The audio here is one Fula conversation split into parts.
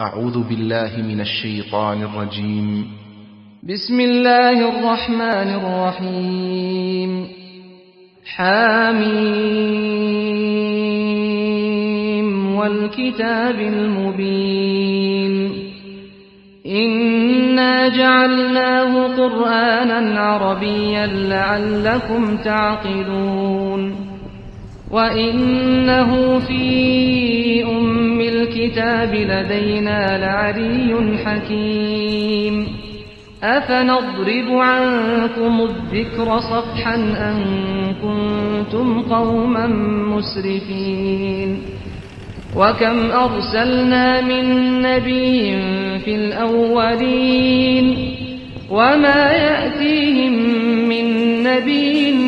أعوذ بالله من الشيطان الرجيم بسم الله الرحمن الرحيم حاميم والكتاب المبين إنا جعلناه قرآنا عربيا لعلكم تعقلون وإنه في أم الكتاب لدينا لعلي حكيم أفنضرب عنكم الذكر صفحا أن كنتم قوما مسرفين وكم أرسلنا من نبي في الأولين وما يأتيهم من نبي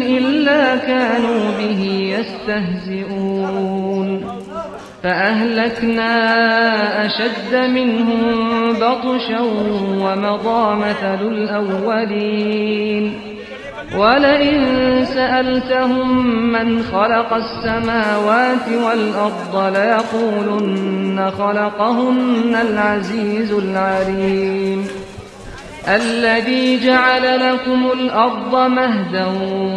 كانوا به يستهزئون فأهلكنا أشد منهم بطشا ومضى مثل الأولين ولئن سألتهم من خلق السماوات والأرض ليقولن خلقهن العزيز العليم الذي جعل لكم الأرض مهدا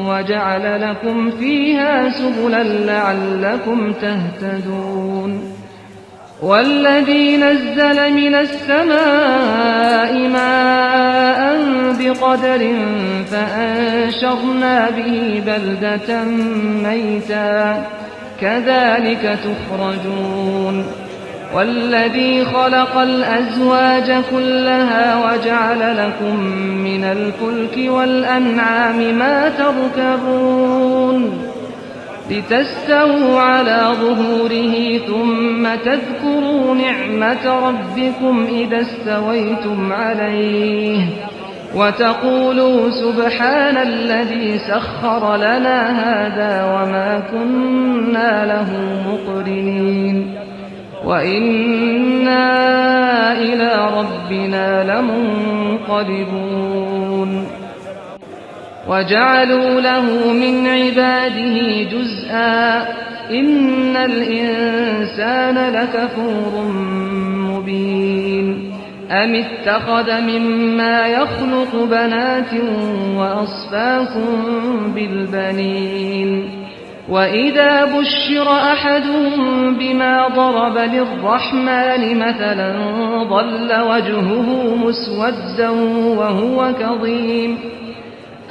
وجعل لكم فيها سبلا لعلكم تهتدون والذي نزل من السماء ماء بقدر فأنشرنا به بلدة ميتا كذلك تخرجون والذي خلق الأزواج كلها وجعل لكم من الفلك والأنعام ما تركبون لتستووا على ظهوره ثم تذكروا نعمة ربكم إذا استويتم عليه وتقولوا سبحان الذي سخر لنا هذا وما كنا له مقرنين وإنا إلى ربنا لمنقلبون وجعلوا له من عباده جزءا إن الإنسان لكفور مبين أم اتخذ مما يخلق بنات وأصفاكم بالبنين وإذا بشر أحدهم بما ضرب للرحمن مثلا ضل وجهه مسودا وهو كظيم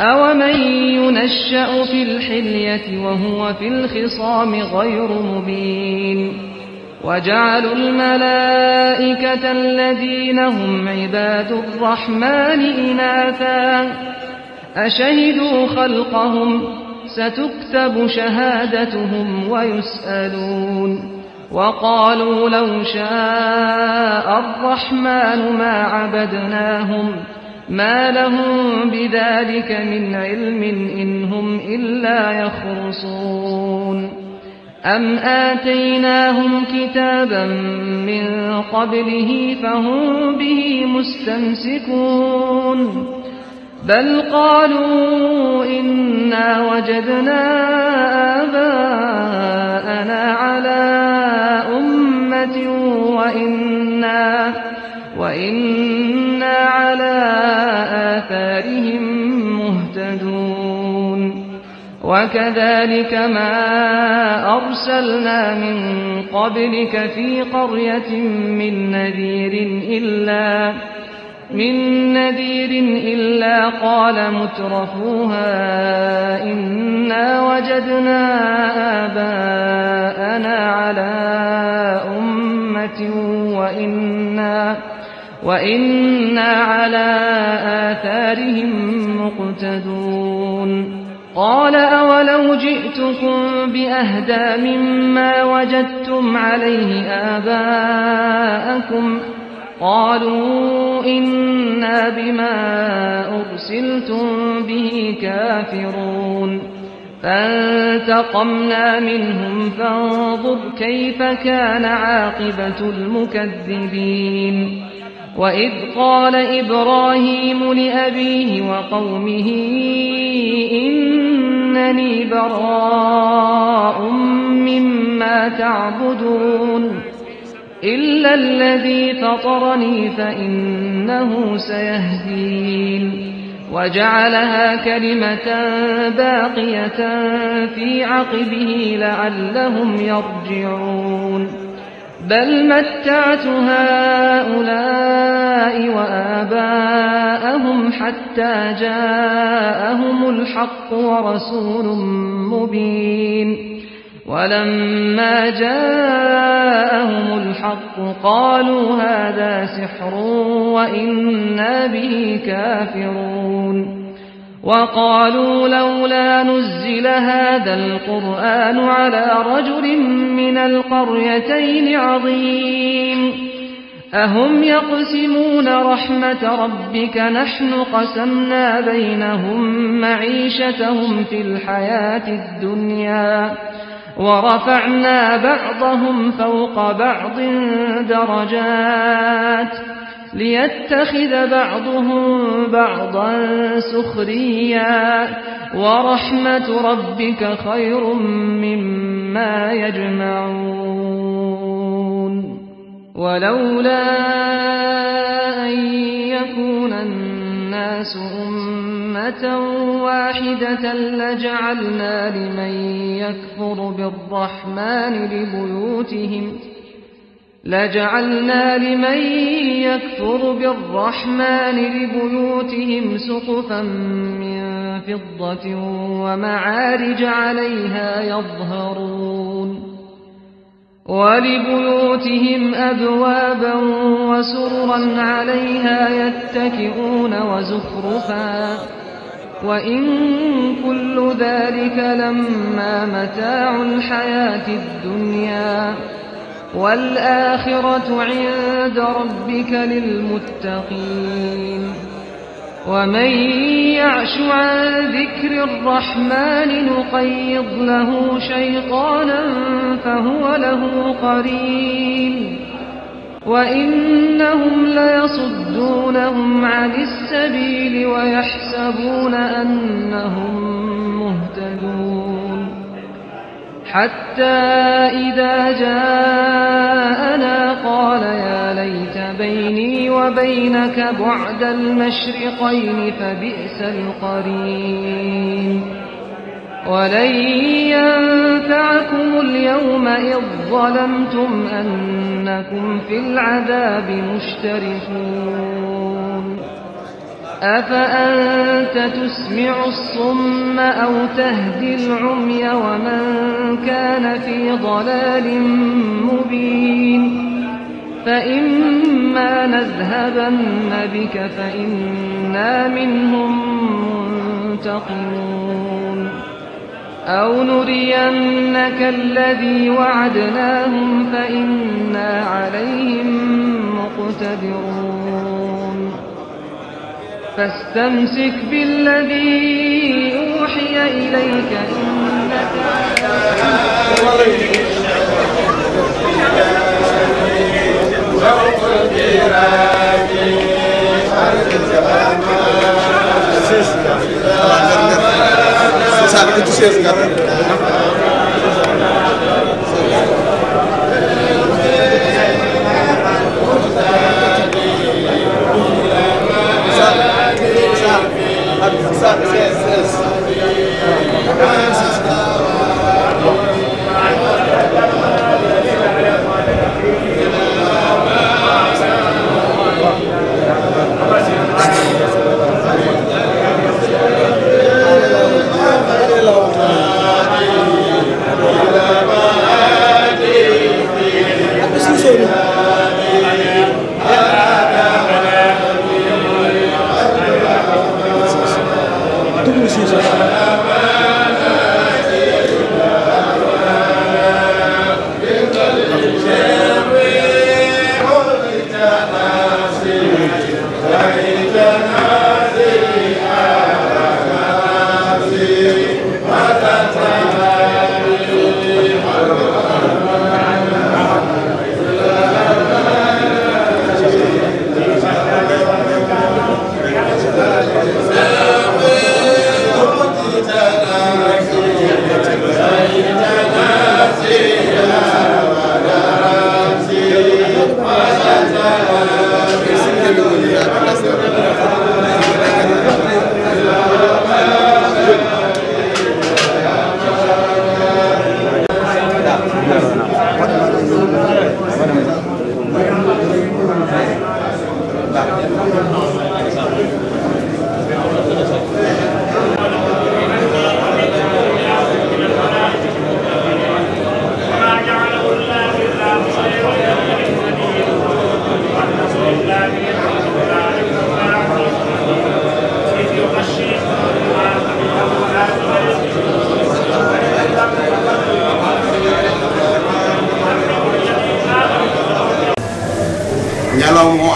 أومن ينشأ في الحلية وهو في الخصام غير مبين وجعلوا الملائكة الذين هم عباد الرحمن إناثا أشهدوا خلقهم ۖ ستكتب شهادتهم ويسألون وقالوا لو شاء الرحمن ما عبدناهم ما لهم بذلك من علم إن هم إلا يخرصون أم آتيناهم كتابا من قبله فهم به مستمسكون بل قالوا إنا وجدنا آباءنا على أمة وإنا, وإنا على آثارهم مهتدون وكذلك ما أرسلنا من قبلك في قرية من نذير إلا من نذير إلا قال مترفوها إنا وجدنا آباءنا على أمة وإنا, وإنا على آثارهم مقتدون قال أولو جئتكم بأهدى مما وجدتم عليه آباءكم ۖ قالوا إنا بما أرسلتم به كافرون فانتقمنا منهم فانظر كيف كان عاقبة المكذبين وإذ قال إبراهيم لأبيه وقومه إنني براء مما تعبدون إلا الذي فطرني فإنه سيهدين وجعلها كلمة باقية في عقبه لعلهم يرجعون بل متعت هؤلاء وآباءهم حتى جاءهم الحق ورسول مبين ولما جاءهم الحق قالوا هذا سحر وإنا به كافرون وقالوا لولا نزل هذا القرآن على رجل من القريتين عظيم أهم يقسمون رحمة ربك نحن قسمنا بينهم معيشتهم في الحياة الدنيا ورفعنا بعضهم فوق بعض درجات ليتخذ بعضهم بعضا سخريا ورحمة ربك خير مما يجمعون ولولا أن يكون الناس أمة كلمة واحدة لجعلنا لمن يكفر بالرحمن لبيوتهم لجعلنا لمن يكفر بالرحمن لبيوتهم سقفا من فضة ومعارج عليها يظهرون ولبيوتهم أبوابا وسررا عليها يتكئون وزخرفا وإن كل ذلك لما متاع الحياة الدنيا والآخرة عند ربك للمتقين ومن يعش عن ذكر الرحمن نقيض له شيطانا فهو له قرين وإنهم ليصدونهم عن السبيل ويحسبون أنهم مهتدون حتى إذا جاءنا قال يا ليت بيني وبينك بعد المشرقين فبئس القرين ولن ينفعكم اليوم إذ ظلمتم أنكم في العذاب مشتركون أفأنت تسمع الصم أو تهدي العمي ومن كان في ضلال مبين فإما نذهبن بك فإنا منهم منتقمون أو نرينك الذي وعدناهم فإنا عليهم مقتدرون فاستمسك بالذي أوحي إليك إنك على sabe que tu cara.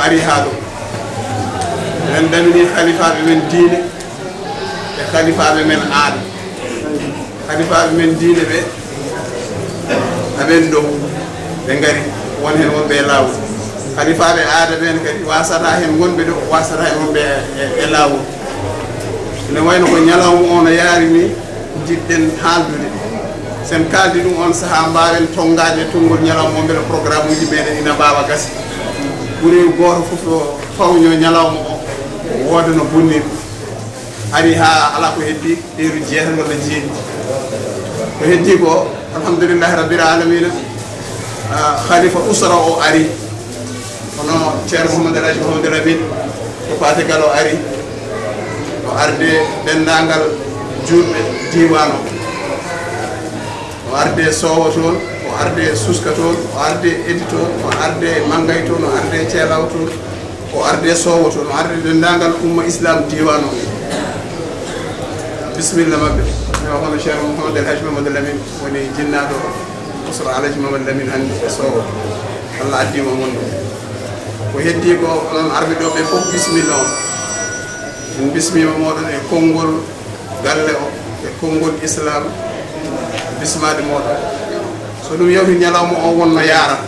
ari ha ɗo men damini halifaɓe men diine e halifaɓe men aada halifaɓe men diine ɓe aɓen ɗo ɓe gari won hen wonɓe e lawol halifaɓe aada ɓen kadi wasata hen wonɓe ɗo wasata hen wonɓe e, e lawol ene wayno ko ñalawma ono yaari ni jiɗɗen haaldude sen kaldi ɗum on saaha mbawen tonggade e tonggol ñalawma o beele programme uji meɗen ina mbawa gasi ɓurew gooto fof o fawño ñalawma o wooda no bonnir ari ha ala ko heddi ɗeeru jeeta walla jeeni ko heddi ko alhamdulillah rabbil alamina halifa usra o ari hono ceer mohamad aladi mahamadou rabine ko paategal o ari o arde ɓenndangal juurɓe diwan o o arde sowo toon o arde suska toon o arde edi toon o arde manngay toon o arde ceelaw toon o arde sowo toon o arde denndaangal umma islam diwan o bisimilla maɓɓe mi o hono cheikh mouhamad el haji mamadou lamin woni jinnaaɗo usra alaji mamadou lamin hannde e sowo allah addima mon ɗo ko heddi ko onon arɓe ɗo ɓe fof bisimilla on en bismima moɗon e konngol galle o e konngol islam bismade moɗon so ɗum yawti ñalawma o wonno yaara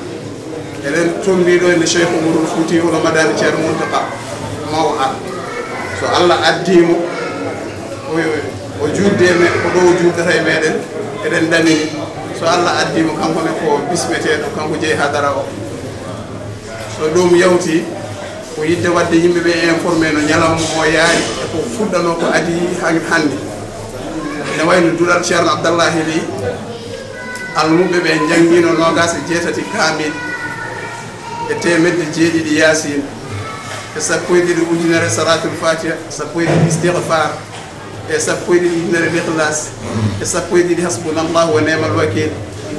eɗen tombiɗo ene cheikh omarul fouti holo madani ceerno moultaka mawo ar so allah addimo o judde me ko ɗo juddata e meɗen eɗen danini so allah addimo kankone ko bismeteɗo kanko jeeyi hadara o so ɗum yawti ko yidde wadde yimɓeɓe informé no ñalawma o yaari eko fuɗɗano ko adi hanni ne wayno duɗal ceerno abdallahi li almuɓe ɓe jangino nogas e jeetati kamil e temedde jeeɗiɗi yasin e sappo e ɗiɗi ujunere salatul fatiha sappo e ɗiɗi istihfar e sappo e ɗiɗi ujunere lihlas e sappo e ɗiɗi hasbunallahu wa nemal wakil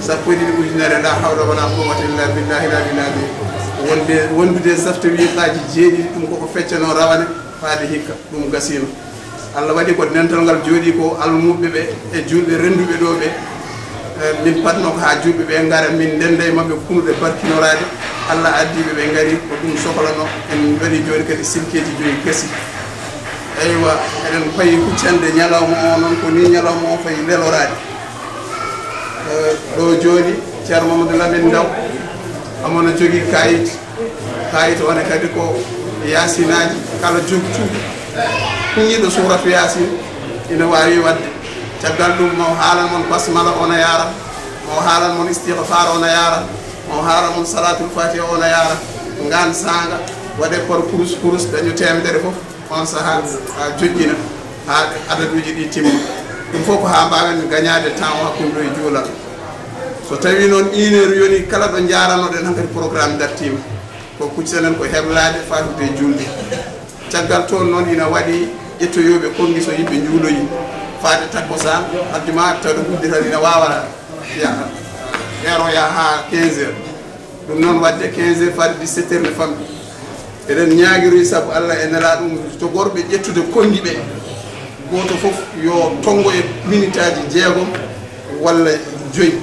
sappo e ɗiɗi ujunere la hawla wala quwata illa billahi labinabi wonde wondude safte wiyqaji jeeɗiɗi ɗum koko feccano rawane faade hikka ɗum gasino allah waɗi ko dental ngal jooɗi ko almuɓeɓe e julɓe renduɓe ɗo ɓe Eh, min patnoko ha juɓɓe ɓe gara min ndende e mabɓe kunude barkinorade allah addiɓe ɓe gari ko ɗum sohlano en waɗi joni kadi silkeji joyi gasi eywa eɗen fayi huccande ñalawma o noon ko ni ñalawma o fayi lelorade eh, ɗo joni ceerno mamadou lamin ndaw amono jogui kayit kayit one kadi ko yasinaji kala jogcuuɓi kuñiɗo suratu yasin ina wawi wadde caggal ɗum mo haalan moon basmala ona yaara mo haalan moon istihfar ona yaara mo haalan moon salatul fatiha ona yaara ngan sanga waɗe kono kurus kurus dañu temedere foof on sahan a joƴƴina ha adaduji ɗi timma ɗum fof ko ha mbawen gagnade temps o hakkundo e juulal so tawi noon une heure yoni kala ɗo jaranoɗen han kadi programme dartima ko kuccitanen ko heblade fatude julde caggal toon noon ina waɗi ƴettoyoɓe kongi so yimɓe juuloyi faade takkosan addima taw ɗo guddi tadi ne wawata yaha ero ya ha 15 heures ɗum noon wadde 15 heures faade 17 heures ne famɗi eɗen ñagiroy saabu allah e nela ɗum to gorɓe ƴettude kongi ɓe goto foof yo tongo e minute aji jeegom walla joyi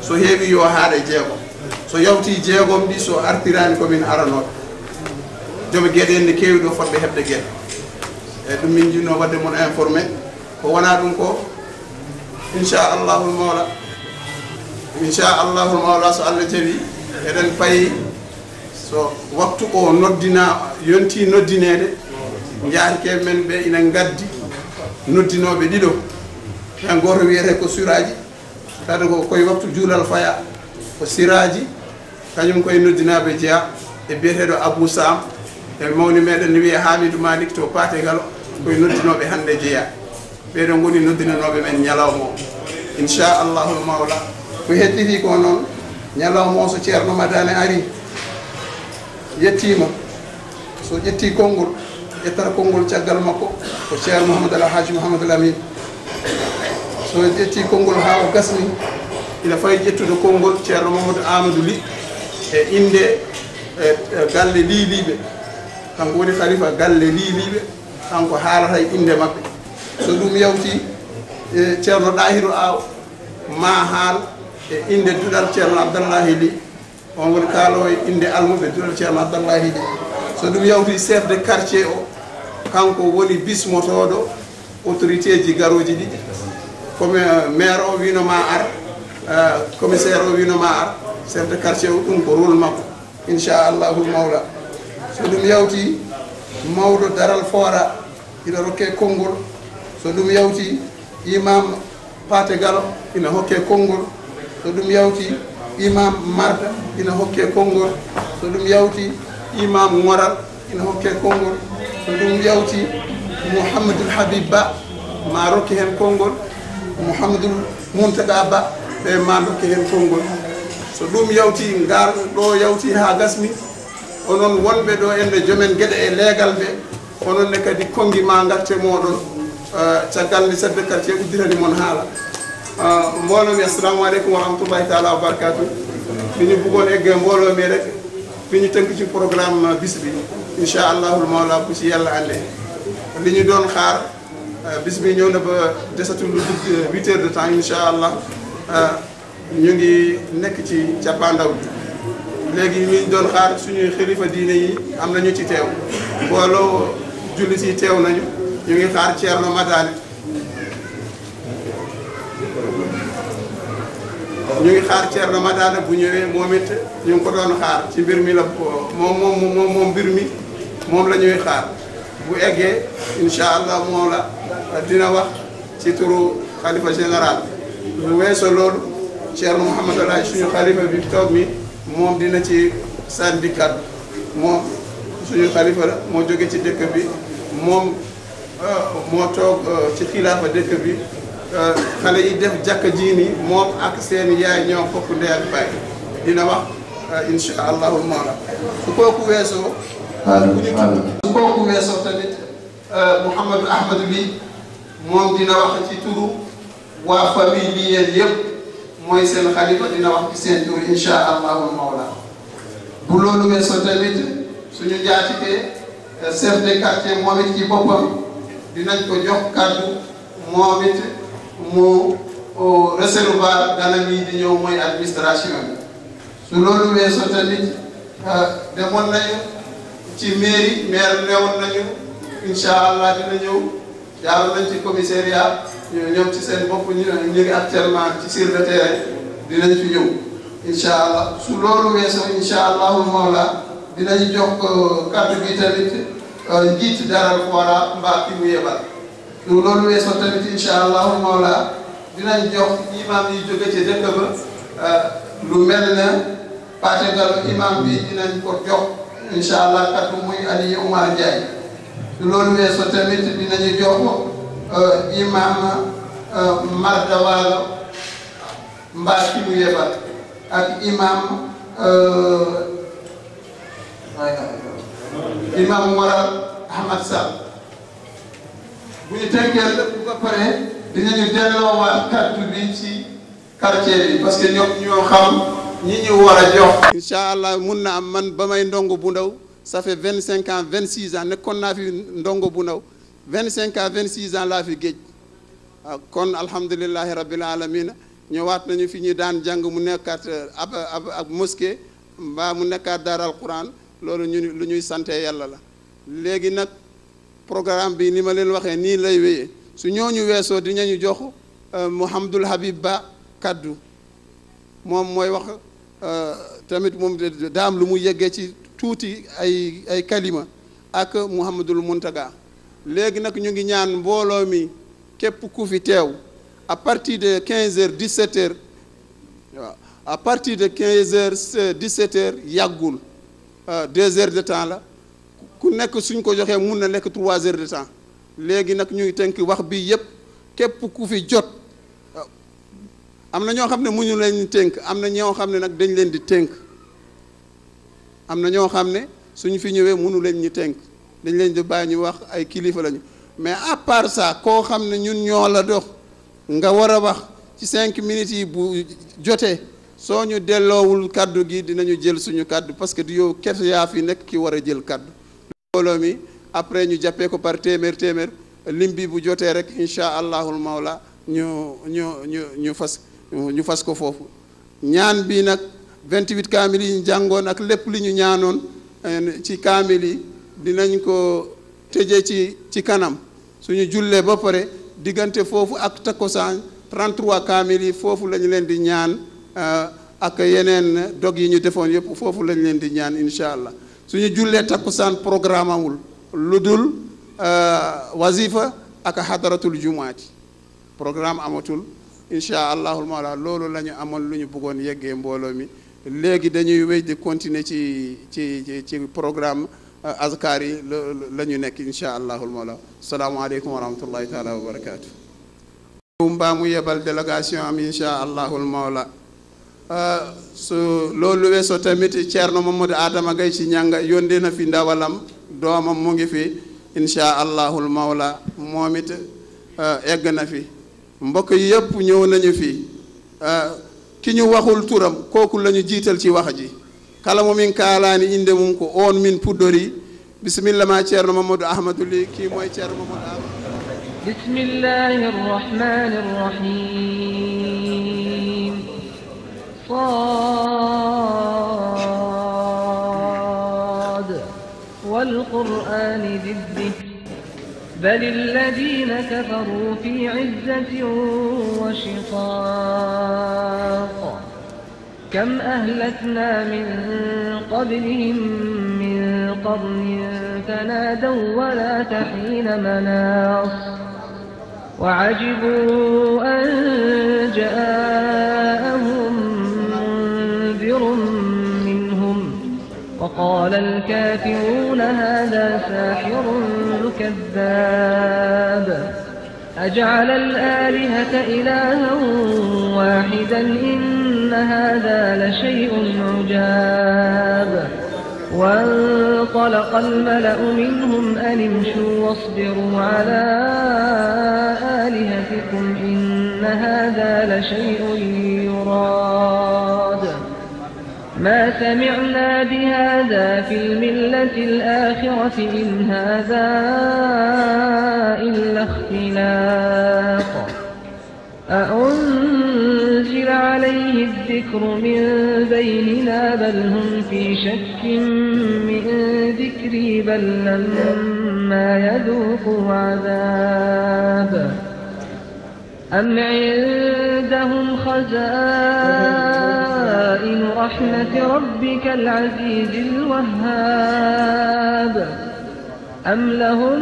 so heewi yo haaɗa jeegom so yawti jeegom ɗi so artirani komin aranoɓe joome gueɗe en ne kewi ɗo fotɓe heɓde gueɗe eyyi ɗum min jinno wadde moon informé ko wona ɗum ko inchallahulmawla inchallahulmawla so allah jaɓi eɗen payi so waktu o noddina yonti noddinede jahike men ɓe ina gaddi noddinoɓe ɗiɗo en goto wiyete ko suraji kadi ko koye waktu juulal faya ko siraji kañum koye noddinaɓe jeeya e biyeteɗo abou sam e mawni meɗen wiye hamidou malik to pategal koye noddinoɓe hande jeeya ɓeeɗo ngoni noddinanooɓe men ñalawma o inchallahu mawla ko hedditi ko noon ñalawma o so ceerno madane ari yettiima so ƴettii konngol ƴettata konngol caggal makko ko ceer mouhamadou alhaji mouhamadou lamin so ƴettii konngol haa o gasni ina fay ƴettude konngol ceerno mamadou amadou li e innde e, e galle liiliiɓe kanko woni tarifa galle liiliiɓe kanko haalata e innde maɓɓe so ɗum yawti e ceerno ɗahiru aw ma haal e inde duɗal ceerno abdallahi li on woni kaalo e inde almuɓe duɗal ceerno abdallahi li so ɗum yawti chef de quartier o kanko woni bismotoɗo autorité ji garoji ɗiɗi comme euh, maire o winoma ar euh, commissaire o winoma ar chef de quartier o ɗum ko rôle makko inchallahu mawla so ɗum yawti mawɗo daral foora iɗa rokke konngol so ɗum yawti imam pate galo ina hokke konngol so ɗum yawti imam marda ina hokke konngol so ɗum yawti imam moral ina hokke konngol so ɗum yawti mouhamadoul habib ba ma rokki heen konngol mouhamadoul muntaga ba ɓe ma dokki heen konngol so ɗum yawti ngar ɗo yawti ha gasmi onon wonɓe ɗo enne joomen geɗe e leegal ɓe onon ne kadi konngi ma ngarte moɗon Euh, caggal nde sadde quartier uddirani moon haala euh, mboolo mi assalamu aleykum wa rahmatullahi taala wa barakatu miñu bugoon egge mboolo mi rek mi ñu tënk ci programme bis bi inchallahul mawla bu ci yàlla ànde li ñu doon xaar euh, bis bi ñëw na ba desatul lu dugg huit heures de temps inchallah ñu ngi nekk ci cappaandaw bi léegi ñu doon xaar suñuy xilifa diine yi am na ñu ci teew mbooloo jullit yi teew nañu ñu ngi xaar Thierno Madani ñu ngi xaar Thierno Madani bu ñëwee moom it ñu ngi ko doon xaar ci mbir mi la moom moom mbir mi moom la ñuy xaar bu eggee incha allah moom la dina wax ci turu xalifa général lu weesoo loolu Thierno Mouhamadou Laye suñu xalifa bi toog mi moom dina ci syndicat moom suñu xalifa la moo jóge ci dëkk bi moom. Euh, moo toog euh, ci xilaafa dëkk bi euh, xale yi def jàkka jii nii moom ak seen yaay ñoo bokk ndey ak baay dina wax insha allahu maala su kooku weesoo ku kooku weesoo tamit Mouhamadou Ahmadou bi moom dina wax ci turu waa famille bi yéen yëpp mooy seen xalifa dina wax ci seen tur insha allahu maala bu loolu weesoo tamit suñu njaatikee chef de quartier moom it ci boppam dinañ ko jox kàddu moom it mu recevoir ganam yi di ñëw mooy administration bi su loolu weesoo tamit euh, demoon nañu ci mairie maire newoon nañu incha allah dina ñëw jaar nañ ci commissariat ñoo ci seen bopp ñu ñu ngi actuellement ci sur le dinañ fi ñëw incha allah su loolu weesoo incha allahu moom la dinañ jox euh, kàddu bi tamit. njiit dara ko war a mbaa ki mu yebal loolu weesoo tamit incha allahu maola dinañ jox imam yi jóge ca dëkk ba euh, lu mel ne pàccegalu imam bi dinañ ko jox incha allah kat muy Aliyu Umar Ndiaye loolu weesoo tamit dinañu jox euh, imam euh, Marda Waalo mbaa ki mu yebal ak imam. imam Mara Ahmad Sall bu ñu tënkee lépp ba pare dinañu delloowaat kàddu bi ci quartier bi parce que ñoo xam ñi ñu war a jox. incha allah mun na am man ba may ndongo bu ndaw ça fait vingt cinq ans vingt six ans nekkoon naa fi ndongo bu ndaw vingt cinq ans vingt six ans laa fi géej waaw ah, kon alhamdulilahi rabbil alamina ñëwaat nañu fi ñu daan jàng mu nekkaat euh, ab ab ab mosquée mbaa mu nekkaat daara al quran loolu ñu lu ñuy sante yàlla la léegi nag programme bi ni ma leen waxee nii lay wéyee su ñu weesoo dinañu jox euh, Mouhamadul Habib Ba kàddu moom mooy wax euh, tamit moom daam lu mu yeggee ci tuuti ay ay kalima ak Mouhamadul Muntaga léegi nag ñu ngi ñaan mbooloo mi képp ku fi teew à partir de 15 heures 17 heures waaw à parti de 15 heures 17 heures yàggul. Euh, deux heures de temps la ku nekk suñ ko joxee mun na nekk trois heures de temps léegi nag ñuy tënk wax bii yëpp képp ku fi jot euh, am na ñoo xam ne muñu leen tënk am na ñoo xam ne nag dañ leen di tënk am na ñoo xam ne suñu fi ñëwee munu leen ñu tënk dañ leen di bàyyi ñu wax ay kilifa lañu mais à part koo xam ne ñun ñoo la dox nga war a wax ci cinq minutes yi bu jotee soo ñu delloowul kàddu gi dinañu jël suñu kàddu parce que du yow kese yaa fi nekk ki war a jël kàddu mbooloo mi après ñu jàppee ko par téeméer téeméer lim bi bu jotee rek incha allahul mawla ñu ñu ñu fas ñu fas ko foofu ñaan bi nag 28 kaamil yi ñu jàngoon ak lépp li ñu ñaanoon ci kaamil yi dinañ ko tëjee ci ci kanam suñu jullee ba pare diggante foofu ak takkusaan 33 kaamil yi foofu lañu leen di ñaan Euh, ak yeneen dog yi ñu defoon yëpp foofu lañ leen di ñaan incha allah suñu jullee takkusaan programme amul lu dul euh, wazifa ak xadaratul jumaati programme amatul incha allahul maala loolu la ñu amoon lu ñu buggoon yeggee mbooloo mi léegi dañuy wéy di continuer ci ci ci programme euh, azkar yi la ñu nekk incha allahul maala salaamaaleykum wa rahmatullahi taala wa barakaatu. mbaa mu yebal délégation am incha allahul maala Uh, so loolu we so tamiti ceerno mamadou adama gay si ñanga yondina fi ndawalam doomam mu ngi fi incha allahul mawla moomit uh, egg na fi mbokk yi yëpp ñëw nañu fi uh, ki ñu waxul turam kooku lañu jiital ci wax ji kala mu min kaalaani inde mum ko oon min puddori bismillah ma ceerno mamadou ahmadou li kii mooy ceerno mamadou ahmadou bismillahi rrahmani rrahim صاد والقرآن ذي الذكر بل الذين كفروا في عزة وشقاق كم أهلكنا من قبلهم من قرن فنادوا ولا تحين مناص وعجبوا أن جاءهم وقال الكافرون هذا ساحر كذاب أجعل الآلهة إلها واحدا إن هذا لشيء عجاب وانطلق الملأ منهم أن امشوا واصبروا على آلهتكم إن هذا لشيء يراب ما سمعنا بهذا في الملة الآخرة إن هذا إلا اختلاق أأنزل عليه الذكر من بيننا بل هم في شك من ذكري بل لما يذوقوا عذاب أم عندهم خزائن خزائن رحمة ربك العزيز الوهاب أم لهم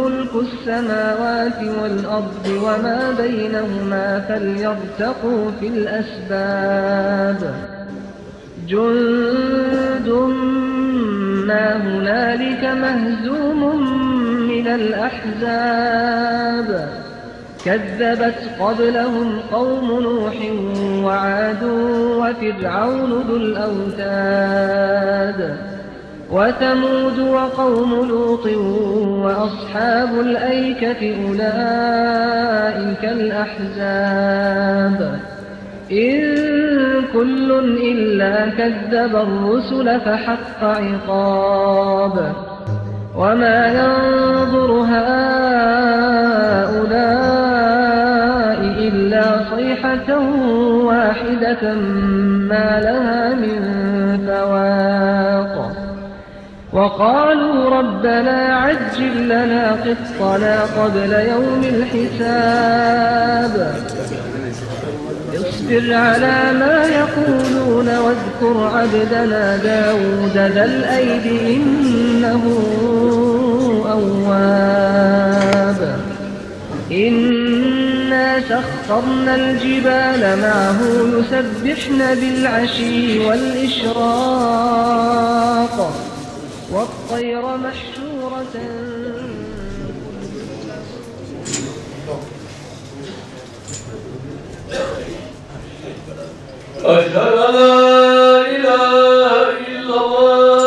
ملك السماوات والأرض وما بينهما فليرتقوا في الأسباب جند ما هنالك مهزوم من الأحزاب كذبت قبلهم قوم نوح وعاد وفرعون ذو الأوتاد وثمود وقوم لوط وأصحاب الأيكة أولئك الأحزاب إن كل إلا كذب الرسل فحق عقاب وما ينظر هؤلاء صيحة واحدة ما لها من فواق وقالوا ربنا عجل لنا قطنا قبل يوم الحساب اصبر على ما يقولون واذكر عبدنا داود ذا الأيد إنه أواب إنا سخرنا الجبال معه يسبحن بالعشي والإشراق والطير محشورة أشهد أن لا إله إلا الله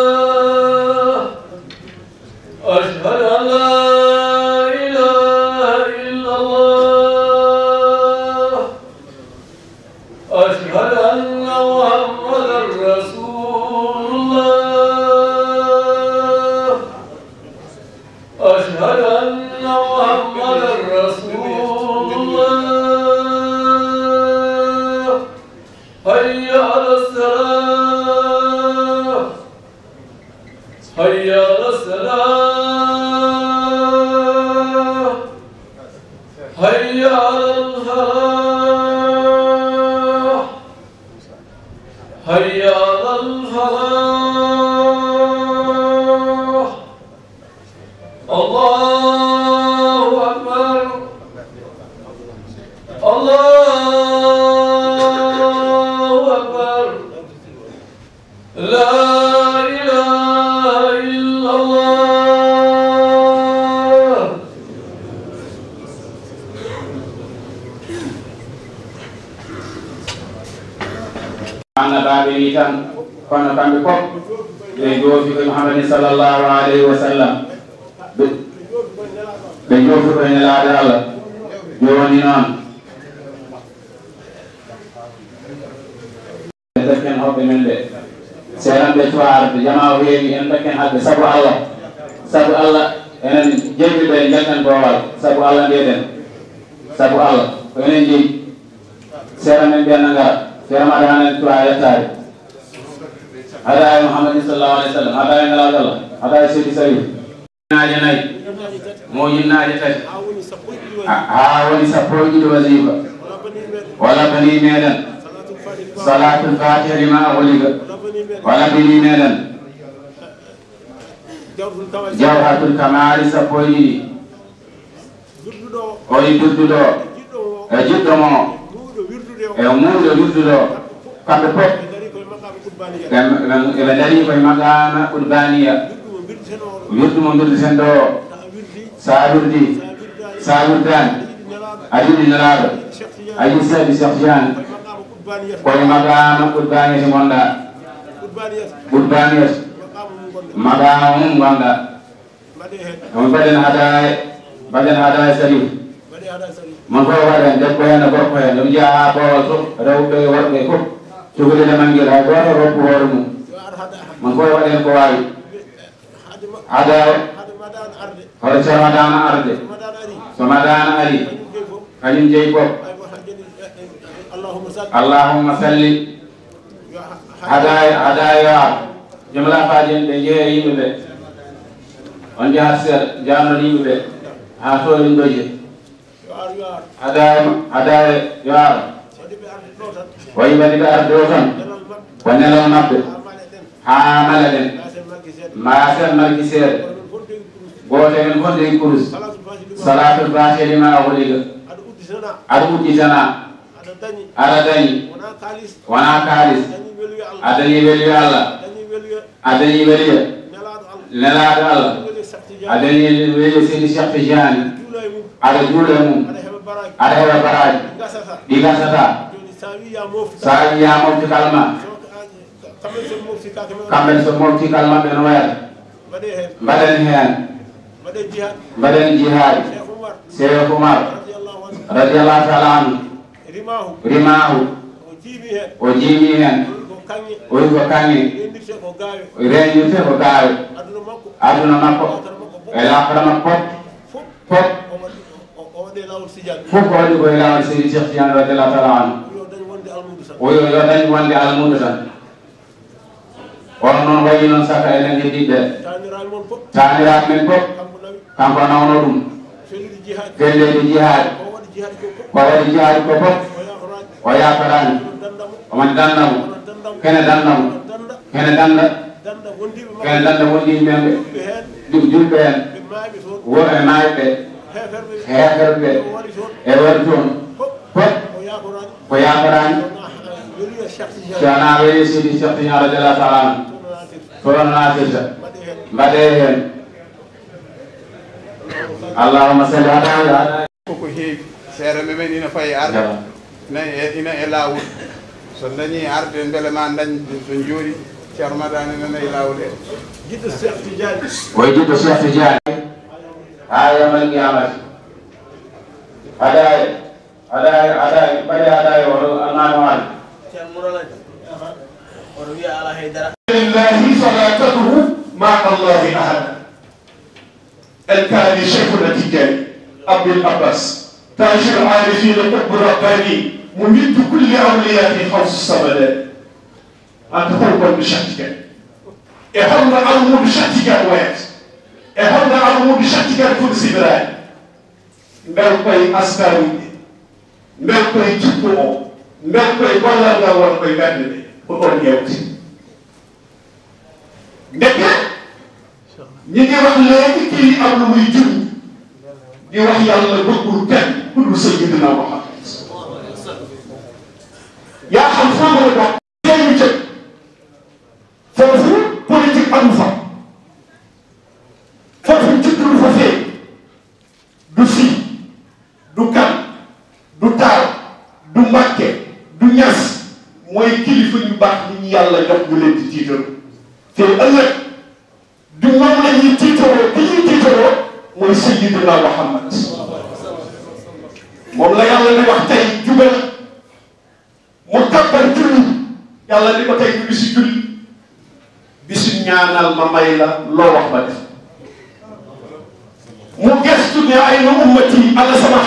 Hurry ɓeyni tan kono kamɓe fof de joofi koye mouhamadin sallllahu alayhi wa de ɓe joofi koye nelaade allah jooni noon ɓe dakken hoɓɓe men ɓe seeranɓe cuwa arde jama weewi en dakken haɓɓe sabu allah sabu allah enen jeyɓi be jalɗen boowal sabu allah mbiyeɗen sabu allah enen jeyi seera men mbiyatna ngara seera maɗa hanen cuwa yettaade adaye mouhamadi sallallahu alayhi wa sallam adaye ngalagala adaye seydi sayi naje nayyi moo yinnaaje tati haa woni sappo e ɗiɗi wasiba wala bani meɗen salatul fatihari ma holiga wala bani meɗen jawhatul kamari sappo e ɗiɗi oni durduɗo e juɗɗo mo e muuɗo wirduɗo kamɓe fof gam eɓe dari koye magana qurbaniya wirdumo wirdi sen ɗo sa wirdi sa wirdani a yiɗi nelaɗo a yissaɓi sehjan koye magama qurbaniyat gonɗa qurbaniyat magama mum gonɗa omo mbaɗen adaye mbaɗen adaye sarif mon fo waɗen debbo hen e gorko hen ɗum jeeha ha bowol fof rewɓe worɓe fof cukodene mangel hay goto roppu hoore mum man koye waɗen ko wawi ada e? hoto somadana arde somadana ari kañum jeyi bop allahumma salli haday haday e, e yowar jomala fajen ɓe jeeya yimɓeɓe on jaha seeɗa jamnon yimɓeɓe ha soyin doje haday haday yowara o yimanita arde o tan ko nelon mabɓe ha mala ɗen maser marki seere gootehen fonde kurus salatul bacelima holiga aɗa uɗɗitana aɗa dañi wona kalis a dañi weluye allah a dañi weluye nelaɗo allah a dañi weluye sedi cakte jani aɗa juula e mum aɗa heɓa baraji ɗi gasata sa wiya moftikalma kamɓen so moftikal maɓɓe no wayata mbaɗen heen mbaɗen jihaad seeh oumar radiallahu taala anu rimahu o jiimi heen oyi ko kaŋŋe reñirte ko gaawe aduna makko e laakara makko fop fof e fof o waɗi ko e laawol seydi cheikh tiyane radiallahu taala anu oyo yo dañ wonde almude tan on noon wayi noon saka enen heddiɓe taniral men fof kanko nawno ɗum fellede jihaade ko waɗi jihaade ko fof o yakorani omani dandamo kene dandamo kene danda kene danda wondiɓeɓe julɓe hen wo e maayɓe heferɓe e wari toon fof ko yakorani ceerno weyi sidi cheikh tiña radiallahu taala anu kono natirta mbaɗe salli ala koko heewi seere memen ina fayi arde nayi ina e laawol so dañi arde beele madani nana e laawol he jiɗɗo cheikh tidiani koye jiɗɗo cheikh tidiani ha yamal ñamata ada aɗa gitu gitu aɗa لله صلاته مع الله أحد الكالي شيخ الاتجاري أبو العباس تاج العارفين الطب الرباني ممد كل أولياء في حوز الصمد أنت تربى بشتك إهرنا عنه بشتك الوقت إهرنا عنه بشتك الفلس إبراهيم ملقي أسكاري ملقي تقوى ndax koy wala nga war koy benn bi ba on ñeewti ndeke ñi ngi wax léegi kii am lu muy jur di wax yàlla bëggul kenn ku dul Sayyidina Muhammad yaa xam foo mën a bokk kilifa yu baax yàlla jox bu leen di tiital te ëllëg du moom la ñuy tiitaloo bi ñuy tiitaloo mooy sayyidina Muhammad moom la yàlla di wax tey jubal mu kàppal julli yàlla di ko tey du bisu julli bisu ñaanal ma may la loo wax ba def mu gestu ne ay na ummati ala sama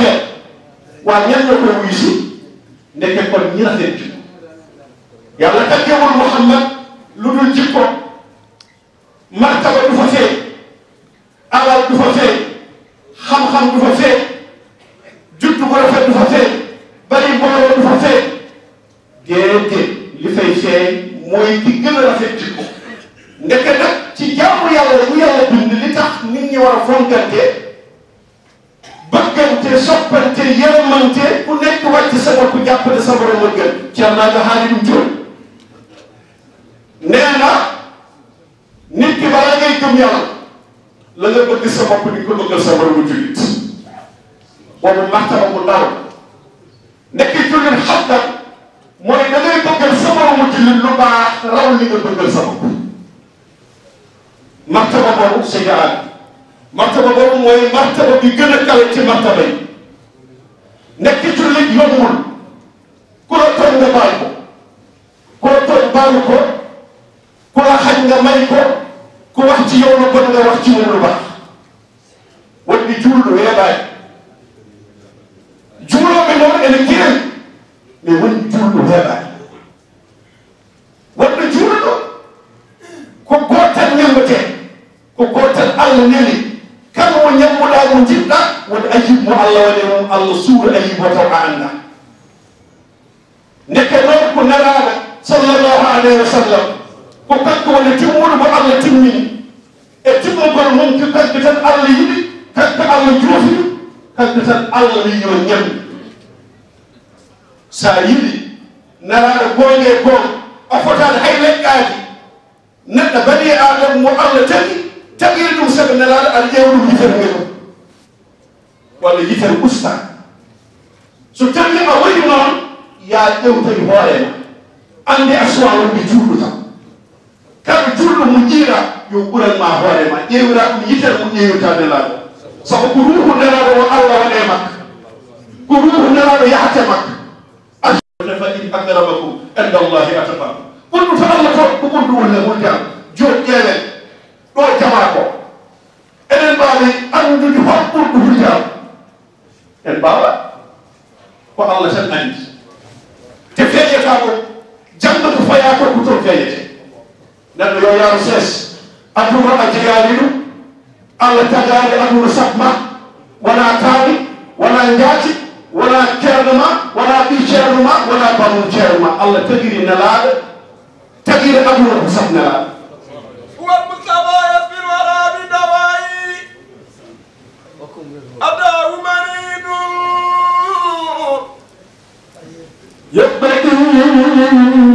waa ñan la ko wuyu si nekk kon ñi rafet yàlla tàggeewul Muhammad lu dul jikko martaba du fa fee alal du fa fee xam-xam du fa fee juddu ko rafet du fa fee bari mbooloo du fa fee déedéet li fay fee mooy ki gën a rafet jikko ndeke nag ci jaamu yàlla bu yàlla bind li tax nit ñi war a fonkante bëggante soppante yërmante ku nekk wàcc sa bopp jàppale sa borom a gën ci am naa nga xaalim jóon nee na nit ki balaa ngay gëm yàlla la nga bëgg sa bopp di ko bëggal sa moromu jullit martaba bu ndaw nekk jullit xattan mooy da ngay bëggal sa moromu jullit lu baax raw li nga bëggal sa martaba boobu c'est grave martaba boobu mooy martaba bi gën a kawe ci martaba nekk jullit yombul ku la nga baal ku la tooñ baalu ko kola hay nga may ko ko wax ci yow la bon nga wax ci mum lu baax wan di juulu weebaay juuloo bi noonu ene kiréel mais wan juulu weebaay wan na juulu do ko gootal ñambatee ko gootal àll ne li kan mo ñambu laa mu njib la wan ayib mu àlla wa ne moom àlla suura ayib wa taw aan na ndeke noor ku naraana sallallahu alayhi wa sallam ko kanko woni timmuɗo mo allah timmini e timmogol mum ko kanko tan allah yiɗi kanko allah juufi kanko tan allah wiyo ñamdi sa yiɗi naraɗo gonge goon a fotani hay leƴƴaadi neɗɗo baɗi aɗam mo allah tagi taɓiri ɗum saɓe naraɗo aɗa ƴewɗum yitere ngeɗo walla yitere usta so tawi a wayi noon ya ƴewtawi hoorema ande a suwa wonde juuɗo tan kamɓe julɗo mum ƴiira yo ɓuranma hoorema ƴeewira ɗum yitere ɗum ƴeewirta nelaaɗo sabu ko ruuhu nelaaɗo o allah waɗe makka ko ruuhu nelaaɗo yahate makka anefa iɗi akrabakum inda llahi atafa ɓurɗu to allah to ko ɓurduwolle hundeam joni ƴeewen ɗo jama ko enen mbaawi anndude hon ɓurɗu hundeam en mbaawa ko allah tan anndi te feeƴeta ko jamgo to fayaa ko ko toon feeƴete نبلو يا رسيس أدور أجيالين الله تجاري أدور سقمة ولا كاري ولا نجاتي ولا كرما ولا بيشرما ولا بمشرما الله تجري نلاد تجري أدور سقمة والمكتبى يسبر ولا بدوائي أداه مريض يبكي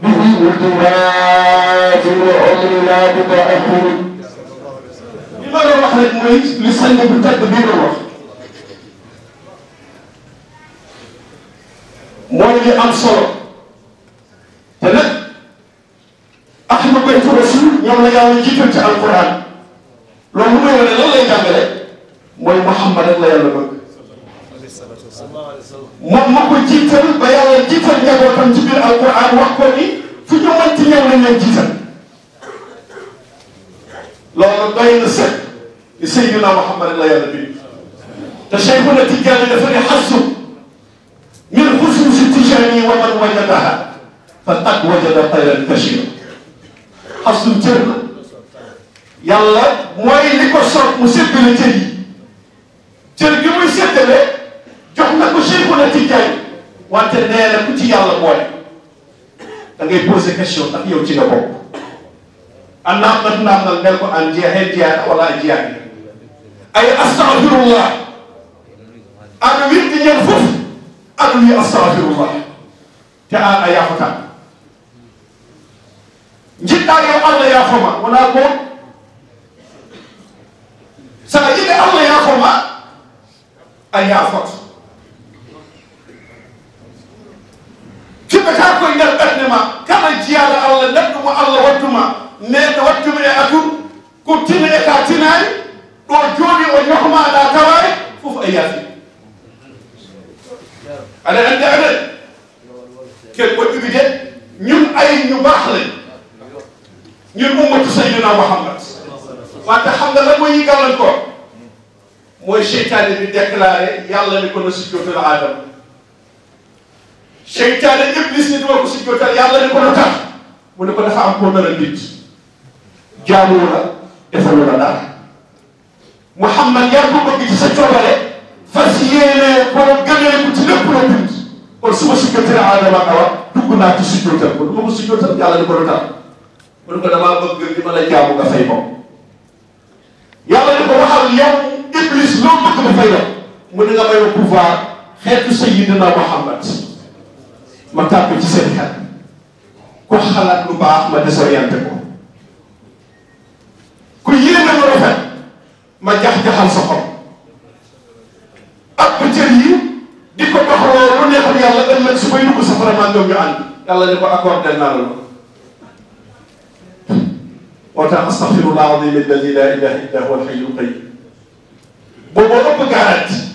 به وتمات عمرنا بتأخر li ma doon wax rek mooy li sang bu tedd bii doon wax mooy li am solo te nag ahlu bayt rasul ñoom la yàlla jiital ci alquran loolu mooy wane lan lay jàngale mooy Muhammad rek la yàlla bëgg moom moo ko jiital ba yàlla jiital njabootam ci biir alquran fu ñu mën ci ñëw nañ leen jiital na sëkk li Seydina Muhammad la yàlla bi te Cheikhuna Tijaani dafa ne xasu min xusni si tijaani wa man wajadaha fa qad wajada xayran kasiira xasu cër la yàlla mooy li ko soog mu séddale cër yi cër gi muy jox nga ko Cheikh na Tidiane wante nee na ku ci yàlla boole da ngay poser question ndax yow ci nga bokk annaam nag naam nag nel ko an jeexee jiyaat wala jiyaat ay astaghfirullah ana wir di ñeen fof ana wi astaghfirullah te an a yaafataan njittaa yow allah yaafoma wonaa moom saɗa yiɗe allah yaafoma a yaafat cibata koye ngal ɓerde ma kala jiyaɗo allah neɗɗo mo allah wattuma neɗɗo wattuma e atout ko tina e ka tinayi ɗo jooɗi o ñohomaɗa tawaye fof a yaafi aɗa andi aɗen ken ɓoƴƴuɓi de ñun ayi ñu baax le ñun ummatu sayyidina mouhammad wante xam nga la mooy yi galan ko mooy cheytane bi déclaré yàlla ni ko na sujjotul aadama seytaane iblis nit woo ko si jotal yàlla ne ko lu tax mu a nit Muhammad yar ko bëgg ci sa coobare fas yéene ko ci lépp la bind kon su ma si jotalee Aadama Awa dugg naa ci si ko si jotal yàlla ne jaamu nga fay ko waxal yow iblis Muhammad ma tàpp ci seen xel ku xalaat lu baax ma désorienté ko ku yéene lu rafet ma jax-jaxal sa xol ak bu cër yi di ko doxaloo lu neexul yàlla ëllëg su may dugg safara maa ñoom ñu ànd yàlla ne ko accordé naa la moo tax astaxfirullah alazim alladi la ilaha illa huwa alxayyul qayyum boobu ëpp garanti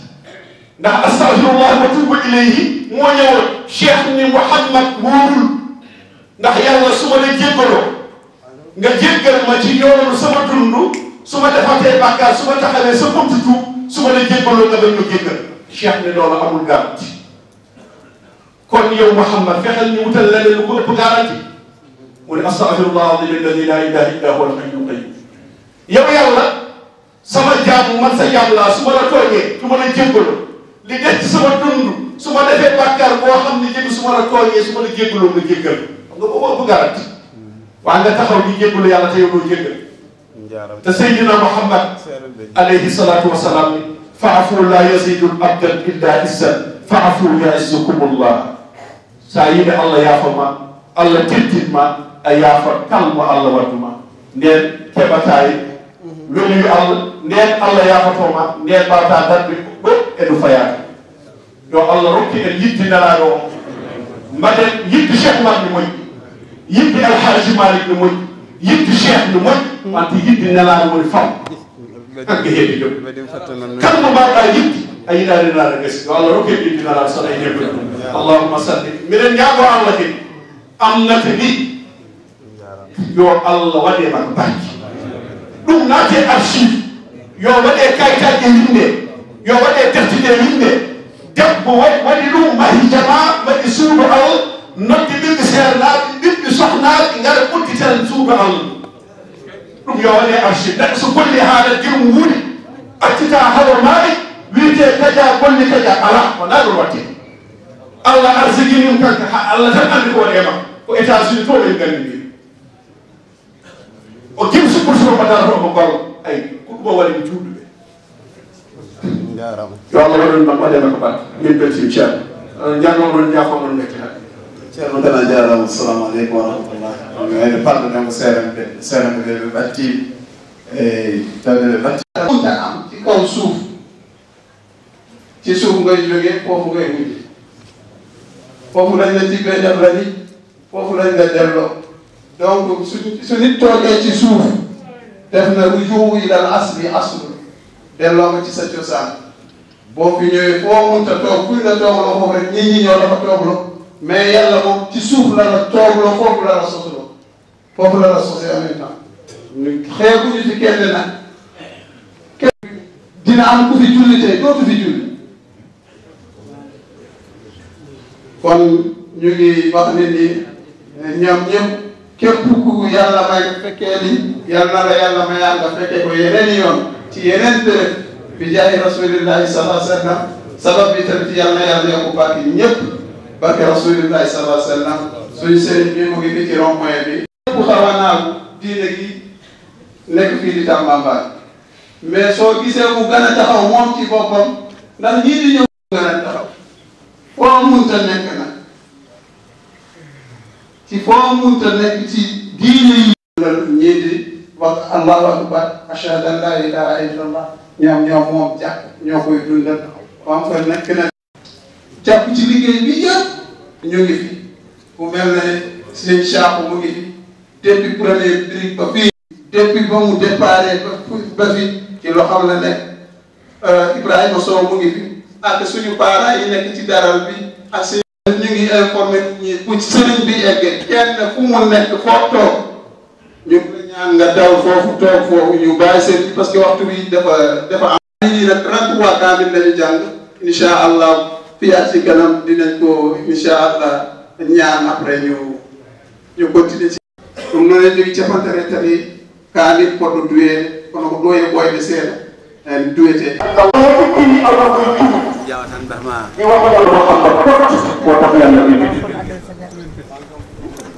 ndax astaghfirullah wa tubu ilayhi moo ñëwoon cheikh ni Muhammad wóorul ndax yàlla su ma la jéggaloo nga ma ci yoonu sama dund su ma defatee bàkkaar su ma taxawee sa buntu tuub su ma la jéggaloo nga bañ ma jéggal cheikh ni loolu amul garanti kon yow te fexeel ñu wutal la leen lu ko ëpp garanti mu ne astaghfirullah al-azim alladi la ilaha illa huwa al-hayyul qayyum yow yàlla sama jaamu man sa jaam laa su ma la tooñee du ma la jéggaloo di denc sama dund suma ma defee bàkkaar boo xam ne jëm suma ma la tooñee suma ma la jéggaloo nga jéggal xam nga boobu bu garanti waaye nga taxaw di jéggalu yàlla te yow doo jéggal te sayyidina muhammad alayhi salatu wasalaam ni faafu la yazidu abdal illa izzan faafu yaizzukumullah saa yi ne allah yaafa ma allah tirtit ma a yaafa kalma allah waddu ma ndeen keɓataayi weliyu allah ndeen mhm. allah yaafatoo ma ndeen mbawtaa darbi eɗu fayaade yo allah rokki en yitti nalaaɗo o mbaɗen yitti cheikh man ni moƴƴi yitti alhaji malik ni moƴƴi yitti cheikh ni moƴƴi wante yitti nalaaɗo moni faw kanke heedi jom kala mo mbaɗa yitti a yiɗaade nalaaɗo gasi yo allah rokki en yitti nalaaɗo sona e jebbe allahuma salli miɗen ñaago allah ke amnate ni yo allah waɗe mak barki ɗum naate archive yo waɗe kayitaji e yimɓee yo waɗe dertide yimɓe debbo waɗi ɗum mahi jama waɗi suudo al noddi ɓiɓɓe seerlaaɓi ɓiɓɓe sohnaaɓe ngara ɓuttiten suudo al ɗum yo waɗe arshi neɗɗo so golli haala dirum wuuɗi accita hawo maaɓi wiite taƴa golli taƴa ala wona ɗum watte allah arsiginim kanka ha allah tan anndi ko waɗe ma ko états unis to en ngandi ndiri o gim suɓɓurtoro mbaddaa to omo gol ay ko ɗum o waɗi mi cuuɗi yalla waral na ma dana ko ya xamul nek ceerno dana jaaram assalamu alaykum wa rahmatullah ngi parle dem seram de seram de batti e tawde batti ta am ci kaw suuf ci suuf ngay joge fofu ngay mujj fofu lañ la tibbe dem radi fofu lañ la dello donc su nit toge ci asli aslu dello ma boo fi ñëwee foo mënta toog fuñ la toogloo foofu rek nit ñi ñoo la fa toogloo mais yàlla moom ci suuf la la toogloo foofu la la sosloo foofu la la sosee en même temps ñu xeebuñu fi kenn nag kenn dina am ku fi julli tey dootu fi julli kon ñu ngi wax nit ñi ñoom ñëpp képp ku yàlla may fekkee li yàlla la yàlla may ànd fekkee ko yeneen yoon ci yeneen dërëf bi jaay rasulillahi sallallahu alayhi wa sallam sabab bi tamit yàlla na yàlla yokku bàkk ñëpp barke rasulillahi sallallahu alayhi wa sallam suñu sëriñ bi mu ngi fi ci rond point bi. ñëpp xaw a naagu diine gi nekk fii di Tamba mais soo gisee mu gën a taxaw moom ci boppam ndax ñii di ñëw mu gën a taxaw foo munta nekk nag ci foo munta nekk ci diine yi. ñii di wax allahu akbar ashhadu an la ilaha illallah ñoom ñoom moom jàpp ñoo koy dundal ba bi yëpp ñu ngi fi mu mel ne seen chapeau mu ngi fi depuis premier brique ba fii depuis ba mu départ ba fi ci loo xam ne nekk euh, Ibrahima Sow mu ngi fi ak suñu parents yi nekk ci daral bi ak suñu ñu ngi informé ñi bu sëriñ bi eggee kenn fu mu nekk foo toog ñu ñaan nga daw foofu toog foofu ñu bàyyi seen parce que waxtu bi dafa dafa am lii nag 33 kaamil lañu jàng insha allah fii ak ci kanam dinañ ko insha allah ñaan après ñu ñu continuer ci ɗum noon en jogi capantere tati kaamil poɗɗo duwede kono ko ɗo e ɓoyde seeɗa en duwete jawa tan mbahma ko tafiyannaɓi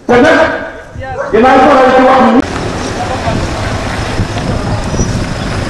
te nak ginaa soraji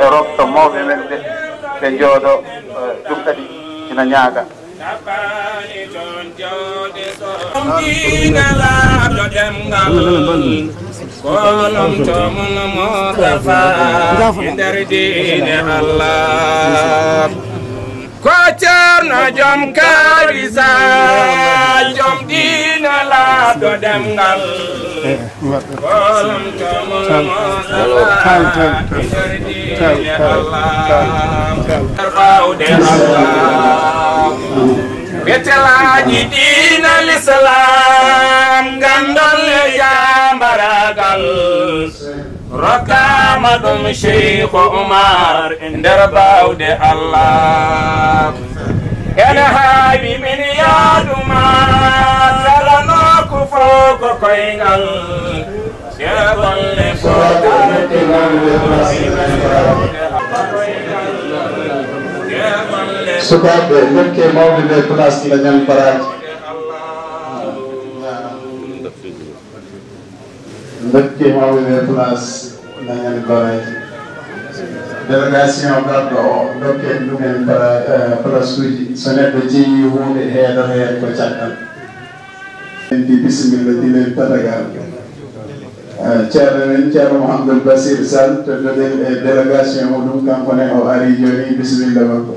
e rofto mawɓe men ɓe ɓe jooɗo ɗum kadi ina ñaaga ɗemgal كنتم المصطفى در دين الله كوترنا جم كارزا جم دين لا تدم قل كنتم المصطفى در دين الله ترفعوا دين الله yetelaaji diina lislaam gandolle jambaragal rokkama ɗum cheikhu oumar nder bawɗe allah ene haawi min yaaduma salanoko foko koyngal segolle koyngal सुकाद लग के मौल में प्लास की लजन पराज लग के मौल में प्लास लजन पराज délégation garɗo o dokken ɗumen place uji so neɗɗo jeeyi hunde heeɗata heen ko caggal en basir sall to doɗen e délégation muɗum ari joni bisimilla makko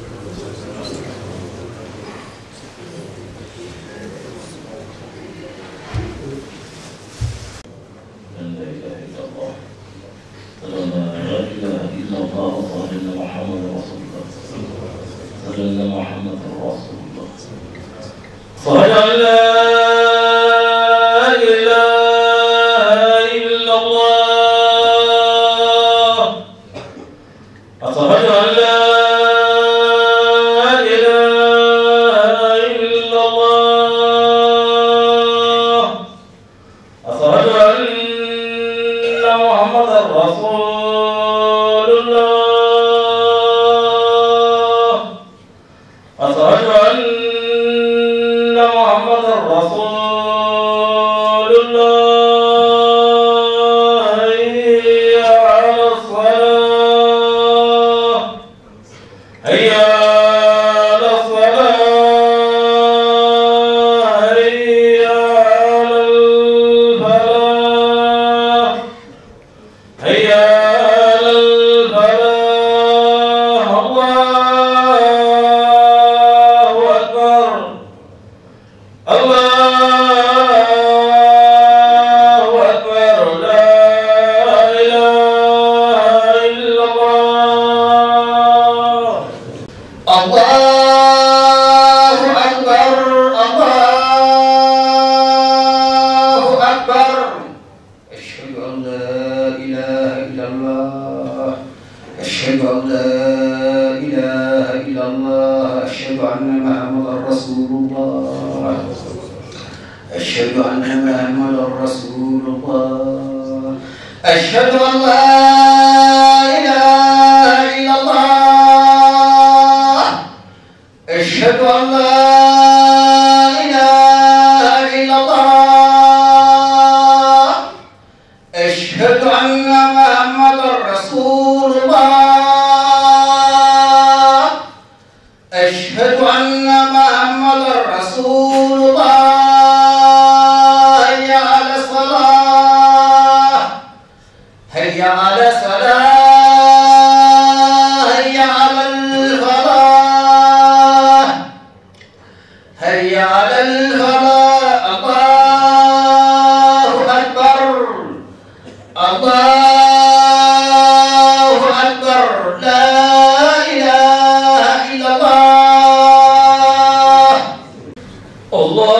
我要。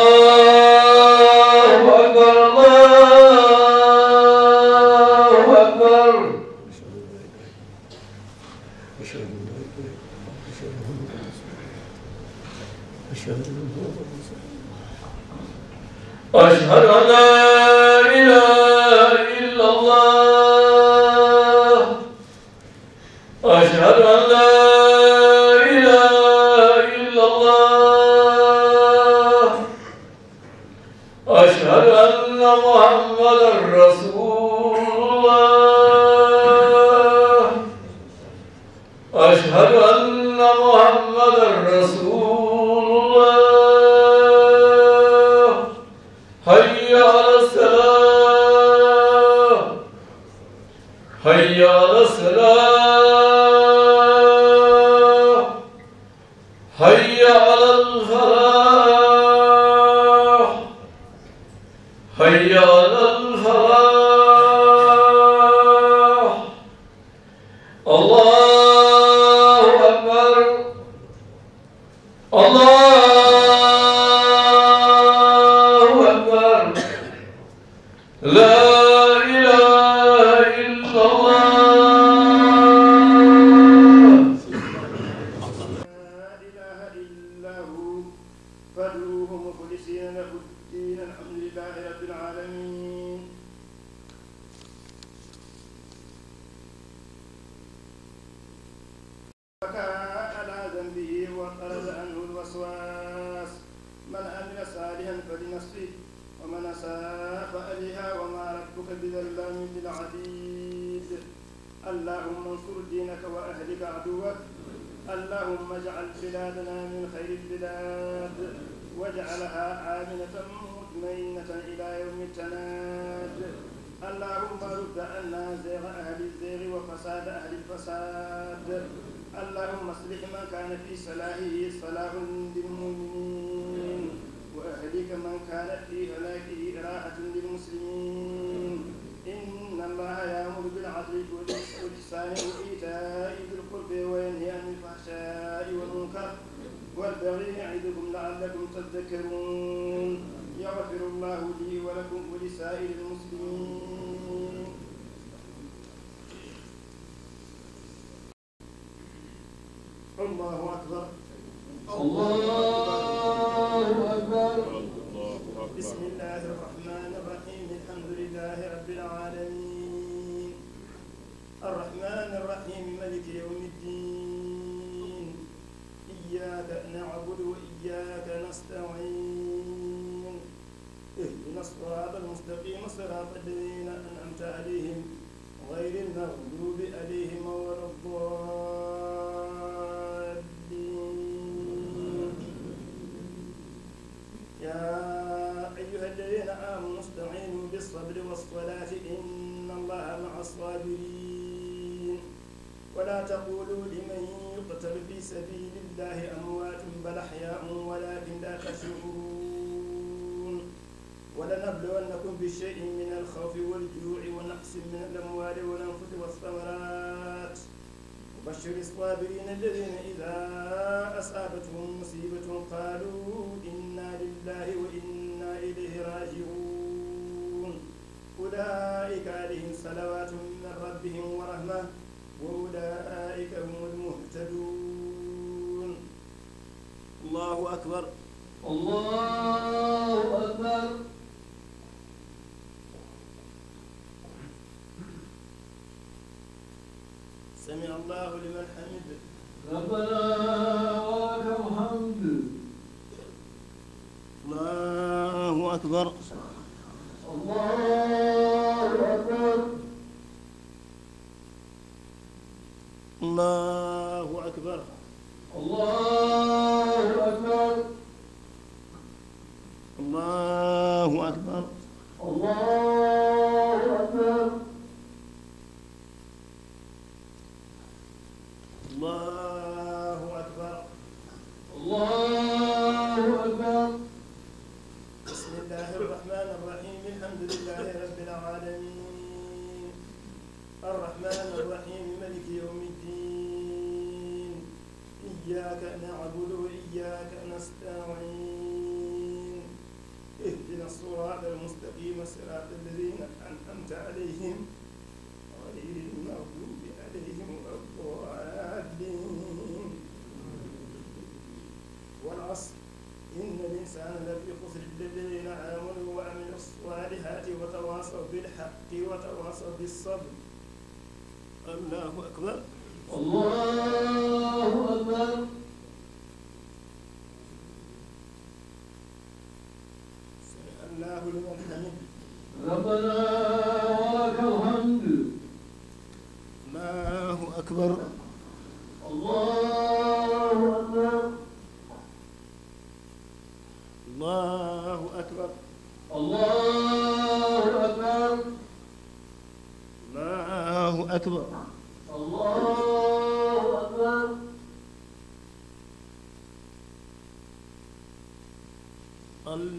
Oh.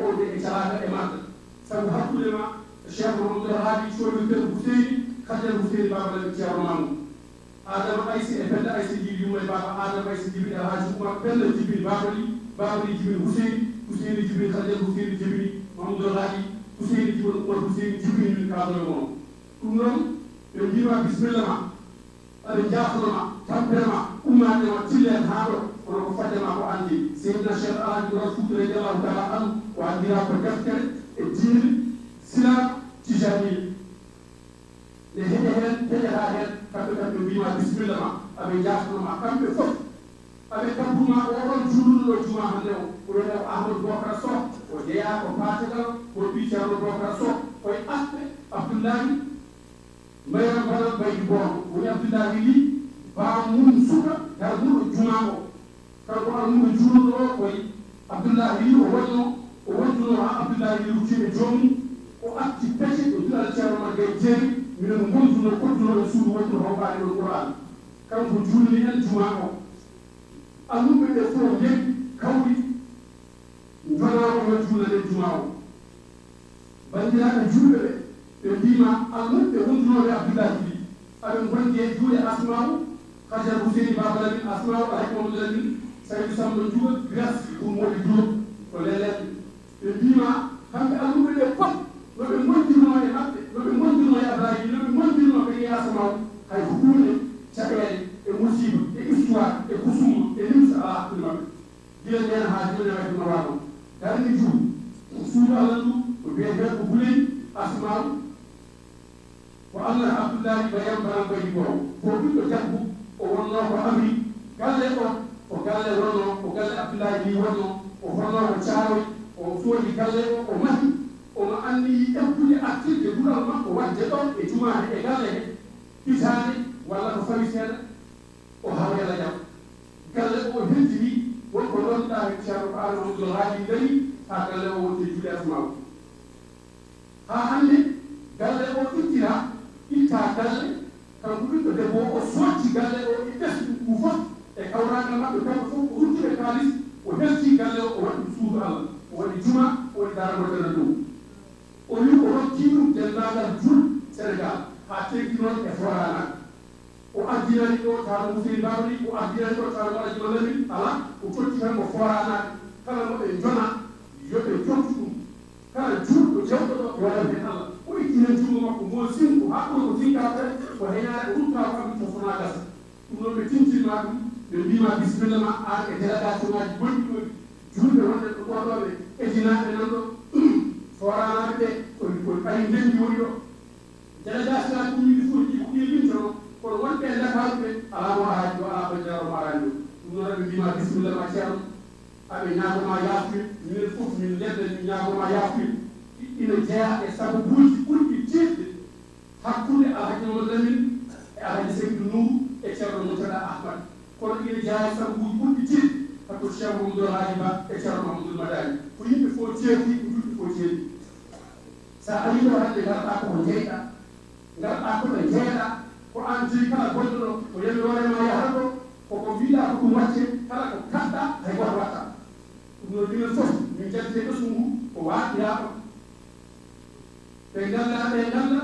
wode e jaraka e maɗa saabu hakkude ma cheikh mahamadou haali cooli tel huseyni kadel huseyni babalami ceerno mamu adama aysi e pelle aysi jibi yumma e baba adama aysi jibi e haaji uma pelle jibini babali babali jibini huseyni huseyni jibini kadel huseyni jibini mahamadou haali huseyni jibini umar huseyni jibini min kaadoro moon ɗum noon ɓe mbima bisimilla ma aɓe jaafono ma tampere ma ummade ma tillen haa ɗo kono ko fadde ma ko andi seydna cheikh alhaji rasul radiallahu taala anu وعندنا مكثر الدين سلا تجاري لهذه الهيئة تجاه هنا كم بسم الله أبي جاسم ما كم بفوق أبي كم بما أوران جلول الجمعة هنو ولا أهل بكرة صو وجاء وفاتنا وبيجا بكرة صو وي أحمد عبد الله ما يربنا بون ويا عبد الله لي بامون سوكا دارون الجمعة كم بامون جلول وي عبد الله لي وينو o wonno ha abdoulahi yewtiɓe joomum o acci pese o dilal ceerona gay jeeri mino mo gonduno kodduno suudu wonno hombaade ɗo qouran kanko juulni en juma o alumɓe ɓe fo yeg kawri jonaro yo juulanen juma o bandiraɓe juuɓe ɓe ɓe mbima alumɓe gonndunoɓe abdoulahi ɗi aɓe gondi e juuɗe asma o hajar houseni babalamin asma o ahekmamdulamin saydou samno juuɓa grace pour moɗi duro ko lelerɓe ɓe mbima kamɓe alluɓe ɓe fof noɓe mondirno e maɓɓe noɓe mondirno e abayi noɓe mondirno ɓe yasamam hay hunde caɓele e musiba e histoire e kusuma e limsa a hakkude maɓɓe dila ndena ha dila nawa nawaɗo darni juum ko suuɗalandu ko beeder ko guley asmam ko allah abdoullahi bayam baran bayi goro ko ɗiɗɗo jakku o wonno ko amri galle o ko galle wonno ko galle abdoullahi ni wonno o honno ko caawoy o fooji gasee o o mahi omo anndi ɗakkude artirde gural makko waɗde ɗon e jumaade e gale he pisaade walla ko fawiseeɗa o hawyala jam galle o hentini wonko lonɗa he ceerno ko aaro ɗo haaji dari haa galle o wonte juɗeasmaw haa hannde galle o ittira itta galle kanko ɗum ɗo debbo o sotti galle o e ɓesdu ɓuufa e kawraaga maɓɓe kamɓe fof o ruttude kaalis o hertii galle o o waɗɗu suudu allah woni juma woni daragotene ɗum o wi o hokkiɗu dendagal jul sénégal haa tegginoon e forana o addinani ɗo taa musiri mbawri o addinani ɗo taa waɗa jolami ala o totti tan ko foranaa kala moɓe jona yoɓe jottu ɗum kala julɗo jewɗo ɗo yoɗae ala o ittinen jumo makko mo sinko haa ɗo ko sinkaɓe ko heñaare ruttaa kam tofona gasa ɗum ɗon ɓe tintinma ɗum ɓe mbima bisimilla ma ar e délégation ngaji bonɗi ɗoɗi julɓe wonɗen ɗo ɓoɗoɓe esinaɓe nan ɗo foranaɓeɓe koko ɓay ndendi woni ɗo jaajasna kuñiɗi fuuji kuƴiɓinto kono wonɓe lafaɓeɓe alamo haaji o alaako jaro maraani ɗum noon aɓe mbima bisimilla ma ceerno aɓe ñagoma yaftuy minen fof min lebda i ñagoma yaftuy ina jeeya e sabu buuji ɓurɗi tiɗde hakkude alhaji mamad lamin e alhaji sekdu nuru e ceerno mutaɗa ahmad kono ina jeeya e sabu buuji ɓurɗi tiɗde kako ceerno mudon haajima e ceerno mudon madani ko yimɓe fof ceerdi duɗɗi fof ceerdi sa ayino hande ngarɗa koko jeyɗa ngarɗa kono jeeɗa ko an jeyi kala golloɗo ko yelloorema yahanɗo koko wiiɗa ko ɗum watte kala ko kaɗɗa hay goto watta ɗum no ɗinen fof min jaddite ɓesu ngu ko waaɗiyaɗo ɓe ngalla ɓe ngalla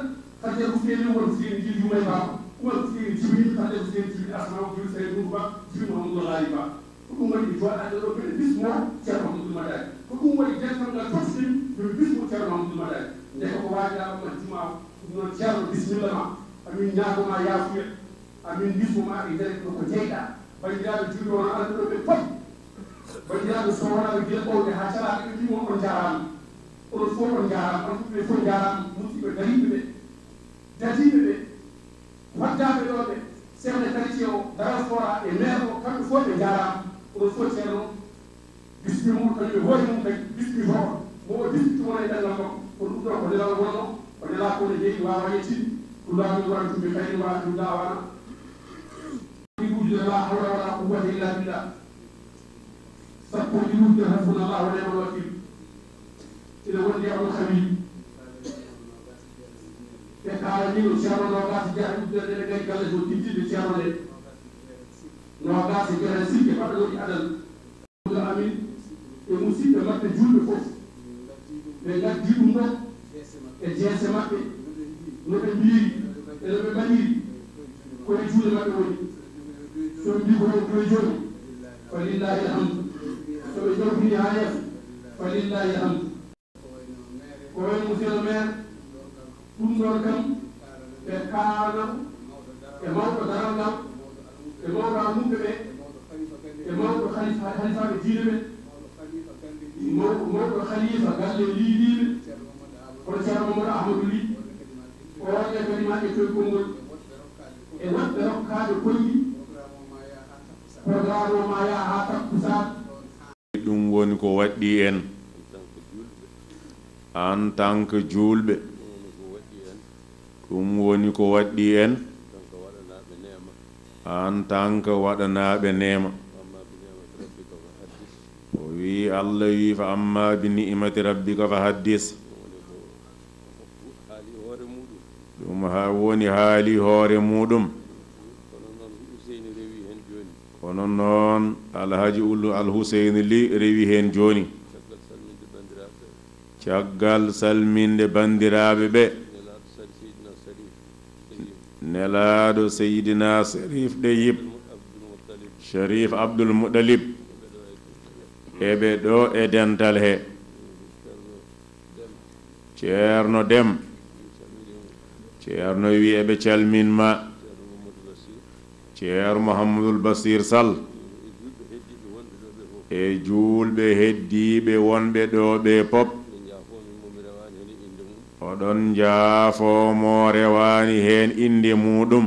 hadde e rufeni won fiini jiɗi yumay baako uma fiini jibini hadde rufeni jibini asmao jiri sayi ɗum e ba jibi mahamudullahi baa ɗum waɗi mi joɗade ɗo kadi bismo ceerno hamdoudou madari ko ɗum waɗi deftangal fotidim mi bismo ceerno hamdoudou madari nde koko wajaɗoma juma no ceerno bismilla ma amin ñagoma yafuya amin bismoma e ndere koko jeyɗa bandiraɓe jurɗoono arde ɗo ɓe foy bandiraɓe sowonaɓe gila ɓowde ha caraɓe ɓe mbimo on jarama oɗo fo on jarama on ɓe fo jarama musiɓe dariɓe ɓe dadiɓe ɓe waddaɓe ɗo ɓe sehne qualité o daraforat e maire o kamɓe fo ɓe jarama ko sotiendoo gis bi moom kañuy hoore mum kadi gis bi hoor mo disiti wona e ɓellam ɗo ko ɗum ɗo ko lelal wonno ko lelaa kone heewi waawa yettiɗi ɗum laamin wona tumbi kayni waa ɗum laawana yuujida la hawla wala quwata illa billah sappo yuujida hasbuna allah wa nimal wakil ina wondi abdou khabib ɓe kaala ni no ceerno no gaasi jaa yuujida ɗene gay galle so jiddiɗe ceerno ɗe nogas gere sikke fata woɗi adal ula amin e musidɓe mabɓe julɓe fof ɓe gaddi ɗum ɗo e jeese mabɓe no ɓe mbiri ene ɓe mbaɗiri koye juule mabɓe woni soɓe mbi koyo koye jooni fa lillahi lhamdu soɓe jawtini ha yeeso fa lillahi lhamdu ko wayno monsieur le maire ɗum ɗon kam ɓe kaanam e, e mawɓe daral ngam e mawɗa mumɓe ɓe e mawɗo khalifaɓe diine ɓe mawɗo khalifa galle liliɓe kono ceerno mamadou ahmadou li oɗe kadima ƴettoye konngol e waɗɓe e rokkaɓe koyɗi programma yaa ha takkusat ɗum woni ko waɗɗi en en tant que juulɓe ɗum woni ko waɗɗi en an tan ke waɗanaɓe nema o wi allah wi fa amma bi nimati rabbika fa haddis ɗum ha woni haali hoore muɗum kono noon alhaji ullu alhusseine li rewi heen jooni caggal salminde bandiraɓe ɓe nelaaɗo seydina sharif de yib sharif abdulmuɗalib eɓe ɗo e dental he ceerno dem ceerno wi eɓe calminma ceer mouhamadoul basir sall e juulɓe heddiɓe wonɓe ɗo ɓe pop oɗon jaafo mo rewani hen inde muɗum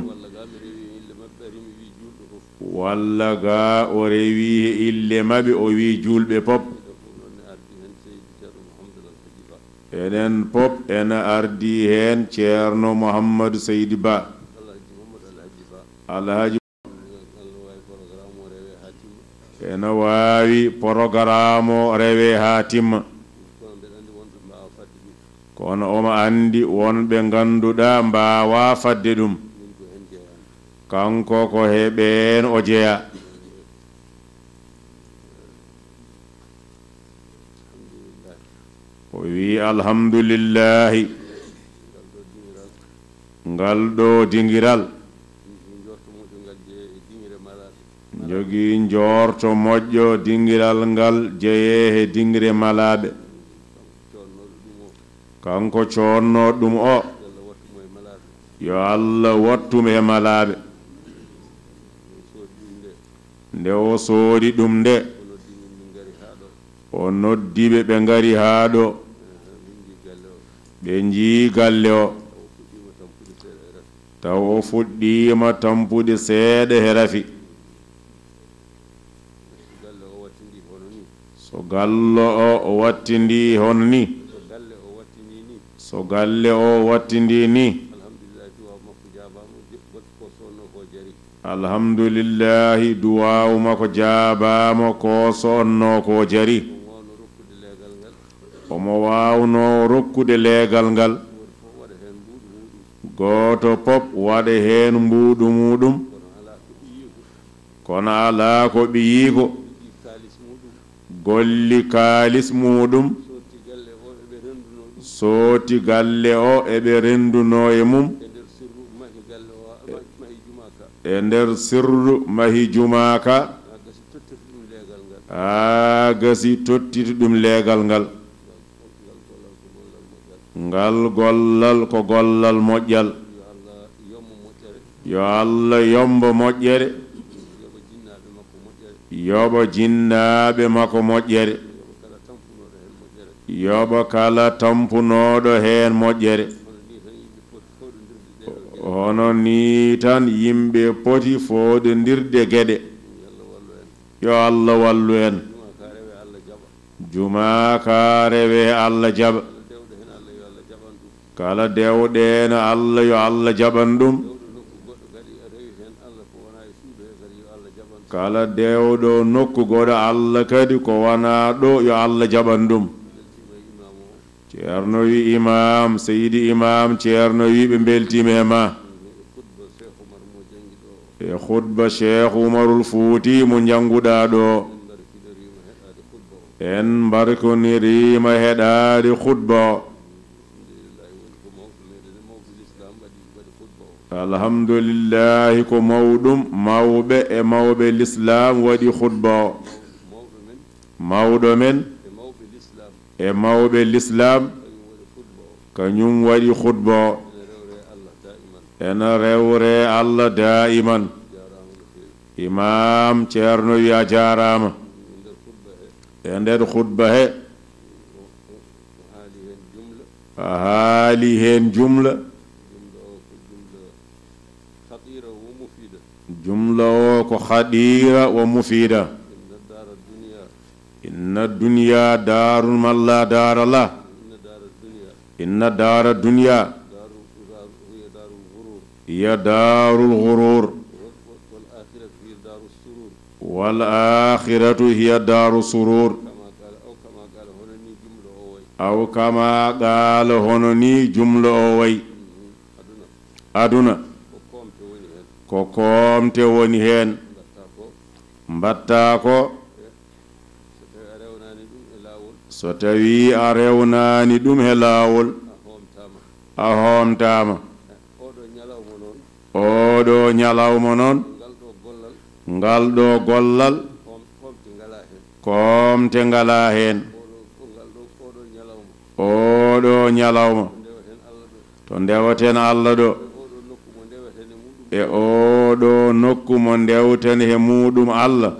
walla ga o rewi e ille maɓe o wi julɓe pop enen pop ena ardi hen ceerno mouhammadou seydi ba alhaji ena wawi programme o rewe ha timma kono omo anndi wonɓe ngannduɗa mbaawa fadde ɗum kanko ko heɓeen o jeya o wii alhamdulillahi ngal ɗo dingiral jogii njorto moƴƴo dingiral ngal jeyee he dingire malaaɓe kanko coonno ɗum o yo allah wattumo e malaɓe nde o soodi ɗum nde o noddiɓe ɓe ngari haa ɗo ɓe njii galle o taw o fuɗɗiima tampude seeɗa he rafi so gallo o o wattindi hono ni so galle o wattindi ni alhamdulillahi duwawuma ko jabamo ko sonno ko jari omo wawno rokkude legal ngal goto pop waɗa hen mbuɗu muɗum kono ala ko ɓiyiko golli kalis muɗum sooti galle o eɓe renduno e mum e nder sirru mahi jumaka e a gasi tottiti ɗum legal ngal ngal gollal ko gollal moƴƴal yo allah yomba moƴƴere yoɓa jinnaɓe makko moƴƴere yoɓo kala tampunoɗo hen moƴƴere hono ni tan yimɓe poti foɗodirde gueɗe yo allah wallu en jumakarewe allah jaɓa kala dewɗena allah yo allah jaɓan ɗum kala dewɗo nokku goɗo allah kadi ko wona ɗo yo allah jaɓan ɗum ceerno wi imam seydi imam ceerno wi ɓe mbeltime ma e khutba cheikh oumarul fouti mo janguɗa ɗo en mbarkonirima heɗaade khutba alhamdulillahi ko mawɗum mawɓe e mawɓe l'islam waɗi khutba mawɗo men e mawɓe l'islam kañum waɗi khutba o ena rewre allah daiman imam ceerno wi jarama e nder khutba he a haali hen jumla jumla o ko khadira wa mufida inna duniya darun malla dara la inna dara duniya hiya darul gurur wal akhiratu hiya daru surur aw kama qala hono ni jumla o way mm-hmm. aduna ko komte woni hen mbatta ko so tawi a rewnani ɗum he lawol a homtama oɗo ñalawmo noon ngal ɗo gollal komte ngala hen oɗo ñalawma to ndewaten allah ɗo e oɗo nokku mo ndewten he muɗum allah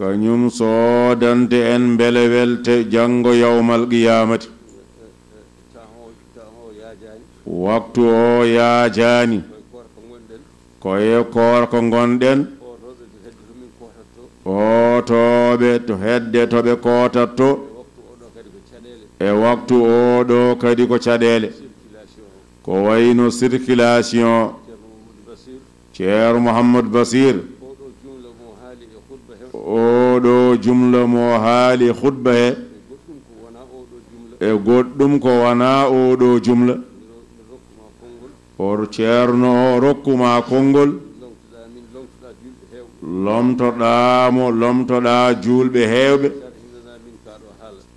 kañum soodante en mbele welte janngo yawmal qiyamati waktu o yaajaani koye koorko ngonɗen ootooɓe to hedde to ɓe kootatto e waktu oo ɗoo kadi ko caɗeele ko wayno circulation ceer mouhamadou basir oɗo jumla mo haali khutba he e goɗɗum ko wona oɗo jumla or ceerno rokkuma konngol lomtoɗamo lomtoɗa julɓe hewɓe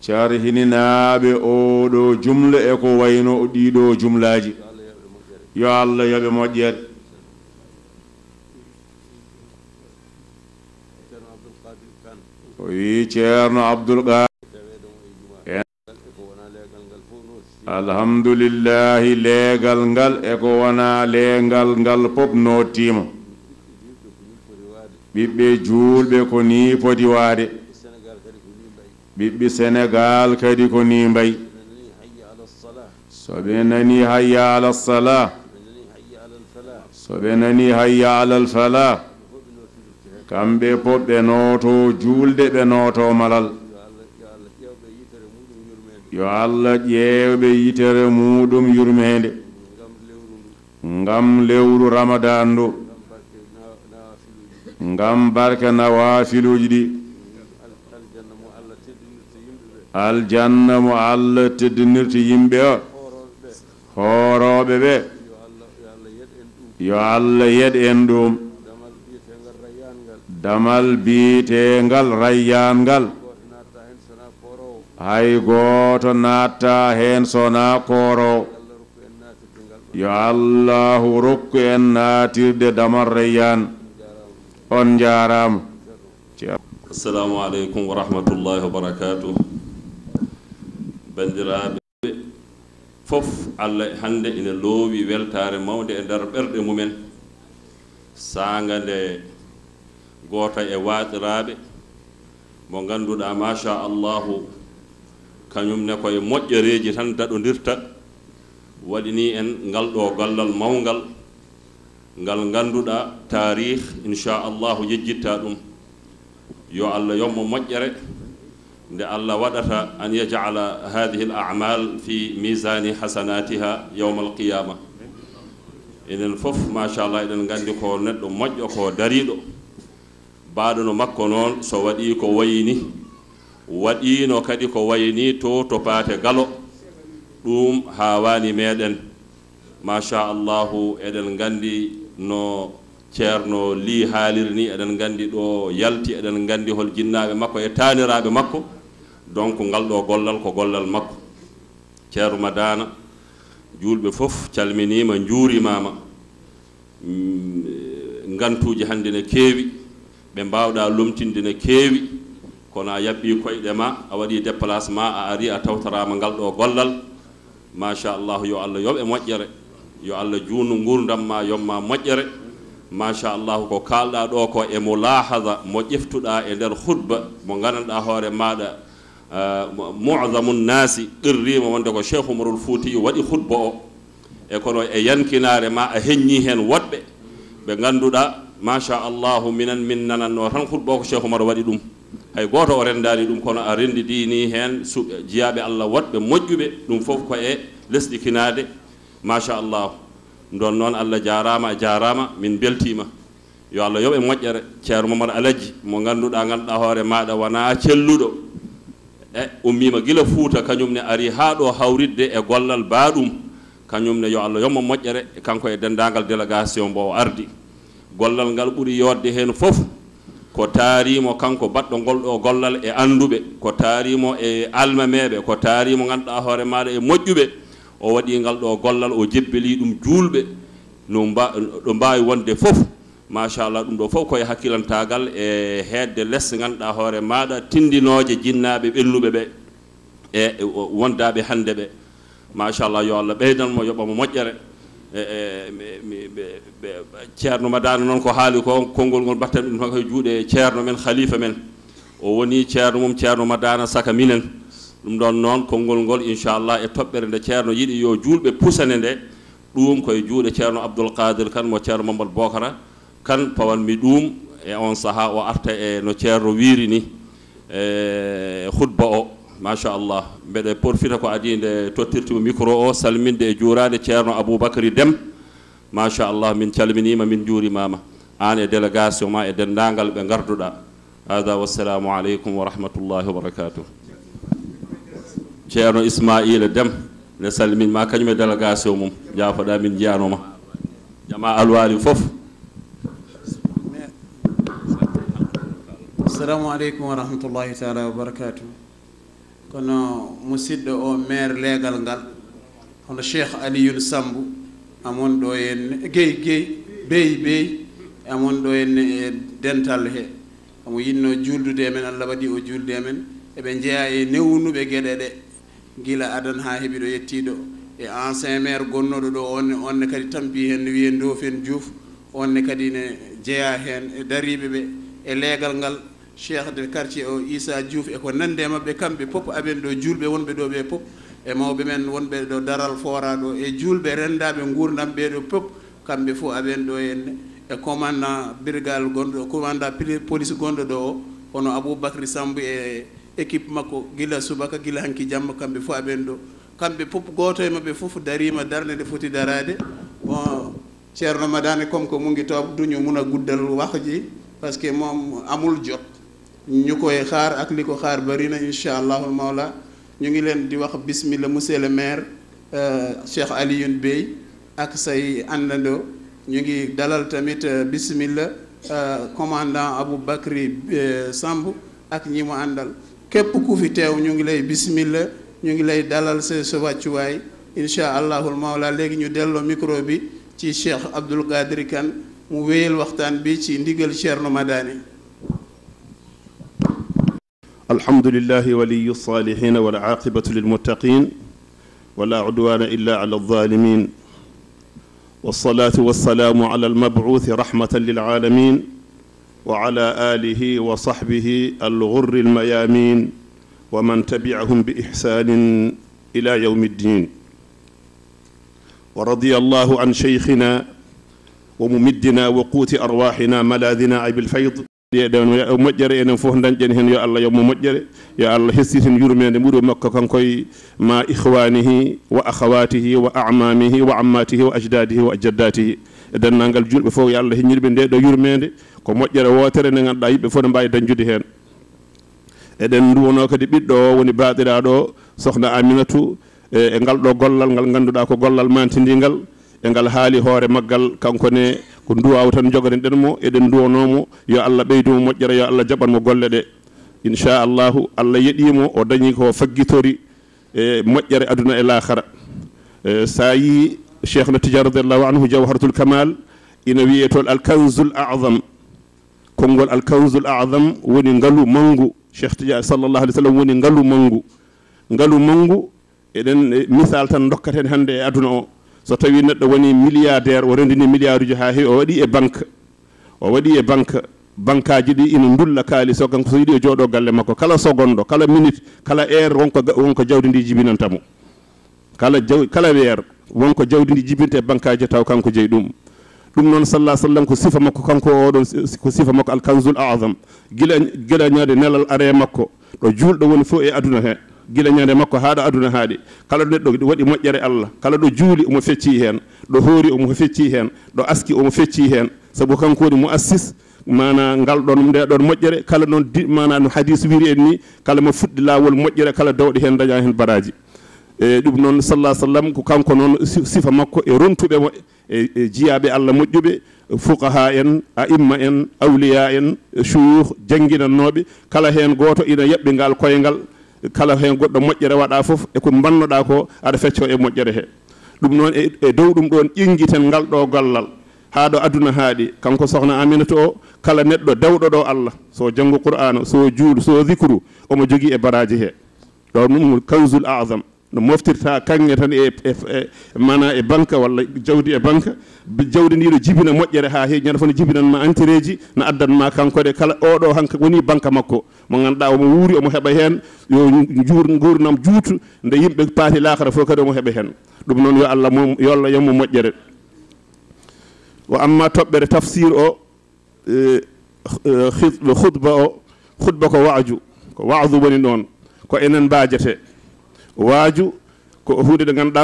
carhininaɓe oɗo jumla e ko wayno ɗiɗo jumlaji yo allah yoɓe moƴƴere o wi ceerno abdoul gaalhamdoulillahi leegal ngal e ko wonaa leegal ngal fof nootiima ɓiɓɓe juulɓe ko nii foti waade ɓiɓɓe sénégal kadi ko nii mbay so ɓe nani haya alassala so ɓe nani haya alalfalah kamɓe poɓɓe nooto juulde ɓe nooto malal yo allah ƴeewɓe yitere muɗum yurmeende ngam lewru ramadan ndu ngam barka nawafiluji ɗi aljanna mo allah teddinirta yimɓe o hoorooɓe ɓe yo allah yed en ɗum damal biitengal rayyangal hay gooto naatta heen sona kooro yo allahu rokku en naatirde damal rayyan on jaaraama assalamu aleykum wa rahmatullahi wa barakatuh bandiraaɓe fof allah e hannde ina loowi weltaare mawnde e ndeer ɓerɗe mumen saanga nde goota e waaɗiraaɓe mo ngannduɗaa machallahu kañum ne koye moƴƴereeji tan daɗondirta waɗinii en ngal ɗo gollal mawngal ngal ngannduɗaa tarih inchallahu yejjittaa ɗum yo allah yommo moƴƴere nde allah waɗata an yajala hadihi l amal fi misani hasanatiha yawma al qiyama enen fof machallah eɗen nganndi ko neɗɗo moƴƴo ko dariiɗo baɗono makko noon so waɗi ko wayini waɗino kadi ko wayini to to paate galo ɗum hawani meɗen machallahu eɗen gandi no ceerno li haalirni eɗen gandi ɗo yalti eɗen gandi hol jinnaɓe makko e taniraɓe makko donc ngal ɗo gollal ko gollal makko ceerno madana julɓe foof calminima juurimama mm, gantuji hande ne keewi ɓe mbawɗa lomtinde ne kewi kono a yaɓɓi koyɗe ma a waɗi déplacement a ari a tawtarama ngal ɗo gollal machallahu yo allah yoɓe moƴƴere yo allah juunu gurdamma yomma moƴƴere machallahu ko kalɗa ɗo ko e mo lahada mo ƴeftuɗa e nder hutba mo gandanɗa hoore maɗa eh, mudamu nnasi qirrima wonde ko cheikh oumarul foutiy waɗi hutba o e kono e yankinare ma a heññi hen woɗɓe ɓe ganduɗa machallahu minen min nananno tan hutɓo ko cheikh oumar waɗi ɗum hay goto o rendani ɗum kono a rendi dini hen su jiyaɓe allah woɗɓe moƴƴuɓe ɗum foof ko e lesɗi kinade machallahu ndon noon allah jarama a jarama min beltima yo allah yooɓe moƴƴere ceero momar aladji mo ganduɗa ganduɗa hoore maɗa wona celluɗo e ummima guila fuuta kañumne ari ha ɗo hawridde e gollal baɗum kañumne yo allah yomma moƴƴere kanko e dendagal délégation mbo o ardi gollal ngal ɓuri yodde heen fof ko taarimo kanko baɗɗo ngolɗo gollal e annduɓe ko taarimo e almameɓe ko taarimo ganduɗa hoore maɗa e moƴƴuɓe o waɗi ngal ɗo gollal o jebbeli ɗum juulɓe no ba ɗo mbawi wonde fof machallah ɗum ɗo fof koye hakkilantagal e hedde lesse ganduɗa hoore maɗa tindinoje jinnaɓe ɓennuɓe ɓe e, e wondaɓe hande ɓe machallah yo allah ɓeydanmo yoɓamo moƴƴere e, e ceerno madana noon ko haali ko konngol ngol mbatten ɗum tanko juuɗe e ceerno men khalifa men o woni ceerno mum ceerno madana saka minen ɗum ɗon noon konngol ngol inchallah e toɓɓere nde ceerno yiɗi yo juulɓe pusane nde ɗum koye juuɗe ceerno abdoul kadir kan mo ceerno mamadou bocara kan pawanmi ɗum e on saaha o arta e no ceerno wiiri ni e hutba o machallah mbeɗe profita ko adi nde tottirtimo micro o salminde e juurade ceerno aboubacry déme machallah min calminima min juurimama an e délégation ma e dendagal ɓe garduɗa hada wassalamu aleykum wa rahmatullahi wa barakatuh ceerno ismaila déme ne salminma kañum e délégation mum jafoɗa min jiyanoma jaama alwali foof assalamu aleykum wa rahmatullahi taala wa barakatuh kono musidɗo o maire leegal ngal hono cheikh aliyoul sambou amon ɗo henne gueyi gueyi beyi beyi amon ɗo henne e dental he omo yinno juuldude men allah waɗi o juulde men eɓe jeeya e newnuɓe gueɗe ɗe gila adan ha heeɓi ɗo yettiɗo e ancien maire gonnoɗo ɗo onne onne kadi tampi hen no wiye dofen diouf onne kadi ne jeeya hen e dariɓeɓe e leegal ngal cheikh de quartier o issa diouf e ko nande maɓɓe kamɓe fof aɓen ɗo julɓe wonɓe ɗo ɓe fof e mawɓe men wonɓe ɗo daral fora ɗo e julɓe rendaɓe gurdam ɓe ɗo fof kamɓe fof aɓen ɗo henne e commandant brigal gonɗo commandant police gonɗo ɗo o hono aboubacry sambo e équipe makko guila subaka guila hanki jamma kamɓe fof aɓen ɗo kamɓe fof goto e maɓɓe fof darima darde nde foti darade bon ceerno madane comme que mungi toob duñu muna guddal wahji par ce que moom amul jot ñu koy xaar ak li ko xaar bari na incha allahu maola ñu ngi leen di wax bismillah monsieur le maire euh, Cheikh Alioune Bey ak say àndandoo ñu ngi dalal tamit euh, bismillah euh, commandant Abou Bakri Samb ak ñi mu àndal képp ku fi teew ñu ngi lay bismillah ñu ngi lay dalal sa sa wàccuwaay incha allahul maola léegi ñu delloo micro bi ci Cheikh Abdoul Qadir Kane mu wéyal waxtaan bi ci ndigal Thierno Madani الحمد لله ولي الصالحين والعاقبة للمتقين ولا عدوان إلا على الظالمين والصلاة والسلام على المبعوث رحمة للعالمين وعلى آله وصحبه الغر الميامين ومن تبعهم بإحسان إلى يوم الدين ورضي الله عن شيخنا وممدنا وقوت أرواحنا ملاذنا عب الفيض ɗeɗen moƴƴere enen fof dañƴen heen yo allah yomma moƴƴere yo allah hessiten yurmede ɓuuri makko kanko ye ma ihwanihi wa ahawatihi wa amamihi wa ammatihi wa ajdadihi wa jaddatihi e denndangal julɓe fof yo allah heññiriɓe nde ɗo yurmede ko moƴƴere wootere nde ngannduɗa yimɓe fof ne mbawi dañjude heen eɗen nduwono kadi ɓiɗɗo o woni baaɗiraɗo sohna aminatou e, e ngal ɗo gollal ngal ngannduɗa ko gollal mantidigal e ngal haali hoore maggal kanko ne ko nduwaw tan jogoren ɗen mo eɗen nduwanomo yo allah ɓeydumo moƴƴere yo allah jaɓanmo golle ɗe inchallahu allah yeɗimo o dañi ko faggitori e moƴƴere aduna e lahara e sa yi cheikh no tidia radiallahu anhu jawhartul kamal ina wiye tol alkanseul adam konngol alkanseul adam woni ngalu mangu cheikh tidia sallllahu alih w sallam woni ngalu mangu ngalu mangu eɗen misal tan dokkaten hannde e aduna o so tawi neɗɗo woni milliardaire o rendini milliard uji ha heewi o waɗi e banque o waɗi e banque banka ji ɗi ina dulla kaalis o kanko so yiɗi o e jooɗo galle makko kala gondo kala minute kala heure wonko wonko jawdi ndi jibinantamo kala jaw kala heure wonko jawdi ndi jibinta e banque aji e taw kanko jeeyi ɗum ɗum noon sallah sallam ko sifa makko kanko oɗon ko sifa makko alkanzul azam gila gila ñaade nelal are makko ɗo juulɗo woni fo e aduna he gilañande makko haa ɗo aduna haaɗi kala ɗo neɗɗo waɗi moƴƴere allah kala ɗo juuli omo fecci heen ɗo hoori omo fecci heen ɗo aski omo fecci heen sabu kanko woni mo assis mana ngal ɗon nde ɗon moƴƴere kala noon mana no hadis wiri en ni kala mo fuɗɗi laawol moƴƴere kala dawɗi heen daña heen baraji e ɗum noon sallah sallam ko kanko noon sifa makko e rontuɓe mo e, e jiyaɓe allah moƴƴuɓe fuqaha en a imma en awliya en chouyuh jangguinannoɓe kala heen goto ina yaɓɓingal koyngal kala heen goɗɗo moƴƴere waɗa fof eko bannoɗa ko aɗa fecco e moƴƴere he ɗum noon e, e dow ɗum ɗon ƴingiten ngal ɗo gollal haa ɗo aduna haaɗi kanko sohna aminatu o kala neɗɗo dewɗo ɗo allah so jango qur'ana so juulu so zicru omo jogii e baraji hee ɗo ɗum kawsul agam no moftirta kaŋŋe tan e, e, e mana e banque walla jawdi e banque jawdi ndi no jibina moƴƴere ha heewi ñande fof no jibinanma entré ji no addanma kankode kala oɗo hanko woni banque makko mo ganduɗa omo wuuri omo heɓa hen yo jur gurnam juutu nde yimɓe paati lakara fof kadi omo heɓa hen ɗum noon yo allah yo allah yomo moƴƴere o amma toɓɓere tafsir o e, khutba o khutba ko waaju ko waadu woni ɗon ko enen mbajete waaju ko hunde nde ganduɗa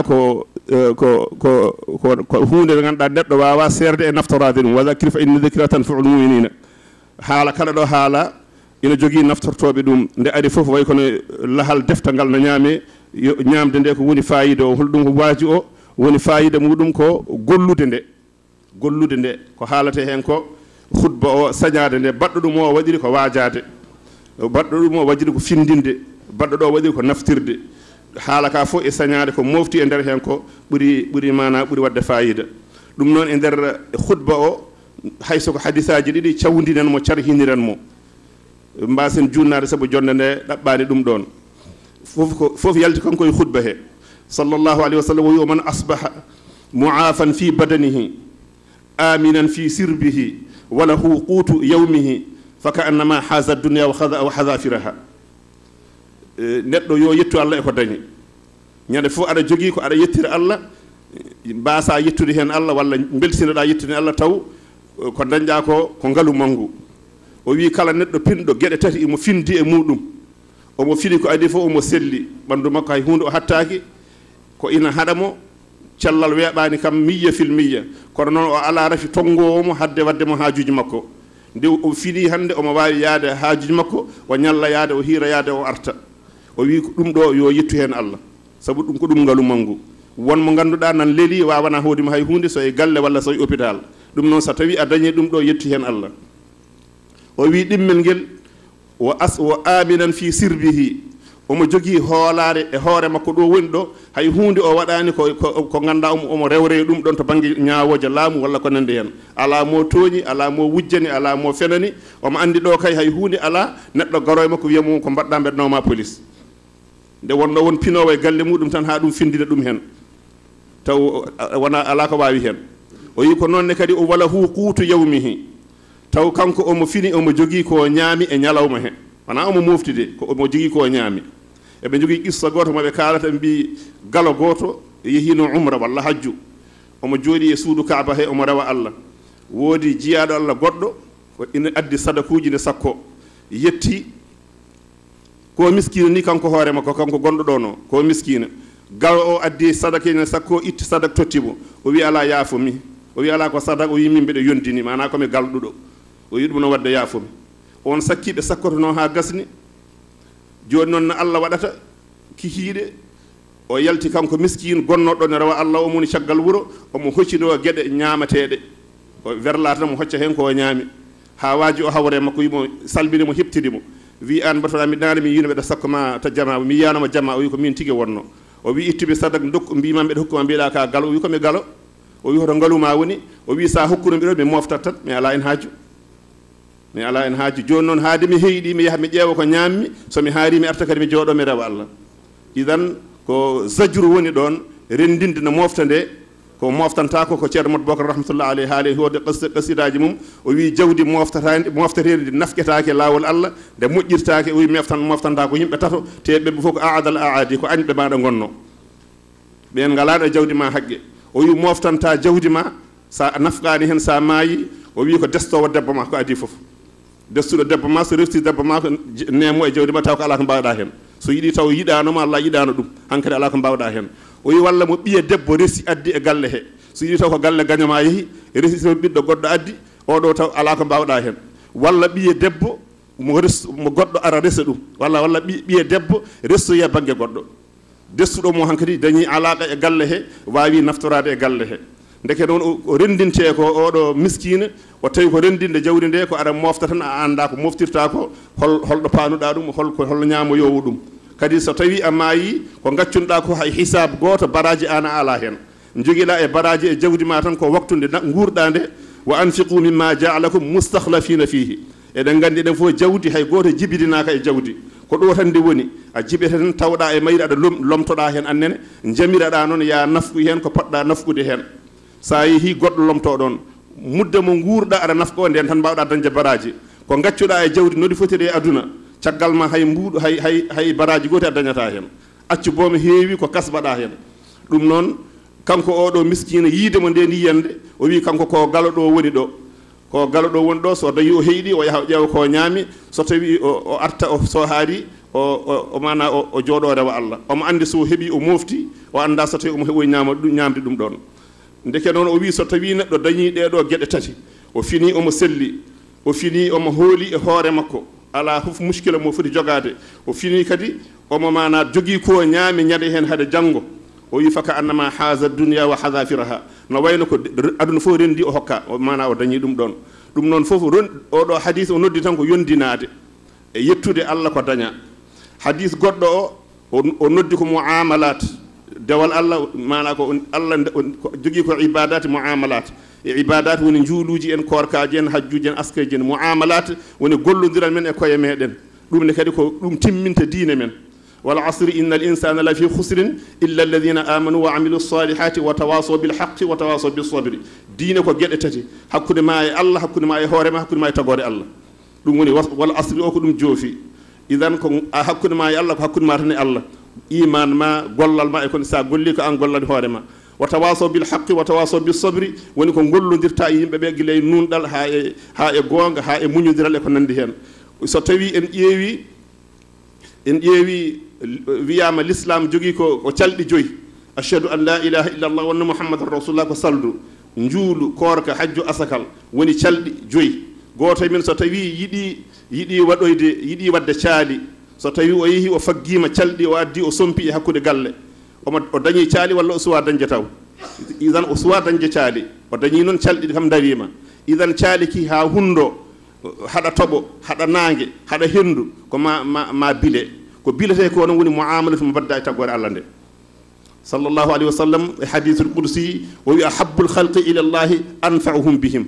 eh, ko ko ko ko hunde nde ganduɗa neɗɗo wawa serde e naftorade ɗum wala kirfa inni dicra tan fo muminina haala kala ɗo haala ina jogui naftortoɓe ɗum nde ari foof way kono lahal deftangal no ñaame ñamde nde ko woni fayida o holɗum ko waaji o woni fayida muɗum ko gollude nde gollude nde ko haalate hen ko hutba o sañade nde baɗɗo ɗum o waɗiri ko waajade baɗɗo ɗum o waɗiri ko findinde baɗɗo ɗo waɗiri ko naftirde haala ka fof e sañaade ko mofti e ndeer heen ko ɓuri ɓuri mana ɓuri wadde fayida ɗum noon e ndeer hutba o haysoko hadisaji ɗiɗi cawdinen mo carhiniren mo mbasen junnade saabu jonde nde ɗaɓɓani ɗum ɗon fof ko fof yalti kanko e hutba he sallllahu alayhi wa sallam wo wi o man asbaha moafan fi badanihi aminan fi sirbihi walahu qutu yawmihi fa ka annama haza dunia wa haza firaha Eh, neɗɗo yo yettu allah e ko dañi ñande fof aɗa jogii ko aɗa yettira allah eh, mbasa yettude heen allah walla mbeltinoɗa yettude allah taw eh, ko dañɗa ko ko ngalu manngu o wi kala neɗɗo pinɗo geɗe tati imo findi e muɗum omo fili ko adi fof omo selli ɓanndu makko hay hunde o hattaki ko ina haɗa mo cellal weɓani kam miyya fil miyya kono noon o ala rafi tongowomo hadde wadde mo hajuji makko nde o fili hannde omo wawi yaade hajuji makko o ñalla yaade o hiira yaade o arta o wi ko ɗum ɗo yo yettu heen allah sabu ɗum ko ɗum ngalu manngu wonmo ngannduɗa nan leli wawana hoodima hay hunde so e galle walla so e hôpital ɗum noon so tawi a dañi ɗum ɗo yettu heen allah o wi ɗimmel ngel o as o aminan fi sirbihi omo jogii hoolaare e hoore makko ɗo woni ɗo hay hunde o waɗani ko ko ngannduɗa omo omo rewre ɗum ɗon to bange ñawoja laamu walla ko nande hen ala mo tooñi ala mo wujjani ala mo fenani omo andi ɗo kay hay hunde ala neɗɗo garoye makko wiyamum ko mbaɗɗa mbeɗnoma police nde wonno won pinowo e galle muɗum tan ha ɗum findina ɗum hen taw wona ala ko wawi hen o yi ko nonne kadi o wala hu quutu yawmihi taw kanko omo fini omo jogii ko ñaami e ñalawma he wona omo moftide ko omo jogii ko ñaami eɓe jogii qissa goto moɓe kalata mbi galo goto yehino umra walla hajju omo jooɗi e suudu kaaba he omo rewa allah woodi jiyaɗo allah goɗɗo ina addi sadakuji nde sakko yetti ko miskina ni kanko hoorema ko kanko gonɗo ɗo no ko miskina gawa o addi sadaka ene sakko itti sadaka tottimo o wi ala yaafomi o wi ala ko sadaka o wi min mbiɗa yondini mana komi galɗuɗo o wi ɗumno wadde yaafomi on sakkiɓe sakkotono ha gasni joni noon no allah waɗata kikiɗe o yalti kanko miskine gonnoɗo ne rawa allah omuni caggal wuuro omo hoccino gueɗe ñamateɗe o werlatanmo hocca hen ko ñaami ha waji o hawre makko yimo salminimo hiptidimo wi an mbatata mi ɗaani mi yinoɓeɗa sakkoma ta jama mi yiyanoma jama o wi ko min tigi wonno o wi ittumi sadak dokku mbima mbeɗa hokkuma mbiɗa ka galo o wi komi galo o wi hoto ngaluma woni o wi sa hokkuno mbiɗo mi moftat tan mi ala en haaju mi ala en haaju joni noon haade mi heyɗi mi yaha mi ƴeewa ko ñammi somi haari mi arta kadi mi jooɗo mi rewa allah idan ko zajour woni ɗon rendinde no mofta nde ko moftantako ko ceerno mod bocar rahmatullah alayh haali hode qasidaji mum o wi jawdi moftatani moftatedi ndi nafketake lawol allah nde moƴƴirtake o wi meftan moftanta ko yimɓe tato te ɓeɓe foof ko aadal aadi ko añɓe maɗa gonno ɓen galaɗo e jawdi ma haqqe o wi moftanta jawdi ma sa nafkani hen sa maayi o wi ko destowo debbo ma ko adi foof destuɗo debbo ma so refti debbo ma ko nemo e jawdi ma taw ko ala ko mbawɗa hen so yiiɗi taw yiɗanoma allah yiɗano ɗum hankkadi ala ko mbawɗa hen o wi walla mo ɓiya debbo resi addi e galle he so yii taw ko galle gañoma yeehi resi so ɓiɗɗo goɗɗo addi oɗo taw ala ko mbawɗa hen walla ɓiye debbo mo res mo goɗɗo ara resa ɗum walla walla ɓiye debbo restoya banggue goɗɗo destuɗo mo hankkadi dañi alaqa e galle he wawi naftorade e galle he deke noon o rendinte ko oɗo miskina o tawi ko rendinde jawdi nde ko aɗa mofta tan a anda ko moftirta ko hol holɗo panuɗa ɗum holko holno ñamoyowo ɗum kadi so tawi a maayi ko gaccunoɗa ko hay hisab goto baraji ana ala hen joguiɗa e baraji e jawdi ma tan ko waktude guurɗa nde wa anfiqu mimma jaalakum mustahlafina fihi eɗen gandi ɗen foof jawdi hay goto jibidinaka e jawdi ko ɗo tan nde woni a jiɓete tan tawɗa e mayri aɗa lomtoɗa hen annene jamiraɗa noon ya nafku hen ko poɗɗa nafkude hen sa yeehi goɗɗo lomtoɗon mudde mo guurɗa aɗa nafka o nden tan mbawɗa dañde baraji ko gaccuɗa e jawdi noɗi fotiri e aduna caggal ma hay mbuuɗo hay hay hay baraji gooti a dañata heen accu boomi heewi ko kasbaɗa heen ɗum noon kanko oɗo miskina yiide mo ndeni yiyande o wi kanko ko galo ɗo woni ɗo ko galo ɗo woni ɗo so dawi o heyɗi o yaha ƴeewa ko ñaami so tawi o arta o so haari o o mana o jooɗo rewa allah omo andi so heeɓi o mofti o anda so tawi omo heɓoy ñama ñamde ɗum ɗon ndeke noon o wi so tawi neɗɗo dañi ɗeɗo gueɗe tati o fini omo selli o fini omo hooli e hoore makko ala huf muskila mo foti jogade o fini kadi omo mana jogii ko ñaami ñade hen haade janngo o wi faka annama haasa dunia wa hadafiraha no wayno ko aduna fof renndi o hokka mana o dañi ɗum ɗon ɗum noon fof oɗo hadis o noddi tan ko yondinade e yettude allah ko daña hadis goɗɗo o o noddi ko muamalat dewal allah mana ko allah jogii ko ibadati muamalate e ibadat woni juuluuji en korkaji en hajjuji en askaji en muamalat woni gollodiral men e koye meɗen ɗum ne kadi ko ɗum timminta diine men والعصر إن الإنسان لفي خسر إلا الذين آمنوا وعملوا الصالحات وتواصوا بالحق وتواصوا بالصبر دينك وجد تتي حكون ما الله حكون ما هورم حكون ما تقول الله دموني والعصر أكو دم جوفي إذن كون حكون ما الله حكون ما الله إيمان ما قلل ما يكون سا قللي كأن قلل هورم wa tawasaw bil haqqi wa tawasaw bi sobri woni ko gollodirta e yimɓe ɓe gila e nunɗal ha e ha e gonga ha e muñodiral e ko nandi hen so tawi en ƴeewi en ƴeewi wiyama l'islam jogui ko ko calɗi joyyi achadu an la ilaha illallah wonno mouhammadan rasulullah ko saldu njuulu korka hajju asakal woni calɗi joyyi goto e min so tawi yiɗi yiɗi waɗoyde yiɗi wadde caali so tawi o yeehi o faggima calɗi o addi o sompi e hakkude galle omo o dañii caali walla o suwa dañde taw idan o suwa dañde caali o dañii noon caali ɗiɗi kam dariima idan caali ki haa hunndo haɗa toɓo haɗa naange haɗa henndu ko ma ma ma bile ko biletee ko noon woni moamalatu mo badda e taggore allah nde sallallahu alayhi wa sallam e hadisul qudsi o wiya habbul halqi ila llahi anfauhum bihim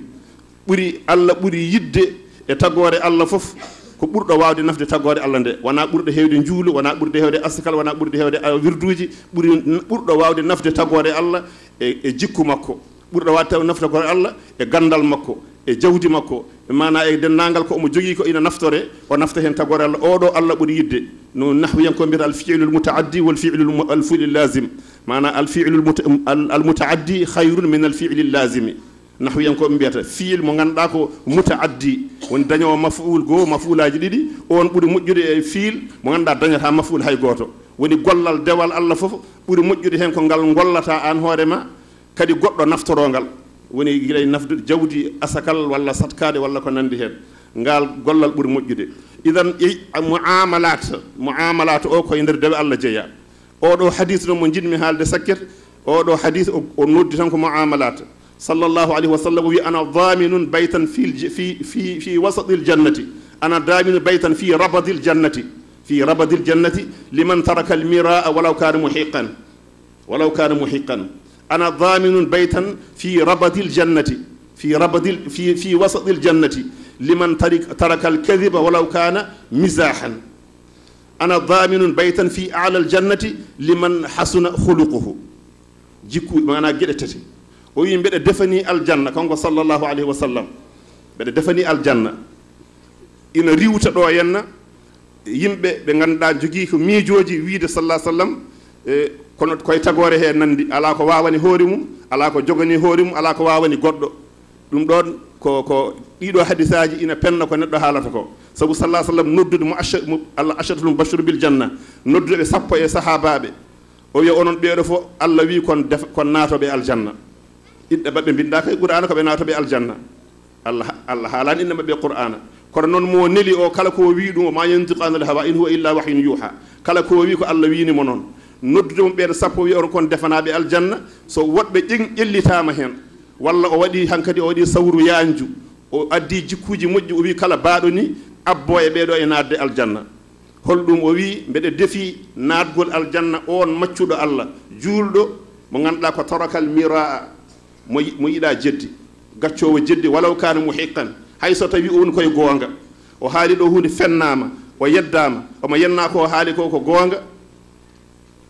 ɓuri allah ɓuri yidde e tagore allah fof ko ɓurɗo wawde nafde taggode allah nde wona ɓurɗo hewde juulu wona ɓurɗo hewde askal wona ɓurɗo hewde wirduji ɓuri ɓurɗo wawde nafde taggode allah e e jikku makko ɓurɗo wawde taw nafde taggode allah e gandal makko e jawdi makko mana e denndangal ko omo jogii ko ina naftore o nafta hen tagore allah oɗo allah ɓuri yidde no nahwiyanko mbiyata alfiilu lmutaaddi walfiilu alfiili lazim mana alfiilu mutaaddi khayrun min alfiili lasimi nahwiyankoɓe mbiyata fiil mo ganduɗa ko mutaaddi woni dañowo mafuul goo mafuulaji ɗiɗi on ɓuuri moƴƴude e fiil mo ganduɗa dañata mafuul hay goto woni gollal dewal allah foof ɓuuri moƴƴude hen ko ngal gollata an hoore ma kadi goɗɗo naftorongal woni guiɗay nafdude jawdi asakal walla satkade walla ko nandi hen ngal gollal ɓuuri moƴƴude idan muamalat muamalat o koye nder dewe allah jeeya oɗo hadis ɗo mo jinmi haalde sakket oɗo hadis o noddi tan ko muamalat صلى الله عليه وسلم وي انا ضامن بيتا في في في في وسط الجنه انا ضامن بيتا في ربض الجنه في ربض الجنه لمن ترك المراء ولو كان محقا ولو كان محقا انا ضامن بيتا في ربض الجنه في ربض في في وسط الجنه لمن ترك ترك الكذب ولو كان مزاحا انا ضامن بيتا في اعلى الجنه لمن حسن خلقه جيكو انا جدتتي o wi mbeɗe defani aljanna kanko sallllahu alayhi wa sallam mbeɗe defani aljanna ina riwta ɗo henna yimɓe ɓe ngannduɗa jogii ko miijoji wiide salla sallam e kono koye tagore he nanndi alaa ko waawani hoore mum alaa ko jogani hoore mum alaa ko waawani goɗɗo ɗum ɗon ko ko ɗiɗo hadisaji ina penna ko neɗɗo haalata ko sabu salla sallam noddude mo aha allah achatu lum bachiru bil janna noddude ɓe sappo e sahabaɓe o wiya onon ɓeeɗo fof allah wi kon def kon naatoɓe aljanna ɓiɗɗe maɓɓe mbindaka e qur'ana koɓe nawata ɓe aljanna allah allah haalani inna maɓɓe qur'ana kono noon mo neli o kala ko wi ɗum o ma yantiqu anal hawa in huwa illa wahyun yuha kala ko wi ko allah winimo noon noddude ɓeeɗo sappo wiya on kon defanaɓe aljanna so woɗɓe ƴin ƴellitama hen walla o waɗi hankkadi o waɗi sawru yanju o addi jikkuji moƴƴi o wi kala baaɗo ni abbo e ɓeeɗo e naatde aljanna holɗum o wi mbeɗe defi naatgol aljanna on maccuɗo allah juulɗo mo ganduɗa ko torakal miraa mo yiɗa jeddi gaccowo jeddi walaw kana muhiqan hay so tawi on koye goonga o haali ɗo hunde fennama o yeddama omo yenna ko haali ko ko goonga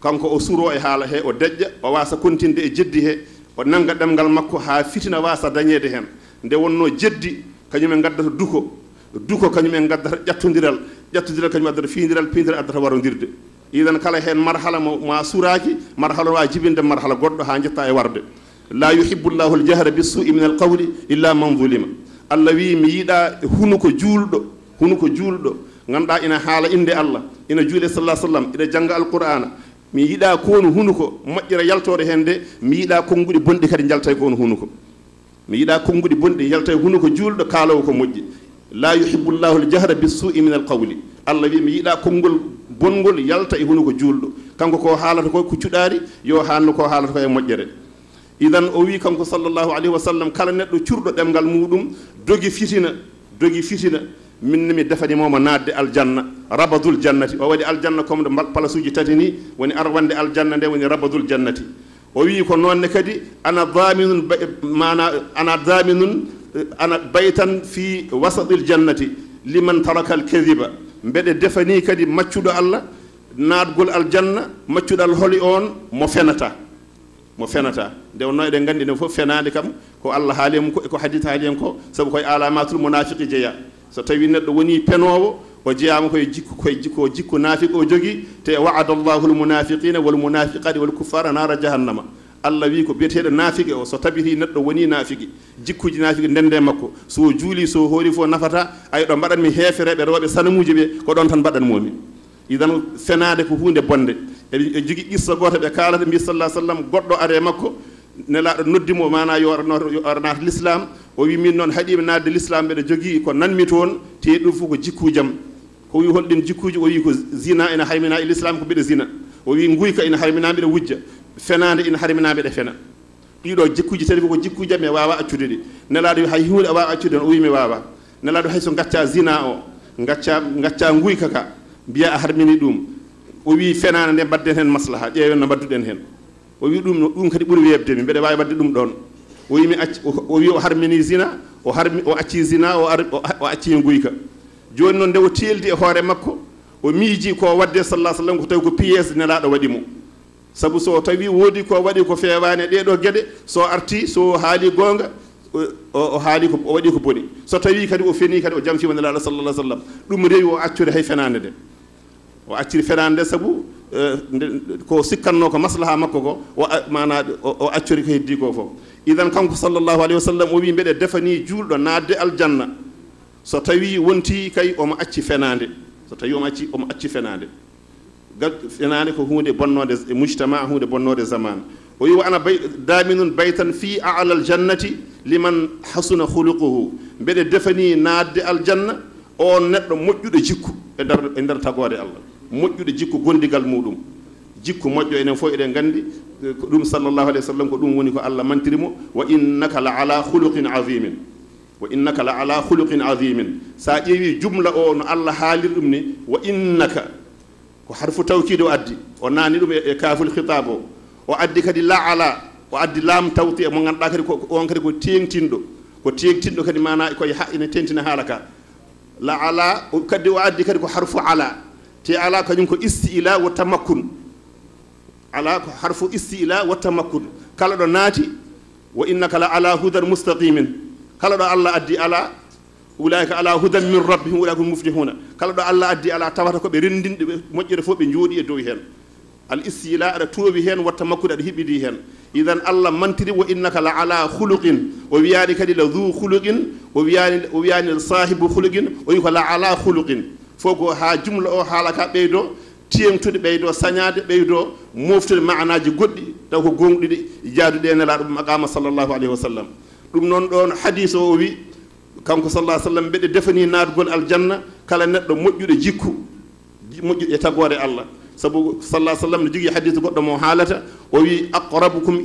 kanko o suro e haala he o deƴƴa o wasa kontinde e jeddi he o nanga ɗemgal makko ha fitina wasa dañede hen nde wonno jeddi kañumen gaddata duko duko kañumen gaddata ƴattodiral ƴattodiral kañum addata fiidiral piidiral addata warodirde iɗen kala hen marhala ma suraki marhala wa jibinde marhala goɗɗo ha jetta e warde la yuhibu llahu aljahra bi sui min alqawli illa man volima allah wi mi yiiɗa hunuko juulɗo hunuko juulɗo ganduɗa ina haala inde allah ina juule sal lah sallam ina jangga alqur'ana mi yiɗa koonu hunuko moƴƴira yaltore hen nde mi yiɗa konnguɗi bonɗi kadi jaltay koonu hunuko mi yiɗa konnguɗi bonɗi jaltay hunuko juulɗo kaalowo ko moƴƴi la yuhibu llahu aljahra bi sui min alqawli allah wi mi yiɗa konngol bongol yalta e hunuko juulɗo kanko ko haalata ko ko cuɗari yo hanno ko haalata ko e moƴƴere idan o wi kanko sallallahu alaihi wasallam kala neddo curɗo demgal mudum dogi fitina dogi fitina minni mi moma nadde aljanna rabadul jannati o wadi aljanna comme ɗo palasuji tatini woni arwande aljanna de woni rabadul jannati o wi ko nonne kadi ana dhaminun mana ana dhaminun ana baytan fi wasatil jannati liman taraka alkadhiba mbede defani kadi maccudo alla nadgul aljanna maccudal holi on mo fenata mo fenata nde wonno eɗen nganndi nde fof fenaade kam ko allah haalim ko e hadit haali hen ko sabu koye alamatul monafiqi jeeya so tawi neɗɗo woni penowo o jeeyama koye jikku koye jikku o jikku nafiqe o jogui te wa'ada llahu lmunafiqina walmunafiqati walcoufar nara jahannama allah wi ko biyeteɗo nafiqe o so tabiti neɗɗo woni nafiqi jikkuji nafiqi ndende makko so juuli so hoori fof nafata ayi ɗo mbaɗanmi heefereɓe rewɓe sanamuji ɓe ko ɗon tan mbaɗanmomi idan fenade ko hunde bonde e, e jogui qissa goto ɓe kalata mbi sala sallam goɗɗo are makko nelaɗo noddimo mana yo arnata l'islam o wi min noon haaɗima nadde l'islam mbeɗa jogui ko nanmi toon te ɗum fof ko jikkujam o wi holɗin jikkuji o wi ko zina ina harmina e l'islam ko mbiɗa zina o wi guyka ina harmina mbiɗa wujja fenade ina harmina mbiɗa fena ɗiɗo jikkuji tati ko jikkujam mi e wawa accude ɗi nelaɗo hay hunde a wawa accude o wi mi wawa nelaɗo hayso gacca zina o gacca gacca guyka ka mbiya a harmini ɗum o wi fenana nde mbadden hen maslaha ƴeewen no mbadduɗen hen o wi ɗum ɗum kadi ɓuuri webde mi mbeɗa wawi wadde ɗum ɗon o wimi acc o wi o harmini zina o harmi o acci zina o acci guyka joni noon nde o teeldi e hoore makko o miiji ko wadde sallah sallam ko tawi ko piyes nelaɗo waɗi mo saabu so tawi woodi ko waɗi ko fewani e ɗeɗo gueɗe so arti so haali gonga o haali o waɗi ko boni so tawi kadi o feni kadi o jamfima nelaɗo sallallah sallam ɗum rewi o accude hay fenade nde o acciri feɗade nde saabu ko sikkanno ko maslaha makko ko o mana o accori ko heddi ko fof idan kanko sallllahu alayhi wa sallam o wi mbeɗe defani juulɗo naatde aljanna so tawi wonti kay omo acci fenade so tawi omo acci omo acci fenade fenade ko hunde bonnode e mujtama hunde bonnode zaman o wi ana bay daminun baytan fi ala aljannati liman hasuna huluquhu mbeɗe defani naatde aljanna on neɗɗo moƴƴuɗo jikku e nder e nder tagode allah moƴƴude jikku gondigal muɗum jikku moƴƴo enen fof eɗen gandi ko ɗum sallllahu alayhi wa sallam ko ɗum woni ko allah mantiri mo wa innaka la ala huluqin azimin wa innaka la ala huluqin azimin sa ƴeewi jumla o no allah haalir ɗum ni wa innaka ko harfu tawkide o addi o naani ɗum e kaaful khitab o o addi kadi la ala o addi laam tawti e mo ganduɗa kadi ko on kadi ko tengtinɗo ko tengtinɗo kadi mana koye ha ene tengtina haala ka la ala kadi o addi kadi ko harfu ala te ala kañum ko istila wa tamakkun ala ko harfu istila wa tamakkun kala ɗo naati wa innaka la ala hudan mustaqimin kala ɗo allah addi ala ulaika ala hudan min rabbihim ulaika hum muflihuna kala ɗo allah addi ala tawata ko ɓe rendinɗe ɓe moƴƴere fof ɓe njooɗi e dow heen al istila aɗa toowi heen watta makkude aɗa hiɓɓidi heen idan allah mantiri wa innaka la ala khuluqin o wiyaani kadi la dhu khuluqin o wiyaani o wiyaani sahibu khuluqin o wi ko la ala khuluqin fof ko haa jumla o haala ka ɓeydo tiyemtude ɓeydo sañaade ɓeydo moftude manaji goɗɗi taw ko gonɗiɗi jaaduɗe e nela ɗum maqama sallllahu alayhi wa sallam ɗum noon ɗon hadis o o wi kanko sallah sallam mbeɗe defani naatgol aljanna kala neɗɗo moƴƴuɗo jikku moƴƴuɗe tagore allah sabu sallah sallam ne jogui hadis goɗɗo mo haalata o wi aqrabukum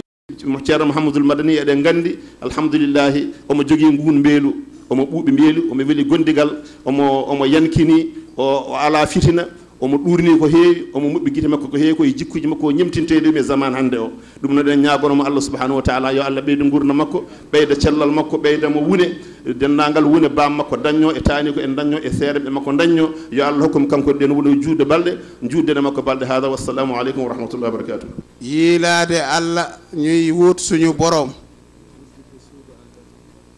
ceero mouhamadoul madani eɗen gandi alhamdulillahi omo jogui ngun mbeelu omo ɓuuɓi mbeeli omo weli gondigal omo omo yankini o o alaa fitina omo ɗuurni ko heewi omo moɓɓi gite makko ko heewi koye jikkuji makko o ñemtintoe ɗum e zaman hannde o ɗum no ɗen ñaagonomo allah subahanahu wa taala yo allah ɓeyda gurna makko ɓeyda cellal makko ɓeyda mo wune denndaangal wune bam makko dañño e taani ko en dañño e seereɓe makko dañño yo allah hokkumi kanko ɗen wone juutde balɗe juutdene makko balɗe haada wassalamu aleykum wa rahmatullahi wabarakatuh yiilaade allah ñuy wuut suñu boroom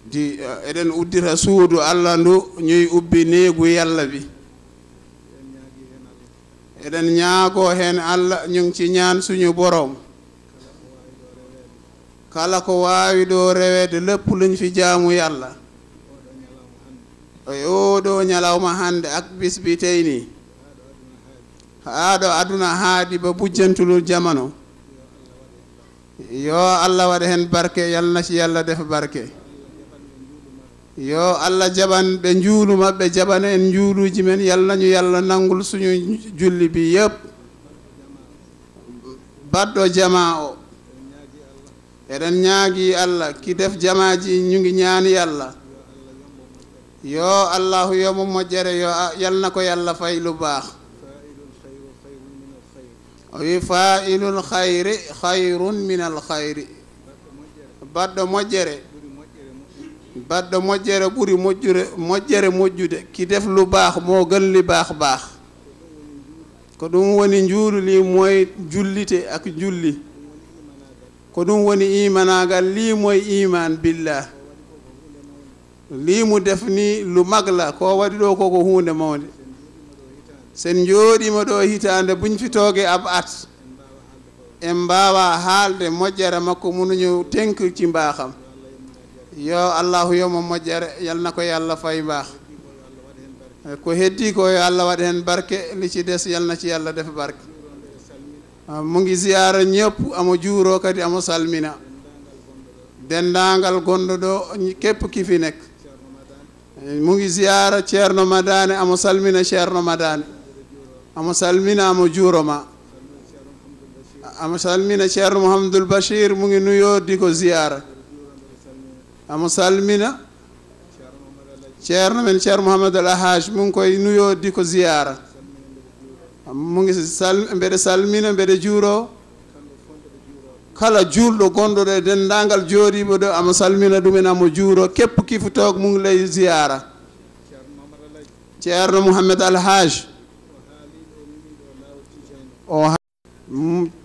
di eh, eɗen uddira suudu allah ndu ñoyi ubbi neegu yallah bi eɗen ñaago heen allah ñong ci ñaan suñu borom kala ko waawi ɗo rewede lépp luñ fi jaamu yallah e oo ɗo ñalawma hannde ak bis bi tey ni haa ɗo aduna haadi ba bujjantulul jamano yo allah waɗa heen barke yalnaci yallah def barke yeah. yo allah jaɓan ɓe njuulu maɓɓe jaɓan en njuuluuji men yalnañu yallah nanngol suñu julli bi yëpp baɗɗo jama o eɗen ñaagi allah ki def jamaaji ñu ngi ñaani yallah yo allahu yomo moƴƴere yo yalna ko yallah fay lu baax o wi faa'ilul xayri xayrun min al xayri baɗɗo moƴƴere badɗo moƴƴere ɓuri moƴƴure moƴƴere moƴƴude ki def lu baax moo gën li baax baax ko ɗum woni njuuru li mooy jullite ak julli ko ɗum woni imanagal li mooy iman billah lii mu def ni lu mag la ko waɗi ɗo koko hunde mawde sen njooɗima ɗo hitande buñ fitooge ab at en mbawa haalde moƴƴere makko munu ñu tenk ci mbaaxam yo allahu yomo moƴƴere yalna ko allah fay mbaa e ko heddi ko yo allah waɗa heen barke li ci des yalna ci allah def barke e mu ngi ziyara ñëpp amo juuroo kadi amo salmina dendaangal gonɗo ɗo képp kifi nekk e mu ngi ziyara ceerno madane amo salmina ceerno madane amo salmina amo juuroma amo salmina ceerno mouhamadoul bachir mu ngi nuyoo di ko ziyara amo salmina ceerno men ceerno mouhamad al ahaj mun koye nuyo di ko ziyara mu ngi sal mbeɗe salmina mbeɗe juuro kala juulɗo gonɗo ɗo e denndangal jooɗiɓo ɗo amo salmina ɗumen amo juuro kepp kifo toog mu ley ziyara ceerno mouhamad al haj o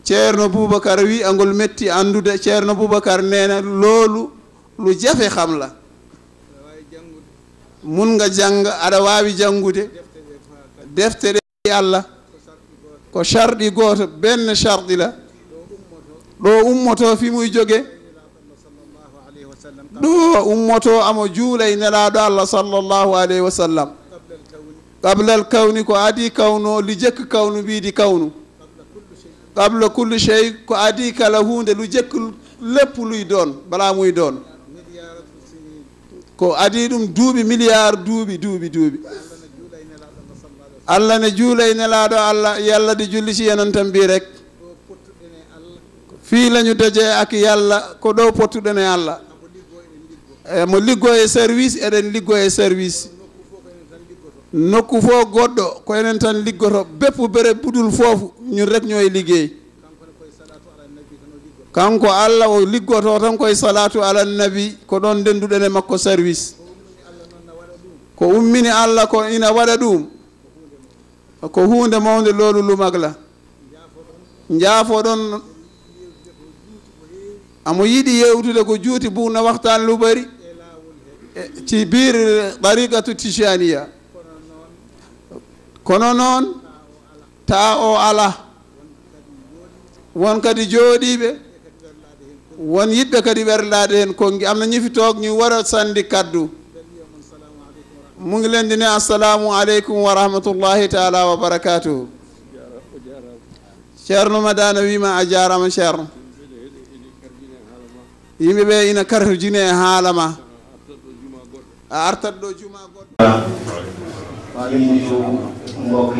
ceerno boubacar wi angol metti andude ceerno boubacar nena loolu lu jafe xam la mun nga jàng ada waawi jàngude deftere yàlla ko chardi gooto benn chardi la ɗoo ummotoo fi muy jóge ɗoo ummotoo amo juulay nelaaɗo allah sallallahu alayhi wa sallam qablal kawni ko adi kawno li jëkk kawnu mbiidi kawnu qable kulle chey ko adi kala huunde lu jëkk lépp luy doon balaa muy doon ko adi ɗum duuɓi milliard duuɓi duuɓi duuɓi allah ne juula e nelaaɗo allah yallah de julli si yenon tan mbi rek fii lañu daje ak yallah ko ɗo pottuɗen e allah e mo liggoo e service eɗen liggoo e service nokku fof goɗɗo ko enen tan liggoto bépp bere budul foofu ñun rek ñooy liggéey kanko allah o liggoto tan koye salatu alannabi ko ɗon ndenduɗene makko service ko ummini allah ko ina waɗa ɗum ko hunde mawde lolu lumagla jaafo ɗon amo yiɗi yewtude ko juuti buna waxtan lubari e ci bir ɗarigatu tichania kono noon ta o ala won kadi jooɗiɓe won yidde kadi werlade hen kongi am na ñi toog ñu wara sandi kaddu mu ngi leen di ne wa rahmatullahi taala wa barakatuhu ceerno madana wima a jarama ceerno yimɓe ina karjine e a artat ɗo juma goɗɗo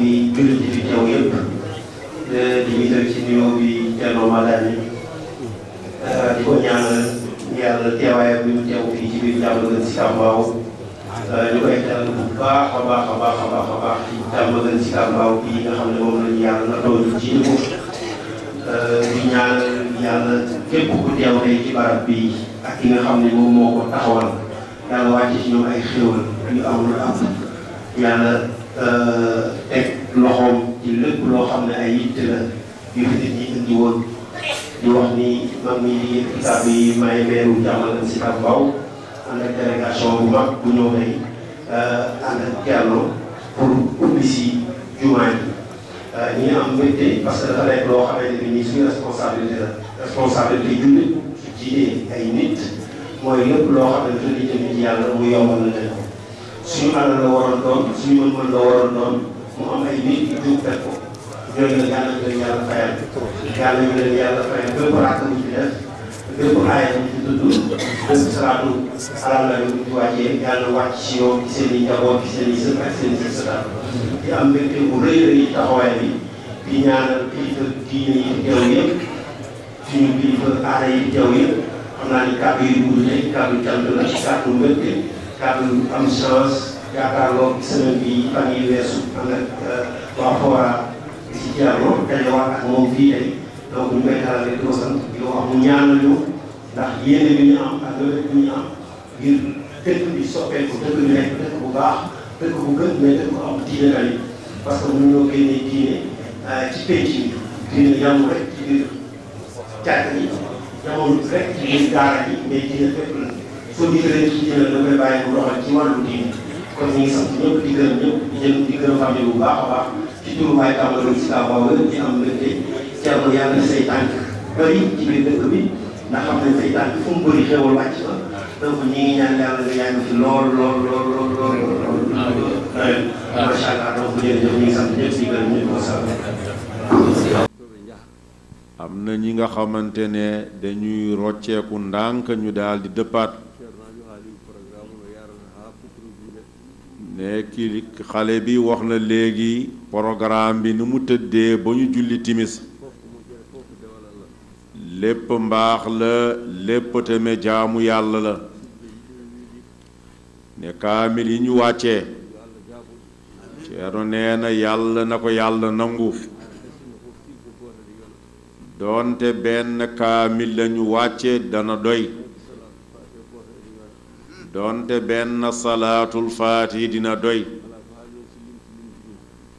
ci di ko ñaanal yàlla teewaayam bi mu teew fii ci biir Diamaguène Sicap Mbao ñu koy dalal bu baax a baax a baax a baax a baax ci Diamaguène Sicap Mbao bii nga xam ne moom lañu yàlla na doon ñu jiitu ko di ñaanal yàlla képp ku teew tey ci barab bii ak ki nga xam ne moom moo ko taxawal yàlla wàcce ci ñoom ay xéwal yu amul am yàlla euh, teg loxoom ci lépp loo xam ne ay yitte la yu fi nit ñi indi woon di wax ni man mii kitaab bi may weeru jàmmal si Fatou Mbow ànd ak délégation bu mag bu ñëw tey euh, ànd ak Thierno pour ubbi si jumaa ji euh, ñi am mbégte parce que dafa nekk loo xamante ne nii suñu responsabilité la responsabilité jullit ay nit mooy lépp loo xamante ne jëm ci yàlla mu yombal suñu alal la waroon doon suñu mën-mën la doon mu ay nit yu jóg ñooñu nag yàlla ñu leen yàlla fayal yàlla ñu leen yàlla fayal bépp raak mu ci def bépp aaya mu ci tudd bépp salaatu salaam la ñu ci wàccee yàlla wàcc si yow ci seen i njaboot ci seen i sët ak seen i sët salaam di am mbégte bu rëy rëy taxawaay bi di ñaanal kilifa diine yi teew yëpp suñu kilifa aada yi teew yëpp xam naa ni kàddu yu dugg tey kàddu cant la kàddu mbégte kàddu am chance yaakaar lool semaine bi fan yi weesu ànd ak euh, waa Fora iyaano gaño waat ak moom fii tey donc ñu koy dalal di ko sant di ko wax mu ñaanal ñu ndax yéene bi ñu am ak nawet bi ñu am ngir dëkk bi soppeeku dëkk bi nekk dëkk bu baax dëkk bu gën mais dëkk bu am diine tamit parce que mun ñoo génnee diine ci penc yi diine yamul rek ci biir jàkk yi yamul rek ci biir daara yi mais diine fépp la soo digalee ci diine da koy bàyyi mu doxal ci wàllu diine kon ñu ngi sant ñëpp di gërëm ñëpp di jëm di gërëm famille bu baax a baax ci am na ñi nga xamante ne dañuy rocceeku ndànk ñu daldi di dëppaat ne xale bi wax na léegi programme bi ni mu tëddee ba ñu julli timis lépp mbaax la lépp tame jaamu yàlla la ne kaamil yi ñu wàccee ceeru nee na yàlla na ko yàlla nangu donte benn kaamil la ñu wàccee dana doy donte benn salaatul faati dina doy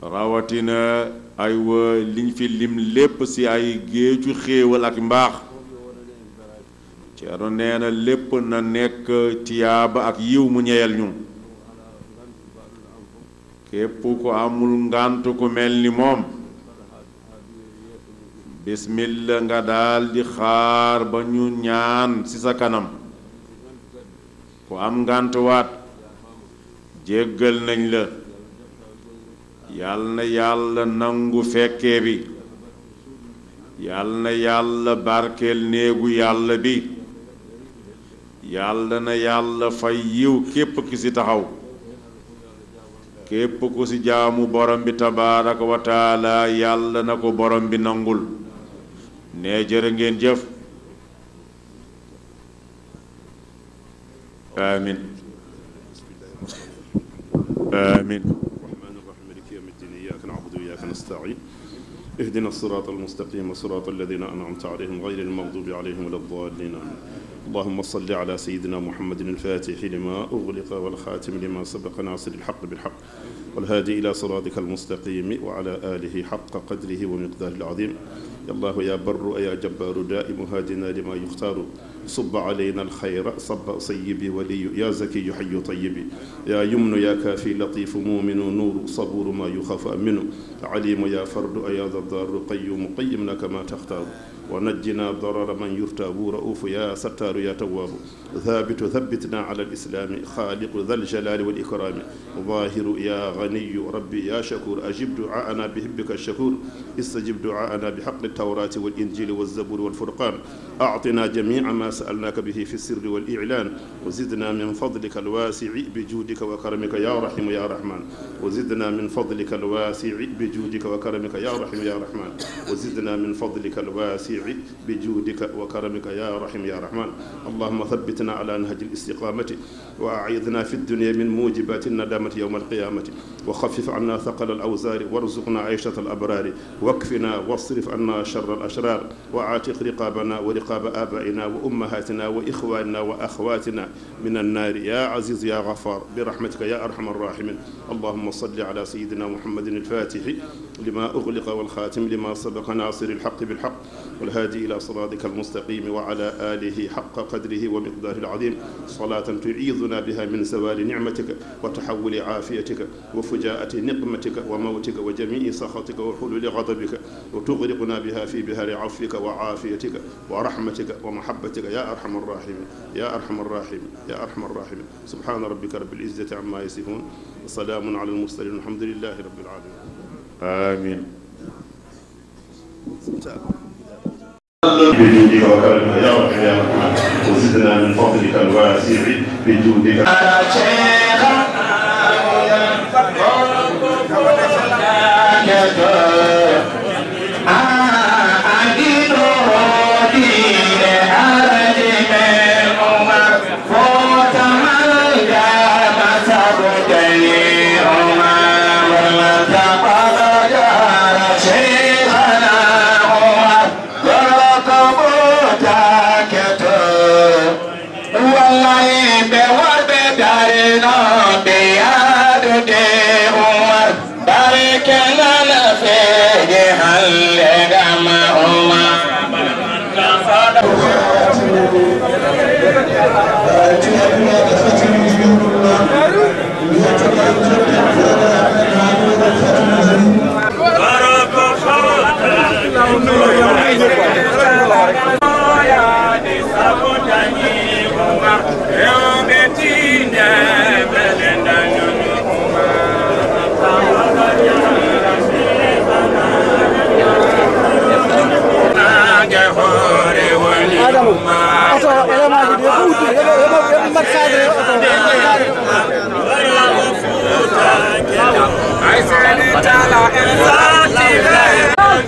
rawatina ay wa liñ fi lim lépp ci ay géeju xéewal ak mbaax Ceerno nee lépp na nekk tiyaaba ak yiw mu ñeyal ñu képp ku amul ngànt ko mel ni moom bismillah nga daldi xaar ba ñu ñaan ci sa kanam ku am ngànt waat jéggal nañ la yal na yàlla nangu fekkee bi yal na yàlla barkeel néegu yàlla bi yàlla na yàlla fay yiw képp ki ci taxaw képp ku ci jaamu borom bi tabaaraka wa taala yàlla na ko borom bi nangul nee jërë ngeen jëf amin amin نستعين اهدنا الصراط المستقيم صراط الذين أنعمت عليهم غير المغضوب عليهم ولا الضالين اللهم صل على سيدنا محمد الفاتح لما أغلق والخاتم لما سبق ناصر الحق بالحق والهادي إلى صراطك المستقيم وعلى آله حق قدره ومقداره العظيم يا الله يا بر يا جبار دائم هادنا لما يختار صب علينا الخير صب صيبي ولي يا زكي حي طيبي يا يمن يا كافي لطيف مؤمن نور صبور ما يخاف منه عليم يا فرد أيا ذا الدار قيوم قيمنا كما تختار ونجنا ضرر من يرتاب رؤوف يا ستار يا تواب ثابت ثبتنا على الإسلام خالق ذا الجلال والإكرام ظاهر يا غني ربي يا شكور أجب دعاءنا بحبك الشكور استجب دعاءنا بحق التوراة والإنجيل والزبور والفرقان أعطنا جميع ما سألناك به في السر والإعلان وزدنا من فضلك الواسع بجودك وكرمك يا رحيم يا رحمن وزدنا من فضلك الواسع بجودك وكرمك يا رحيم يا رحمن وزدنا من فضلك الواسع الرفيع بجودك وكرمك يا رحيم يا رحمن اللهم ثبتنا على نهج الاستقامة وأعيذنا في الدنيا من موجبات الندامة يوم القيامة وخفف عنا ثقل الأوزار وارزقنا عيشة الأبرار واكفنا واصرف عنا شر الأشرار وعاتق رقابنا ورقاب آبائنا وأمهاتنا وإخواننا وأخواتنا من النار يا عزيز يا غفار برحمتك يا أرحم الراحمين اللهم صل على سيدنا محمد الفاتح لما أغلق والخاتم لما سبق ناصر الحق بالحق الهادي إلى صراطك المستقيم وعلى آله حق قدره ومقداره العظيم صلاة تعيذنا بها من زوال نعمتك وتحول عافيتك وفجاءة نقمتك وموتك وجميع سخطك وحلول غضبك وتغرقنا بها في بهار عفوك وعافيتك ورحمتك ومحبتك يا أرحم الراحمين يا أرحم الراحمين يا أرحم الراحمين سبحان ربك رب العزة عما يصفون وسلام على المرسلين والحمد لله رب العالمين آمين 是不是？بجودك وكرمك يا رب يا رحمن وزدنا من فضلك الواسع بجودك É de madrugada.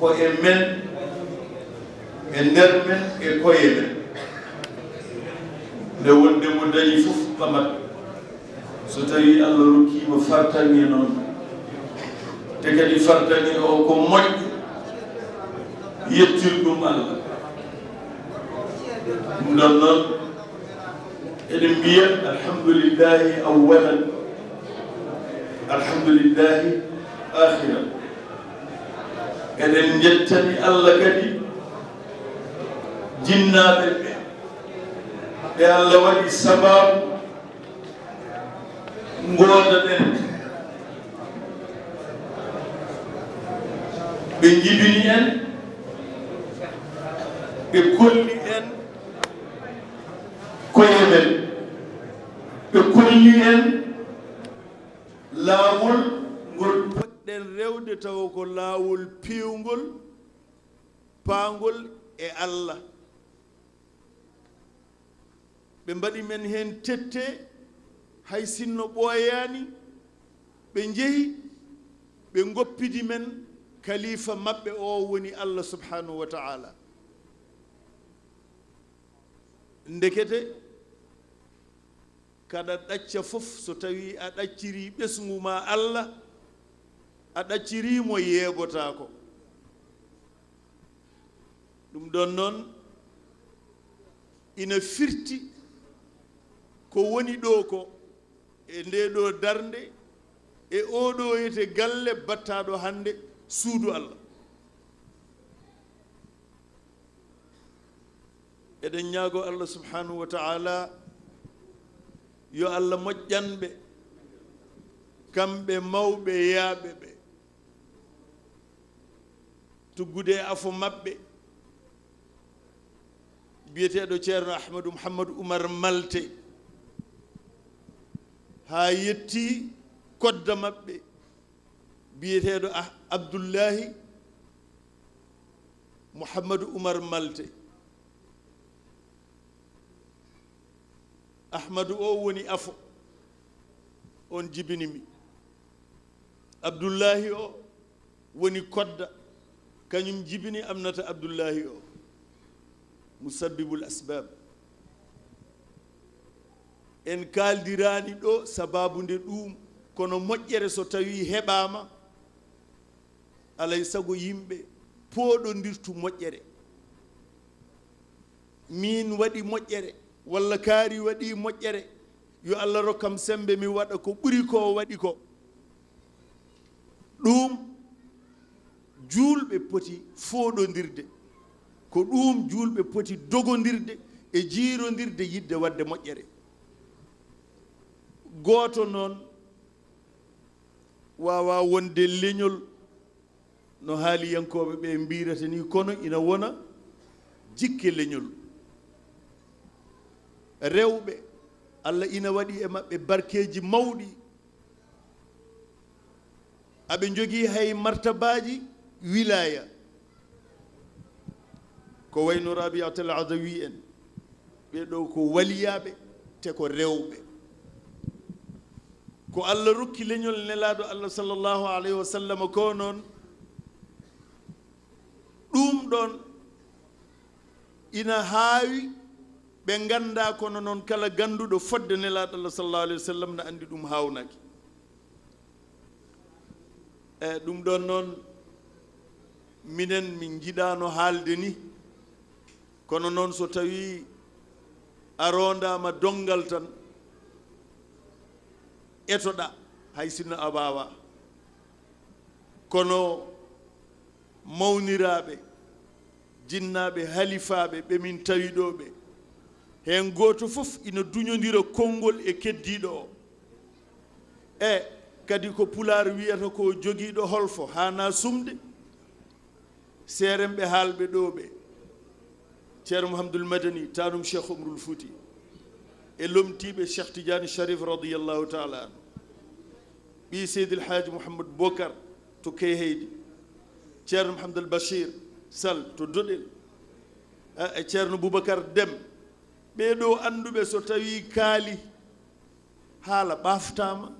koyemen e nder men e koye men nde wonde mo dañi fof ɓamat so tawi allah rokkima fartani noon te kadi fartani o ko moƴƴo yettir ɗum allah ɗum ɗon noon eɗen mbiya alhamdulillahi awalan alhamdulillahi akhiran eɗen jettani allah kadi jinnaɓe ɓe ɓe allah waɗi sababu ngooda ɓen ɓe jibini en ɓe kolli en koye men ɓe kolli en laawol ngol meɗen rewde taw ko laawol piwgol paangol e allah ɓe mbaɗi men heen tette hay sinno ɓooyaani ɓe njehi ɓe ngoppidi men kalifa maɓɓe o woni allah subhanahu wa taala ndekete kada ɗacca fof so tawii a ɗacciri ɓesngu ma allah a ɗaccirimo yeɓotako ɗum ɗon noon ina firti ko woni ɗo ko e nde ɗo darde e oɗo yete galle battaɗo hande suudu allah eɗen ñaago allah subhanahu wa taala yo allah moƴƴanɓe kamɓe mawɓe yaaɓe ɓe tuggude e afo maɓɓe biyeteɗo ceerno ahmadou mouhammadou oumar malte ha yetti kodda maɓɓe biyeteɗo abdoullahi muhammad umar malte ahmadu o woni afo on jibinimi abdoullahi o woni kodda kañum jibini amnata abdoullahi o musabibul asbab en kaaldirani ɗo sababude ɗum kono moƴƴere so tawi heɓama alay sago yimɓe pooɗodirtu moƴƴere min waɗi moƴƴere walla kaari waɗi moƴƴere yo allah rokkam sembe mi waɗa ko ɓuri ko waɗi ko ɗum juulɓe poti fooɗondirde ko ɗum juulɓe poti dogondirde e jiirondirde yidde wadde moƴƴere gooto noon wawa wonde leñol no haaliyankoɓe ɓe mbirata ni kono ina wona jikke leñol rewɓe allah ina waɗi e maɓɓe barkeji mawɗi aɓe jogii hay martabaji wilaya ko wayno rabiatel ada wi en ɓeɗo ko waliyaɓe te ko rewɓe ko allah rukki leñol nelaɗo allah sallllahu alayhi wa sallam ko noon ɗum ɗon ina haawi ɓe ngannda kono noon kala ngannduɗo fodde nelaɗo allah sallllahu alayhi wa sallam ne anndi ɗum hawnaki eyi ɗum ɗon noon minen min jiɗano haalde ni kono noon so tawi a rondama dongal tan etoɗa hay sinno a wawa kono mawniraɓe jinnaɓe halifaɓe ɓe min tawiɗoɓe hen goto fof ina duñodira konngol e keddiɗo o e kadi ko pular wiyata ko joguiɗo holfo hana sumde seeren ɓe haalɓe ɗo ɓe ceerno mouhamadoul madani tanum cheikh omrul fouti e lomtiɓe cheikh tidiane sharif radiallahu taala anu ɓi seydil haaji mouhamadou bocar to keyheydi ceerno mouhamadoul bachir sall to doɗel e ceerno boubacar dem ɓeɗo anduɓe so tawi kaali haala ɓaftama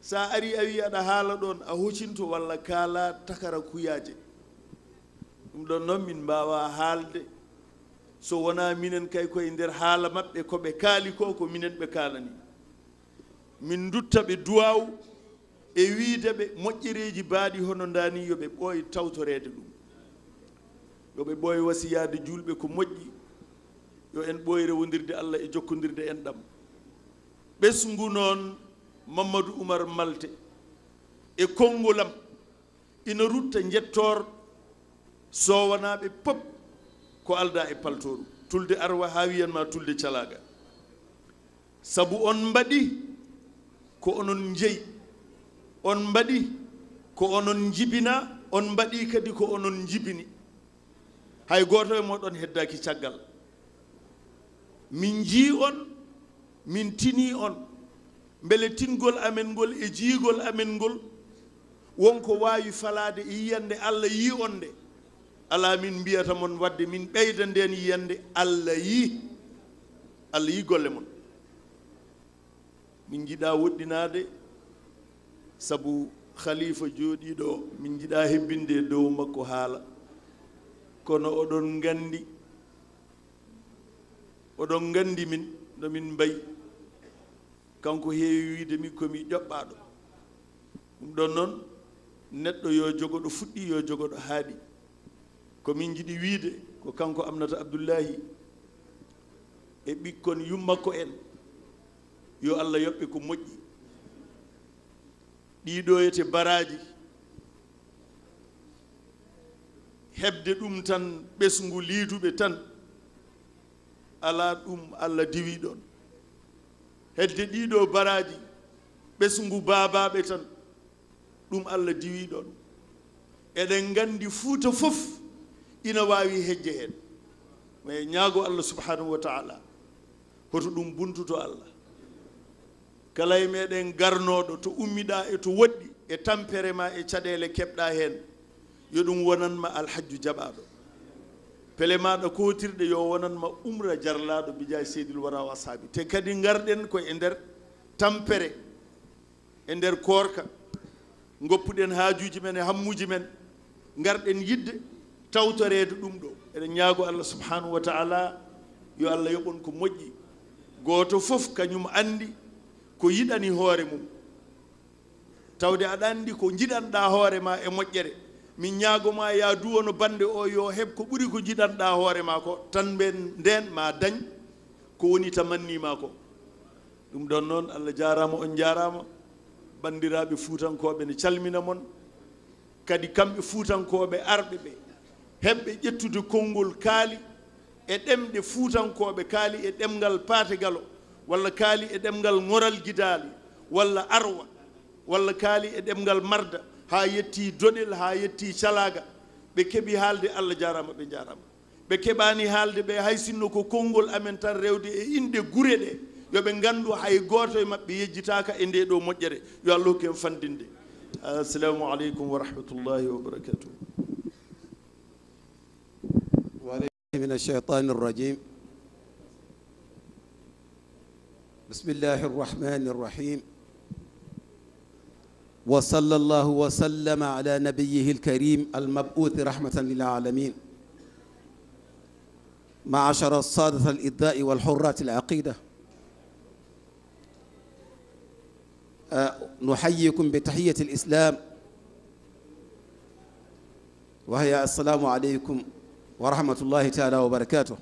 sa ari a wi aɗa haala ɗon a hocinto walla kaala takara kuyaje ɗum ɗon noon min mbawa haalde so wona minen kay koye nder haala maɓɓe koɓe kaali ko ko minen ɓe kalani min dutta ɓe duwaw e wiide ɓe moƴƴereji baaɗi hono dani yoɓe ɓooy tawtorede ɗum yoɓe ɓooy wasiyade julɓe ko moƴƴi yo en ɓooy rewodirde allah e jokkodirde en ɗam ɓesngu noon mamadou oumar malte e konngolam ina rutta jettorɗo sowanaɓe pop ko alda e paltoru tulde arwa ha wiyanma tulde calaga saabu on mbaɗi ko onon jeyi on mbaɗi ko onon jibina on mbaɗi kadi ko onon jibini hay goto e moɗon heddaki caggal min jii on min tini on beele tingol amen ngol e jiigol amen ngol wonko wawi falade e yiyande allah yi on nde ala min mbiyata mon wadde min ɓeyda nden yiyande allah yi allah yi golle mon min jiɗa woɗɗinade saabu khalifa jooɗiɗo min jiɗa hebbinde dow makko haala kono oɗon gandi oɗon gandi min nomin mbayi kanko heewi wiide mi komi ƴoɓɓaɗo ɗum ɗon noon neɗɗo yo jogoɗo fuɗɗi yo jogoɗo haaɗi komin jiɗi wiide ko kanko amnata abdoullahi e ɓikkon yummakko en yo allah yoɓɓe ko moƴƴi ɗiɗoyete baraji hebde ɗum tan ɓesngu liiduɓe tan ala ɗum allah diwi ɗon hedde ɗiɗo baraji ɓesngu baabaɓe tan ɗum allah diwi ɗon eɗen gandi fuuta fof ina waawi hejje heen mais ñaago allah subhanahu wa taala hoto ɗum buntuto allah kala e meɗen garnooɗo to ummiɗaa e to woɗɗi e tampere ma e caɗeele keɓɗa heen yo ɗum wonanma alhajju jaɓaaɗo pele maɗa kootirɗe yo wonanma umra jarlaaɗo bija seydil wara o asaabi te kadi garɗen ko e nder tampere e nder koorka goppuɗen haajuji men e hammuji men garɗen yidde tawtoreede ɗum ɗo eɗen ñaago allah subhanahu wa taala yo allah yoɓon ko moƴƴi gooto fof kañum anndi ko yiɗani hoore mum tawde aɗa anndi ko jiɗanɗa hoore ma e moƴƴere min ñaago ma ya duwono bande o yo heɓ ko ɓuri ko jiɗanɗa hoore ma ko tan ɓen nden ma dañ ko woni tamannima ko ɗum ɗon noon allah jarama on jarama bandiraɓe fuutankoɓe ne calmina mon kadi kamɓe fuutankoɓe arɓe ɓe heɓɓe ƴettude konngol kaali e ɗemɗe fuutankoɓe kaali e ɗemgal paategal o walla kaali e ɗemgal ŋoral gidaali walla arwa walla kaali e ɗemgal marda haa yettii doɗel haa yettii calaaga ɓe keɓi haalde allah jaarama ɓe jaarama ɓe keɓaani haalde ɓe hay sinno ko konngol amen tan rewde e innde gure ɗe yo ɓe nganndu hay gooto e maɓɓe yejjitaaka e nde ɗo moƴƴere yo allah hokki en fanndinde assalamu aleykum wa rahmatullahi wa barakatuh من الشيطان الرجيم بسم الله الرحمن الرحيم وصلى الله وسلم على نبيه الكريم المبعوث رحمة للعالمين معشر الصادة الإداء والحرات العقيدة آه، نحييكم بتحية الإسلام وهي السلام عليكم ورحمة الله تعالى وبركاته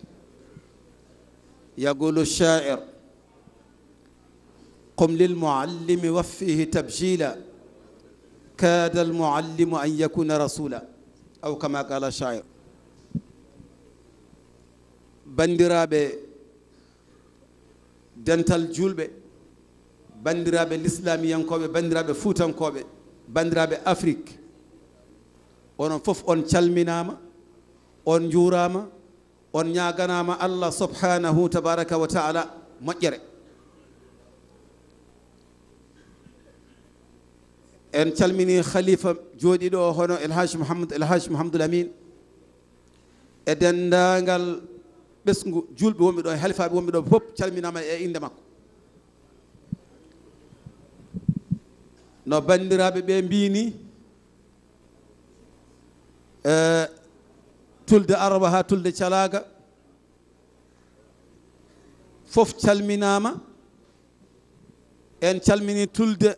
يقول الشاعر قم للمعلم وفيه تبجيلا كاد المعلم أن يكون رسولا أو كما قال الشاعر بندرابة دنتال جولبة بندرابة الإسلام ينكوبة بندرابة فوتنكوبة بندرابة أفريك ونفف أن تلمنا ما on jurama on nyaganama allah subhanahu tabaraka wa taala moƴƴere en chalmini khalifa jodi do hono el elhaji mouhamadou elhaji mouhamadoul amin edendangal besngu julbe wombe do halifa be wombe do ɗo chalminama e inde makko no banndiraaɓe ɓe mbini tulde araba ha tulde calaga fof calminama en calmini tulde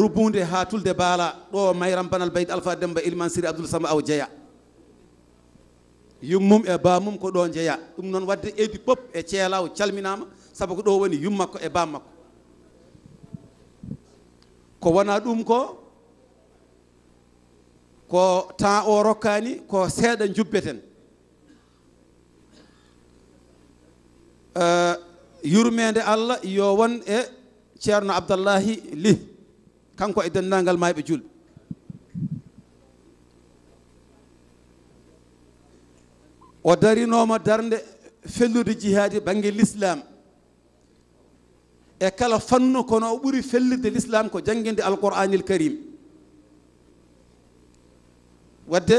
rubunde ha tulde baala ɗo mayram banal bayd alpha demba ilman siri abdoul sama aw jeeya yummum e bamum ko ɗo jeeya ɗum noon wadde eydi pop e ceelaw calminama saabu ko ɗo woni yummakko e bammakko ko wona ɗum ko ko temps o rokkani ko seeɗa jubbeten eh, yurmede allah yo won e ceerno abdallahi li kanko e denndalngal maayɓe e julɓe o darinoma darde fellude jihaadi bange l' islam e kala fannu kono o ɓuri fellirde l' islam ko jangginde alqouranil karim wadde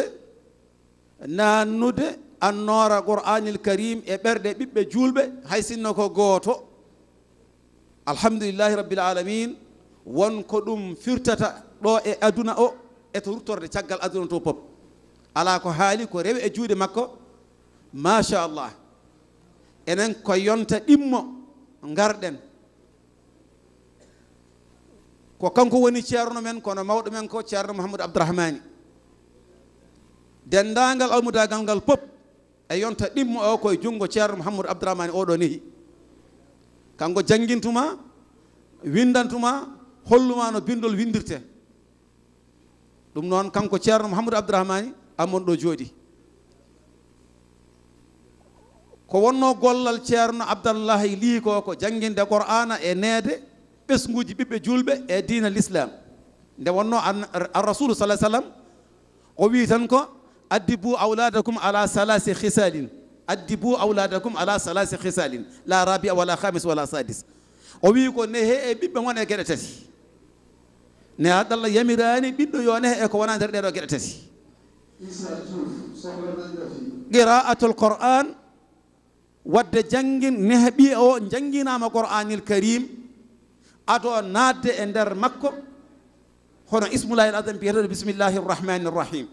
nannude annoora qur'anil karim e ɓerɗe ɓiɓɓe julɓe hay sinno ko gooto alhamdulillahi rabbil alamin wonko ɗum firtata ɗo e aduna o eto ruttorde caggal aduna to pop ala ko haali ko rewi e juuɗe makko machallah enen ko yonta ɗimmo ngarɗen ko kanko woni ceerno men kono mawɗo men ko ceerno mouhamadou abdourahmani denndaangal almudaagal ngal fof e yonta ɗimmo o koye junngo ceerno mouhamadou abdourahmani oɗo nehi kanngo janngintuma windantuma holluma no bindol windirte ɗum noon kanko ceerno mouhamadou abdourahmani ammon ɗo jooɗi ko wonno gollal ceerno abdallahi lii ko ko jangginde qour'ana e neede ɓesnguji ɓiɓɓe julɓe e diina l'islam nde wonno arrasulu sallah sallam o wii tan ko أدبوا أولادكم على ثلاث خصال أدبوا أولادكم على ثلاث خصال لا رابع ولا خامس ولا سادس ويقول نهي بيبي وانا كده تسي ne adalla yamirani ɓiɗɗo yone e ko wona nder ɗeɗo gueɗe tati qira'atul qur'an wadde jangin neha ɓi o janginama qur'anil karim ato naatde e nder makko hono ismulahil adam biyeteɗo bisimillahi rrahmani rrahim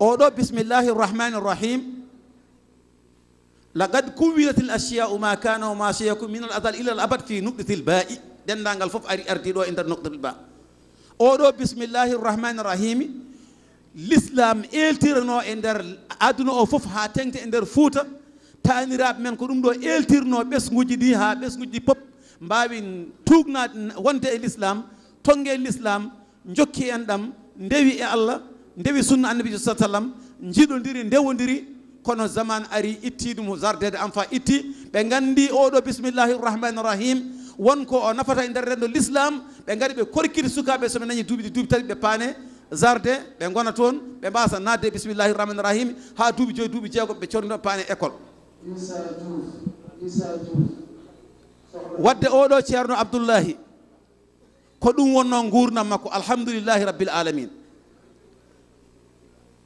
اودو بسم الله الرحمن الرحيم لقد كونت الاشياء ما كانوا وما سيكون من الازل الى الابد في نقطه الباء دندانغال فوف اري ارتي دو انت نقطه الباء اودو بسم الله الرحمن الرحيم الاسلام التيرنو اندر ادنو فوف هاتنت اندر فوتا تاني راب من كودوم دو التيرنو بس غوجي ها بس غوجي بوب مباوين توغنات وانت الاسلام تونغي الاسلام نجوكي اندام ندوي الله ndewi sunna annabijo sa sallam jiiɗodiri ndewodiri kono zaman ari itti ɗum jardede am fa itti ɓe gandi oɗo bisimillahi rrahmani rrahim wonko o nafata e nder rendo l'islam ɓe gari ɓe korkiti sukaɓe somi dañi duuɓi ɗi duuɓi tati ɓe paane jardin ɓe gona toon ɓe mbasa nadde bisimillahi rrahmani rrahim ha duuɓi joyi duuɓi jeegom ɓe corno paane école wadde oɗo ceerno abdoullahi ko ɗum wonno gurnam makko alhamdoulillahi rabbil alamin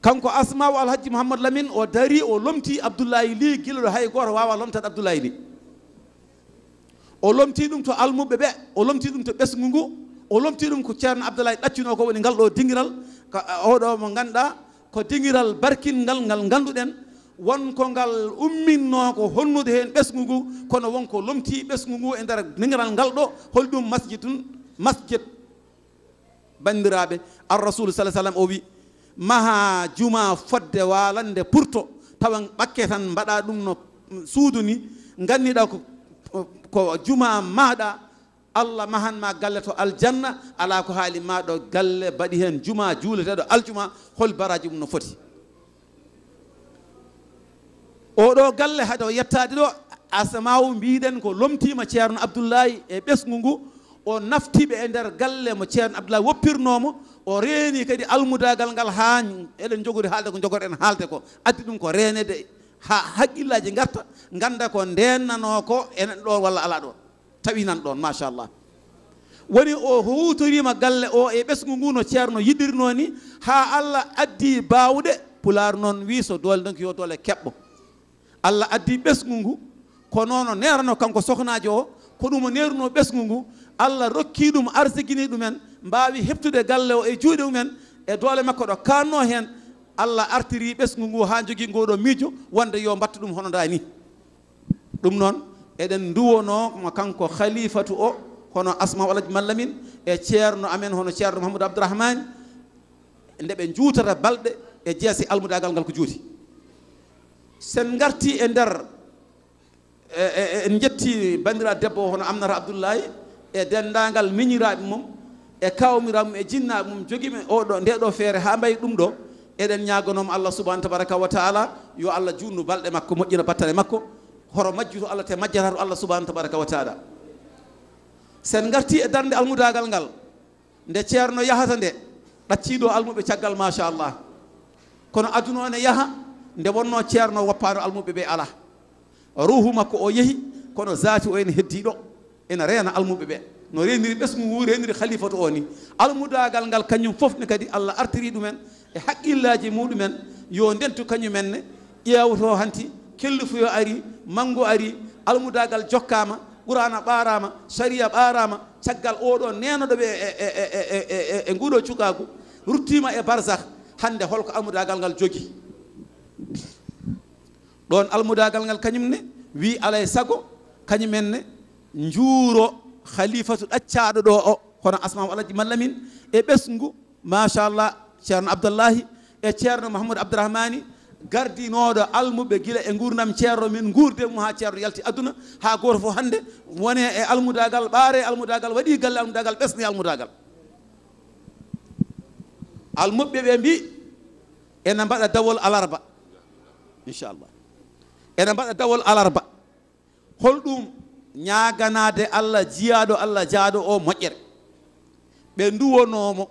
kanko asmawo alhaji mouhamadou lamine o dari o lomti abdoullayi li gilaɗo hay goto wawa lomtade abdoulayi li o lomti ɗum to almuɓe ɓe o lomti ɗum to ɓesgu ngu o lomti ɗum ko ceerno abdoulayi ɗaccuno ko woni ngal ɗo dingiral ko oɗo mo ganduɗa ko dingiral barkin ngal ngal ganduɗen wonko ngal umminno ko honnude hen ɓesgu ngu kono wonko lomti ɓesgu ngu e nder dingiral ngal ɗo holɗum masjid tun masjid bandiraɓe alrasulu sah sallam o wii maha juma fodde walande pourto tawa ɓakke tan mbaɗa ɗum no suudu ni nganniɗa ko ko juma maɗa allah mahanma galle to aljanna ala ko haali maɗo galle mbaɗi hen juma juuleteɗo aljuma hol baraji mum no foti oɗo galle haade o yettade ɗo asamawu mbiɗen ko lomtima ceerno abdoullayi e ɓesgu ngu o naftiɓe e nder galle mo ceerno abdoullayi woppirnomo o reeni kadi almudagal ngal ha eɗen jogori haalde ko jogoren haalde ko addi ɗum ko renede ha haqqillaji garta ganda ko ndennano ko enen ɗon walla ala ɗon tawinan ɗon machallah woni o hutorima galle o e ɓesgu ngu no ceerno yiɗirno ni ha allah addi bawɗe pular noon wi so doole donc yo doole keɓɓo allah addi ɓesgu ngu ko noono nerano kanko sohnajo o ko ɗum o neruno ɓesgu ngu allah rokki ɗum arsiguini ɗumen mbawi heptude galle o e juuɗe mumen e doole makko ɗo kanno hen allah artiri ɓesgu ngu ha jogui ngoɗo miijo wonde yo mbatta ɗum hono dani ɗum noon eɗen duwono mo kanko khalifatu o hono asmau alaji mallamin e ceerno amen hono ceerno mahamoudou abdourahmani ndeɓe juutata balɗe e jeese almudagal ngal ko juuti sen garti e nder e, e, en jetti bandiraɗe debbo hono amnata abdoullayi e dendagal miñiraɓe mum e kawmiramum e jinnaɓe mum jogimi oɗo ndeɗo feere ha mbayi ɗum ɗo eɗen ñagonoma allah subahana tabaraka wa taala yo allah junnu balɗe makko moƴƴina battane makko hoto majjuto allah te majjataɗo allah subahana tabaraka wa taala sen garti e darde almudagal ngal nde ceerno yahata nde ɗacciɗo almuɓe caggal machallah kono aduna ne yaaha nde wonno ceerno woppano almuɓeɓe ala ruhu makko o yeehi kono zati o ene heddiɗo ene reena almuɓeɓe no reeniri ɓesgu ngu reeniri halifatu o ni almudagal ngal kañum foof ne kadi allah artiri ɗumen e haqqillaji muɗumen yo ndentu kañumenne ƴeewto hanti kellufuyo ari manggu ari almudagal jokkama qurana ɓarama saria ɓarama caggal oɗo nenoɗoɓe e e nguɗo cukagu ruttima e, e, e, e barzah hande holko almudagal ngal jogui ɗon almudagal ngal kañumne wi alay sago kañumenne juuro khalifatul accaaɗo ɗo o kono asmam alaji malla min e ɓesngu machallah ceerno abdallahi e ceerno mahamoudou abdourahmani gardinoɗo almuɓe guila e gurdam ceerno min guurde mum ha ceerno yalti aduna ha goto fof hande wone e almudagal ɓaare almudagal waɗi galle almudagal ɓesni almudagal almuɓɓe ɓe mbi ene mbaɗa dawol alarba inchallah ene mbaɗa dawol alarba holɗum ñaganade allah jiyaɗo allah jaaɗo o moƴƴere ɓe nduwonomo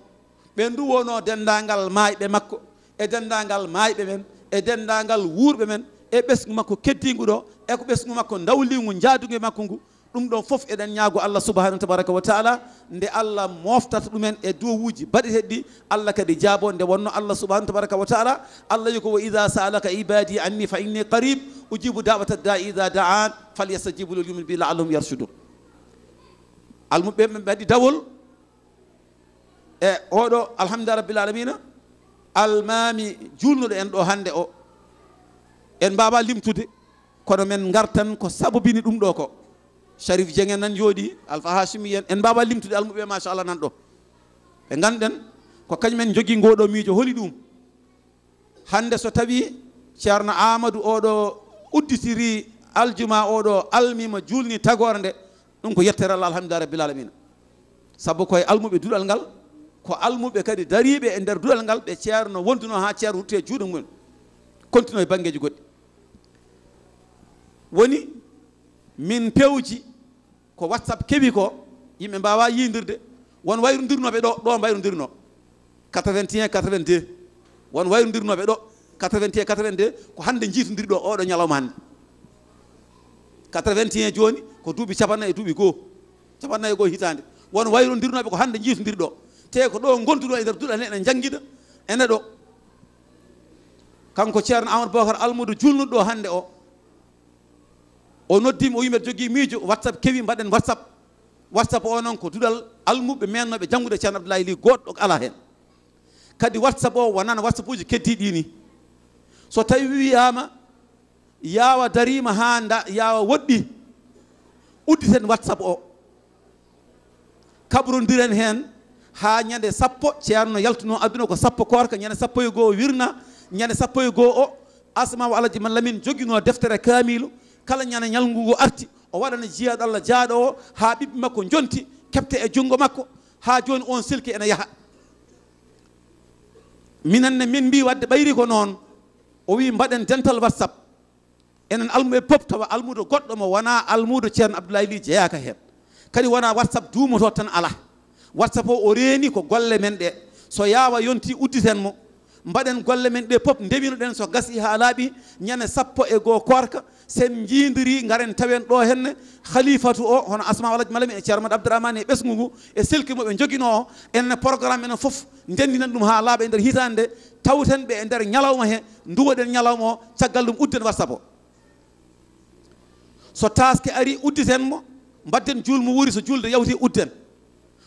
ɓe nduwono dendagal mayɓe makko e dendagal mayɓe men e dendagal wurɓe men e ɓesgu makko keddigu ɗo eko ɓesgu makko dawligu jadugu e makko ngu dum do fof eɗen nyaago allah subahanahu tabaraka wa taala nde allah moftata en e badi heddi allah kadi jaabo nde wonno allah wa tabaraka wa taala allah yuko wa ida salaka ibadi anni fa inni qarib ujibu dawata da'i ida daan falyastajibu lil yumin bi yarshudu almu be ɓe badi dawol e oɗo alhamdulillah rabbil alamin almami julnuɗo en do hande o en baba limtude kono men ngartan ko sabobini dum do ko sharif jeng en nan jooɗi alpha hasimi en en mbawa limtude almuɓe machallah nan ɗo ɓe ganden ko kañumen jogi ngoɗo miijo holi ɗum hande so tawi ceerno amadou oɗo udditiri aljuma oɗo almima julni tagore nde ɗum ko yettere allah alhamdulillah rabbil alamina saabu koye almuɓe duɗal ngal ko almuɓe kadi dariɓe e nder duɗal ngal ɓe ceerno wonduno ha ceerno hurti e juuɗe mumen continue e banggueji goɗɗi woni min pewji ko whatsapp keɓi ko yimɓe mbawa yidirde won wayrodirnoɓe ɗo ɗo wayrodirno 81 82 won wayrodirnoɓe ɗo 81 82 ko hande jiitodiri ɗo oɗo ñalawma hande 81 joni ko duuɓi capannayyi e duuɓi goho capannayyi goho hitande won wayrodirnoɓe ko hande jiitodiri ɗo te ko ɗo gonduɗo e nder duɗane ene jangguida ene ɗo kanko ceerno amadou bocar almoudou julnuɗo hande o o noddima o yimbeɗe jogui miijo whatsapp kewi mbaɗen whatsapp whatsapp o noon ko duɗal almuɓe mennoɓe janggude ceerno abdoulahi li goɗɗo ala hen kadi whatsapp o wonano whatsapp uji keddiɗi ni so tawi wiyama yawa darima ha da yawa woɗɗi udditen whatsapp o kaɓrodiren hen ha ñande sappo ceerno yaltuno adduna ko sappo korka ñande sappo e goho wirna ñande sappo e goho o asma o alaji mallamin joguino deftere kamilo kala ñana ñalngu ngu arti o waɗana jiyaɗo allah jaaɗo o haa ɓiɓɓe makko jonti keɓte e junngo makko haa jooni on silki ene yaha minenne min mbi wadde ɓayri ko noon o wi mbaɗen dental whatsapp enen almuɓe pop tawa almudo goɗɗo mo wona almudo ceerno abdoulaye li jeeyaka heen kadi wona whatsapp duumoto tan ala whatsapp o o reeni ko golle men ɗe so yaawa yonti udditen mo mbaɗen golle men ɗe pop ndewino ɗen so gasi haa laaɓi ñane sappo e goo korka sen jiidiri ngaren tawen ɗo henne khalifatu o hono asma walaj malami e ceermaɗo abdourahmane e ɓesgu ngu e selkimo ɓe jogino o enne programme enen foof ndendinan ɗum ha laaɓa e nder hitande nde tawten ɓe e nder ñalawma he nduwoɗen ñalawma o caggal ɗum udden whatsapp o so taske ari udditen mo mbadden julmo wuuri so julde yawti udden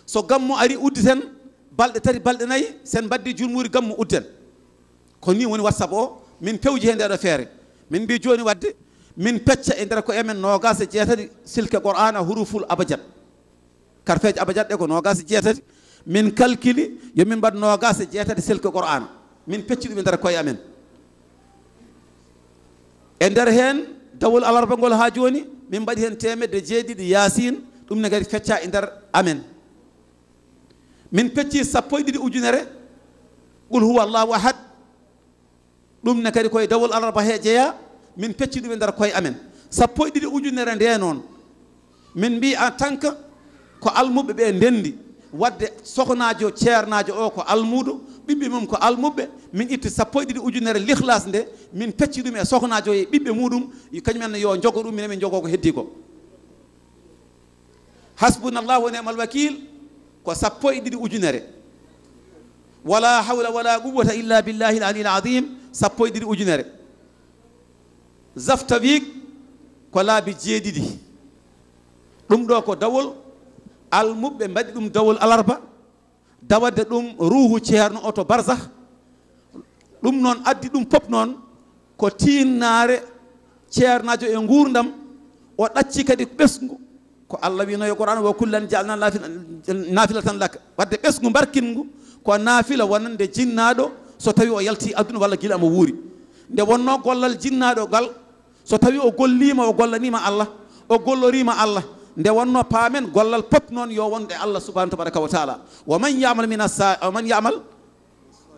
so gammo ari udditen balɗe tati balɗe nayyi sen mbaddi julmo wuuri gammo udden ko ni woni whatsapp o min pewji he ndeɗo feere min mbi joni wadde min pecca e nder ko emen nogas e jeetati silke qur'ana huruful abajat karfeje abajat ɗe ko nogas e jeetati min calcule yomin mbaɗ nogas e jeetati silke qur'ana min pecci ɗum e nder koye amen e nder heen dawol alarba ngol haa jooni min mbaɗi heen temedde jeeɗiɗi yasin ɗum ne kadi fecca e nder amen min pecci sappo e ɗiɗi ujunere qul huwa allahu ahad ɗum ne kadi koye dawol alarba hee jeeya min pecci ɗum e nder koye amen sappo e ɗiɗi ujunere nde noon min mbi en tant que ko almuɓe ɓe ndendi wadde sohnajo ceernajo o ko almuɗo ɓiɓɓe mum ko almuɓe min itti sappo e ɗiɗi ujunere l'ihlas nde min pecci ɗum e sohnajo e ɓiɓɓe muɗum kañumen yo jogo ɗum mine min jogo ko heddi ko hasbunallahu wa ni'mal wakil ko sappo e ɗiɗi ujunere wala hawla wala quwwata illa billahi al ali al azim sappo e ɗiɗi ujunere zaftawik ko laabi jeeɗiɗi ɗum ɗo ko dawol almuɓɓe mbaɗi ɗum dawol alarba dawadde ɗum ruhu ceerno oto barzah ɗum noon addi ɗum fof noon ko tinnaare ceernajo e gurdam o ɗacci kadi ɓesgu ko allah winoyo qouran wo kullan jaalna nafila tan lak wadde ɓesgu mbarkingu ko naafila wonande jinnaɗo so tawi o yalti aduna walla gila mo wuuri nde wonno gollal jinnaɗo gal so tawi o gollima o gollanima allah o gollorima allah nde wonno paamen gollal pop noon yo wonde allah subahanau tabaraka wa taala wo man yamal minaman yamal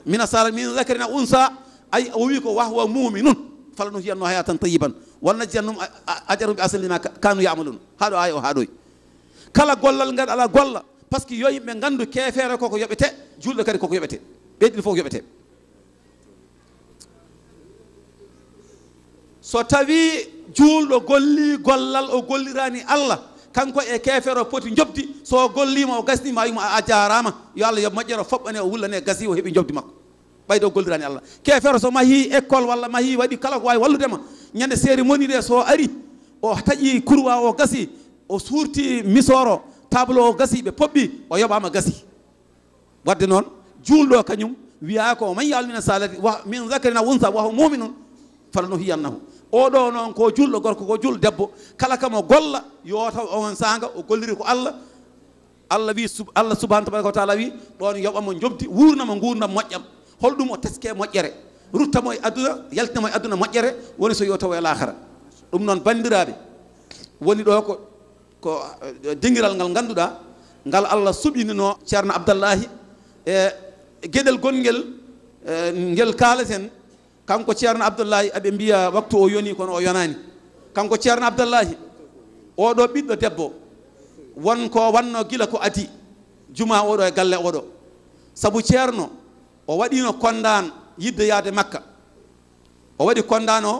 mina sala min dakarina unsa ay o wi ko wahwa muumi nun fala no hiyanno hayatan tayiban walla jiyannum ajarum ɓe asalima kanu yamalun haɗo ay o haɗoy kala gollal ngal ala golla par ce que yo yimɓe gandu kefere koko yoɓete julɗo kadi koko yoɓete ɓeyɗin fof ko yoɓete so tawi juulɗo golli gollal o gollirani allah kanko e kefere o poti jobdi so gollima o gasnima yuma a jarama yo allah yo moƴƴere o foɓɓane o wullane gasi o heeɓi jobdi makko ɓayɗo gollirani allah kefere so mahi école walla mahi waɗi kala ko wawi walludema ñande seeri moni de so ari o taƴi kourwa o gasi o suurti misoro table o gasi ɓe poɓɓi o yoɓama gasi wadde noon juulɗo kañum wiya ko man yalmina salati wa min zacarina wunsa waho muminun fala no hiyannahu oɗo noon ko julɗo gorko ko jul debbo kala kam o golla yo taw on sanga o golliri ko allah allah wi allah subahana tabaraka wa taala wi ɗon yoɓamo jobdi wurnamo gurnam moƴƴam holɗum o teske moƴƴere ruttamo e aduna yaltinamo e aduna moƴƴere woni so yo taw elakara ɗum noon bandiraɓe woni ɗo ko ko eh, dingiral ngal ganduɗa ngal allah suɓinino ceerno abdallahi e gueɗel gonguel eh, ngel kaaleten kanko ceerno abdoullahi aɓe mbiya waktu o yoni kono o yonani kanko ceerno abdoullahi oɗo ɓiɗɗo debbo wonko wanno gila ko adi juma oɗo e galle oɗo saabu ceerno o waɗino kondan yidde yaade makka o waɗi kondan o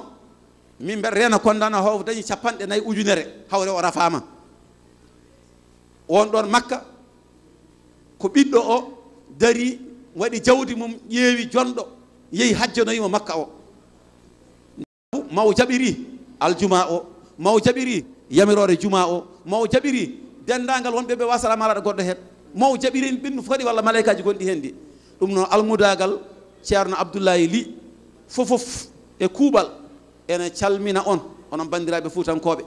min mbeɗa rena kondan o haw dañi capanɗe nayyi ujunere hawre o rafama on ɗon makka ko ɓiɗɗo o dari waɗi jawdi mum ƴeewi jonɗo yehi hajjanoyimo makka o maw jaɓiri aljuma o maw jaɓiri yamirore juma o maw jaɓiri dendagal wonɓe ɓe wasata maraɗo goɗɗo hen maw jaɓiri ɓinndu fadi walla malaikaji gonɗi hen ndi ɗum noon almudagal ceerno abdoullahi li fofof e kuuɓal ene calmina on onon bandiraɓe fuutankoɓe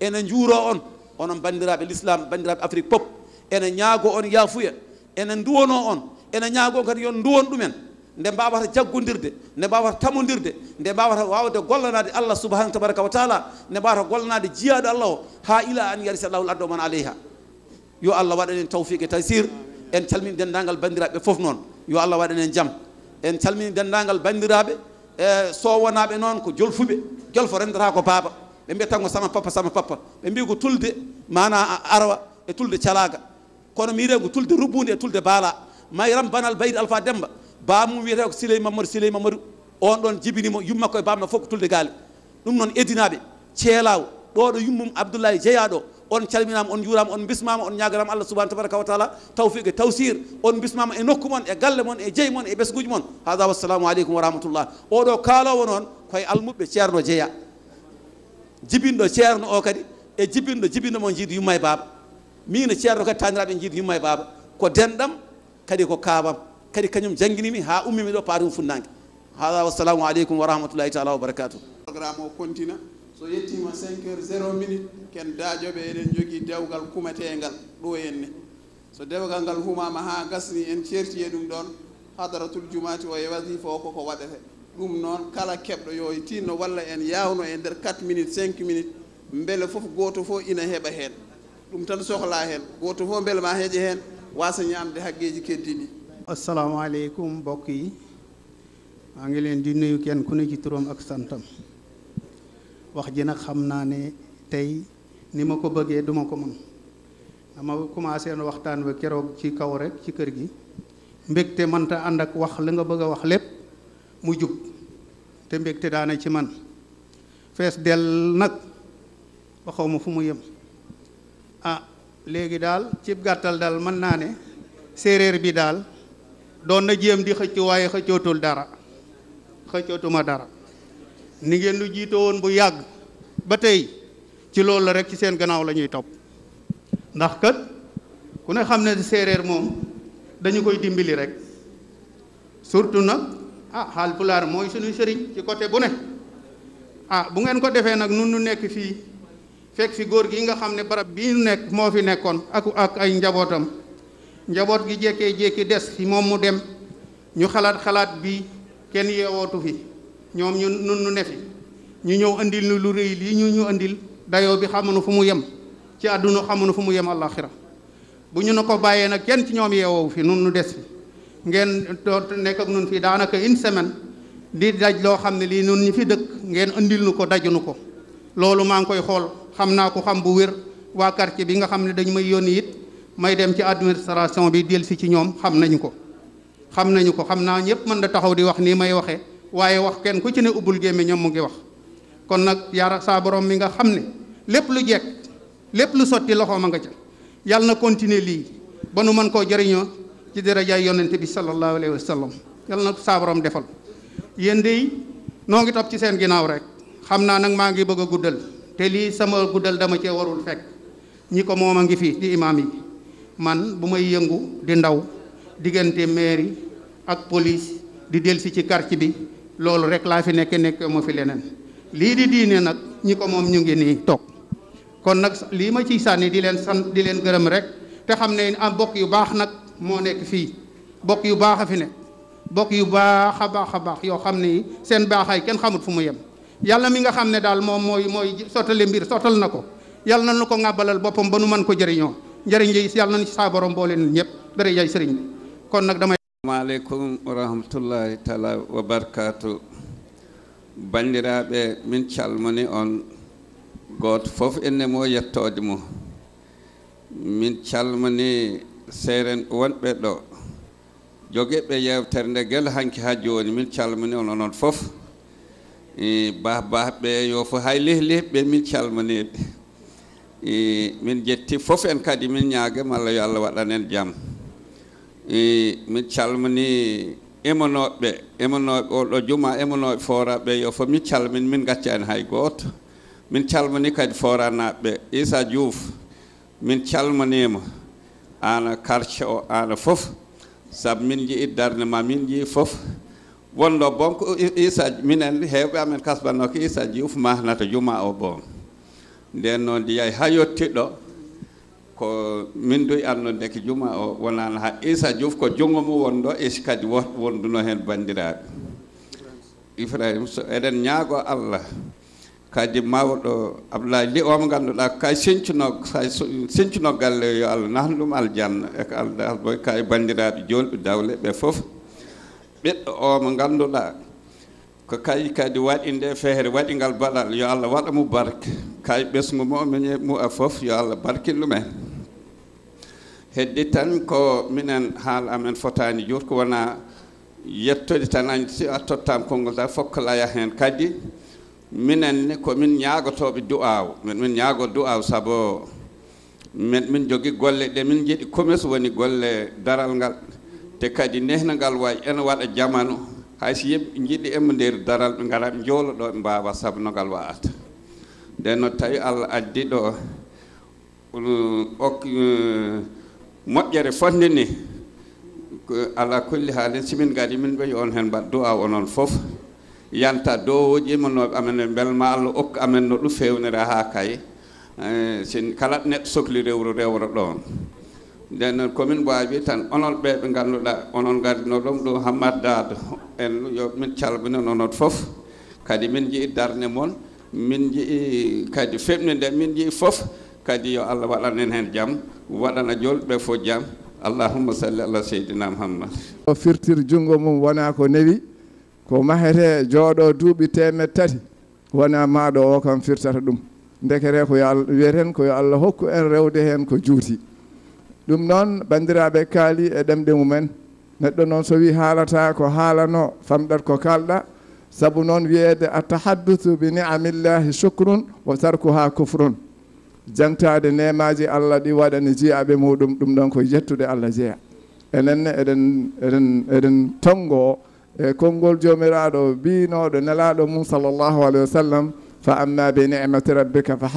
ene juuro on onon bandiraɓe l'islam bandiraɓe afrique pop ene ñaago on yaafuya ene nduwono on ene ñaago kadi yon nduwon ɗumen nde mbawata jaggodirde nde mbawata tamodirde nde mbawata wawde gollanade allah subahanau tabaraka wa taala nde mbawata gollanade jiyaɗo allah o ha ila an yari sallahu l addoman aleyha yo allah waɗan en tawfiqe tasir en calmini dendagal bandiraɓe foof noon yo allah waɗan en jaam en calmini dendagal bandiraɓe e sowonaɓe noon ko jolfuɓe jolfo rendata ko baaba ɓe mbiya tan ko sama papa sama papa ɓe mbi ko tulde mana arwa e tulde calaga kono mi yiiren ko tulde rubbude e tulde baala mayram banal bayid alpha demba bamum wiyete ko siley mamadou siley mamadou on ɗon jibinimo yumma koye bamno fof ko tulde gaale ɗum noon edinaɓe ceelawo ɗo ɗo yummum abdoulaye jeeyaɗo on calminama on juurama on bismama on ñagorama allah subahana tabaraka wa taala tawfiqe tawsir on bismama e nokku moon e galle moon e jeey moon e ɓesguji moon hada wassalamu aleykum wa rahmatullah oɗo kaalowo noon koye almuɓe ceerno jeeya jibinɗo ceerno o kadi e jibinɗo jibinɗo mo jiidu yumma e baaba mino ceerno kadi taniraɓe jiidu yumma e baaba ko denɗam kadi ko kaabam kadi kañum jangguinimi ha ummimi ɗo paatum funnangue haa wassalamu aleykum wa rahmatullahi taala wa barakatuh programme o continue so yettima 5 heures 0 minute ken daƴoɓe eɗen jogui dewgal kumetengal ɗo henne so dewgal ngal humama ha gasni en certiye ɗum ɗon hadaratul jumati e o e wasifa o koko waɗete ɗum noon kala keɓɗo yo e tinno walla en yawno e nder 4 minute 5 minute beele foof goto fo ina heɓa hen ɗum tan sohla hen goto fo beele ma heeƴe hen wasa ñamde haqqeji keddiɗi asalaamaaleykum mbokk yi maa ngi leen di nuyu kenn ku ne ci turam ak santam wax ji nag xam naa ne tey ni ma ko bëggee duma ko mën dama commencé na waxtaan ba keroog ci kaw rek ci kër gi mbégte mënta ànd ak wax li nga bëgg wax lépp mu jub te mbégte daana ci man fees del nag xaw ma fu mu yem ah léegi daal cib gàttal daal mën naa ne séeréer bi daal doon na jéem di xëcc waaye xëccootul dara xëccootuma dara ni ngeen lu jiitoo woon bu yàgg ba tey ci loolu rek ci seen gannaaw la ñuy topp ndax kat ku ne xam ne séeréer moom dañu koy dimbali rek surtout nag ah xaal pulaar mooy suñu sëriñ ci côté bu ne ah bu ngeen ko defee nag nun nu nekk fii fekk fi góor gi nga xam ne barab bii nekk moo fi nekkoon ak ak ay njabootam njaboot gi jékkee-jékki des ci moom mu dem ñu xalaat xalaat bi kenn yeewootu fi ñoom ñu nun nu ne fi ñu ñëw indil nu lu rëy lii ñu ñu indil dayoo bi xamu xamuñu fu mu yem ci àdduna xamuñu fu mu yem àllaaxira bu ñu ne ko bàyyee nag kenn ci ñoom yeewoo fi nun nu des fi ngeen doo nekk ak nun fii daanaka une semaine di daj loo xam ne lii nun ñu fi dëkk ngeen andil nu ko dajunu ko loolu maa ngi koy xool xam naa ko xam bu wér waa quartier bi nga xam ne dañu may yónni it may dem ci administration bi del ci ci ñom xam nañu ko xam nañu ko xam na ñepp man da taxaw di wax ni may waxe waye wax kenn ku ci ne ubul geme ñom mu ngi wax kon nag yaara sa borom mi nga xam ne lepp lu jek lepp lu soti loxo ma nga ci yàlla na continuer li ba nu man ko jariño ci darajaay yonente bi sallallahu alaihi wasallam sallam yàlla na borom defal yeen dey no ngi top ci seen ginaaw rek xam na nak ma ngi bëgg guddal te li sama guddal dama ci warul fek ñi ko ngi fi di imami. yi man bu may yëngu di ndaw diggante mairie ak police di delsi ci quartier bi loolu rek la fi nek nek mo fi lenen li di diine nak ñiko mom ñu ngi ni tok kon nak li ma ci sànni di len san di len rek te xam am bokk yu bax nak mo nek fi bokk yu baax fi nek bokk yu baxa baxa bax yo baax sen baxay ken xamut fu mu yem yalla mi nga xam dal mom moy moy mooy mbir sotal na yalla yàlla ko ngabalal bopam banu man ko jeriño njëriñ ji si yàlla nañ si saa borom boo leen ñëpp bëri jay sëriñ bi kon nag damay. maaleykum wa rahmatulahi taala wa barkaatu bandiraaɓe min calmini on gooto fof inne moo yettoode mu min calmini seeren wonɓe ɗo jogeɓe yewtere nde gel hanki haa jooni min calmini on onon fof bah bah ɓe yo fo hay lihlihɓe min calminiɓe e min jetti fof en kadi min ñaaguem allah yo allah waɗan en jaam e min calmini emanoɓeɓe emanoɓe oɗo juma emanoɓe foraɓeɓe yo fo min calmini min gacca en hay goto min calmini kadi foranaɓeɓe isa diouf min calminima an karce o an fof saabu min jii darde ma min jii fof wondo bon ko isa minen hewɓe amen kasbanno ko isa diouf mahnata juma o bon nden noon ndi yahi haa yottiɗo ko min duy anndunde ko juma o wonaano haa issa diouf ko junngo mum wonɗo isi kadi wonnduno heen banndiraaɓe ibrahima so eɗen ñaago allah kadi mawɗo abdoulahi li oma ngannduɗaa kay sincuno sa sincuno galle yo allah nahan ɗum aljanna e ko allah alboy kay banndiraaɓe jolɓe dawle ɓe fof ɓiɗɗo omo ngannduɗaa ko kay kadi waɗi nde feere waɗi ngal baɗal yo allah waɗa mo barke kay ɓesgu momin e mu'a fof yo allah barkillumen heddi tan ko minen haal amen fotani jur ko wona yettode tan añti a tottam konngol ta fof ko laya hen kadi minen ne komin ñagotoɓe du'aw min min ñaago du'aw saabu min min jogui golle ɗe min jiiɗi commerce woni golle daral ngal te kadi nehnangal way ena waɗa jamanu haysi yimɓe jiɗɗi emmondir daral ɓe ngara ɓe jowlo ɗo ɓe mbawa saabu nogal wawata nden no tawi allah addi ɗo ok moƴƴere fonde ni ala kulli haalin simin gadi min ɓe yon hen mbat du'a o noon foof yanta dowoji imanoɓe amen e beel ma allah okku amen no ɗum fewnira ha kay eh, sin kala neɗɗo sohli rewru rewro ɗon nden noon commune boawi tan onon ɓe ɓe ngannduɗaa onon ngardino ɗum ɗum hammad dado en yo min calminen onon fof kadi min njeyi darde moon min njeyi kadi feɓni nde min njeyi fof kadi yo allah waɗan en heen jaam waɗana jolɓe fof jaam allahumma salli allah seydina muhammad o firtir junngo mum wona ko newi ko mahetee jooɗo duuɓi temed tati wona maɗo o kam firtata ɗum ndekere ko yo allah wiyeten ko yo allah hokku en rewde heen ko juuti dum non bandiraɓe kaali e ɗemɗe mumen neddo non so wi halata ko halano famdar ko kalda sabu non wiyeede atahaddathu bi niamillahi shukrun wa tarkuha kufrun jantade nemaaji allah di wadani jiabe mudum dum don ko jettude allah jea enen eden eden eden tongo e kongol jomiraado binoɗo nelaɗo mum sallllahu alayhi wa sallam fa amma bi ni'mati rabbika fa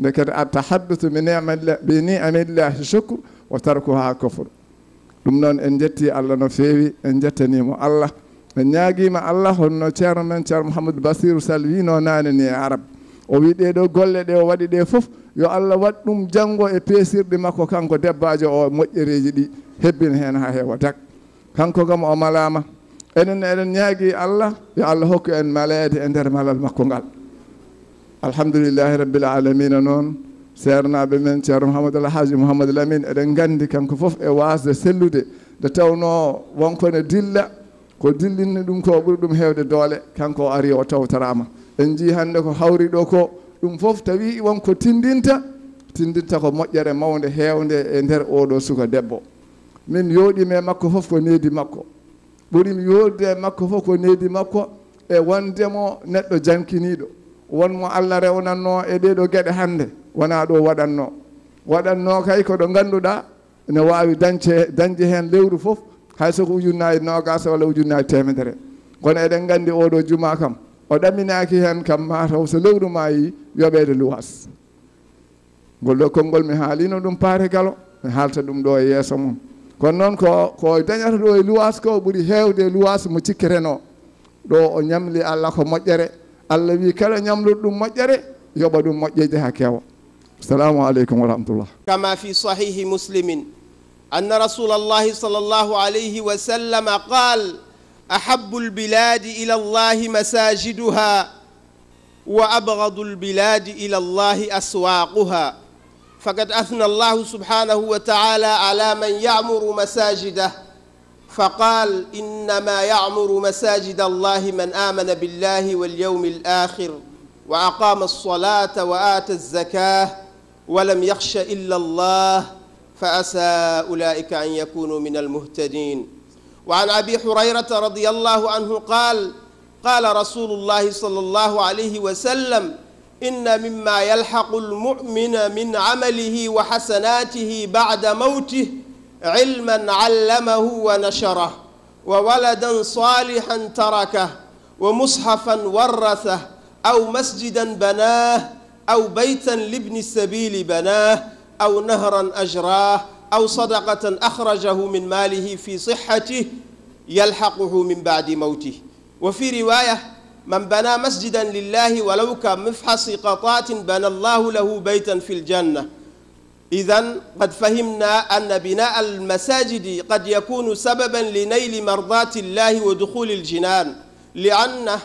nde kadi atahaddutu mi nimalla bi nimillahi chukre wa tarku ha kofre ɗum noon en jetti allah no fewi en jettanimo allah en ñaguima allah honno ceerno men ceerno mouhamadou basirou sall wino nane ni e arabe o wi ɗeɗo golle ɗe o waɗi ɗe foof yo allah wat ɗum janggo e peesirɗe makko kanko debbajo o moƴƴereji ɗi hebbina hen ha heewa dak kanko kam o malama enen eɗen ñaagui allah yo allah hokku en maleede e nder malal makko ngal alhamdulillahi rabbil alamina noon seernaɓe men ceerno mouhamadou alhaji mouhamadou lamin eɗen gandi kanko foof e wasde sellude nde tawno wonkone dilla ko dillinni ɗum ko ɓuri ɗum hewde doole kanko o ari o tawtarama en jii hande ko hawri ɗo ko ɗum foof tawi wonko tindinta tindinta ko moƴƴere mawde hewde e nder oɗo suka debbo min yoɗimi e makko foof ko needi makko ɓurimi yodde e makko foof ko needi makko e wondemo neɗɗo jankiniɗo wonmo allah rewnatno e ɗeɗo gueɗe hande wona ɗo waɗanno waɗanno kay koɗo ganduɗa ne wawi dañce dañde hen lewru foof hay soko ujunnaji nogas walla ujunnaji temedere kono eɗen gandi oɗo juma kam o ɗaminaki hen kam mataw so lewru ma yi yoɓede luwas ngol ɗo konngol mi haalino ɗum paate galo mi halta ɗum ɗo e yesso mum kono noon ko ko dañata ɗo e luwas ko ɓuuri hewde luwas mo cikkereno ɗo o ñamli allah ko moƴƴere الله بيكلا نملدوم مجرى يبادوم مجدي هكيا السلام عليكم ورحمة الله كما في صحيح مسلم أن رسول الله صلى الله عليه وسلم قال أحب البلاد إلى الله مساجدها وأبغض البلاد إلى الله أسواقها فقد أثنى الله سبحانه وتعالى على من يعمر مساجده فقال إنما يعمر مساجد الله من آمن بالله واليوم الآخر وأقام الصلاة وآتى الزكاة ولم يخش إلا الله فأسى أولئك أن يكونوا من المهتدين وعن أبي هريرة رضي الله عنه قال قال رسول الله صلى الله عليه وسلم إن مما يلحق المؤمن من عمله وحسناته بعد موته علما علمه ونشره وولدا صالحا تركه ومصحفا ورثه أو مسجدا بناه أو بيتا لابن السبيل بناه أو نهرا أجراه أو صدقة أخرجه من ماله في صحته يلحقه من بعد موته وفي رواية من بنى مسجدا لله ولو كمفحص قطات بنى الله له بيتا في الجنة إذا قد فهمنا أن بناء المساجد قد يكون سببا لنيل مرضاة الله ودخول الجنان لأنه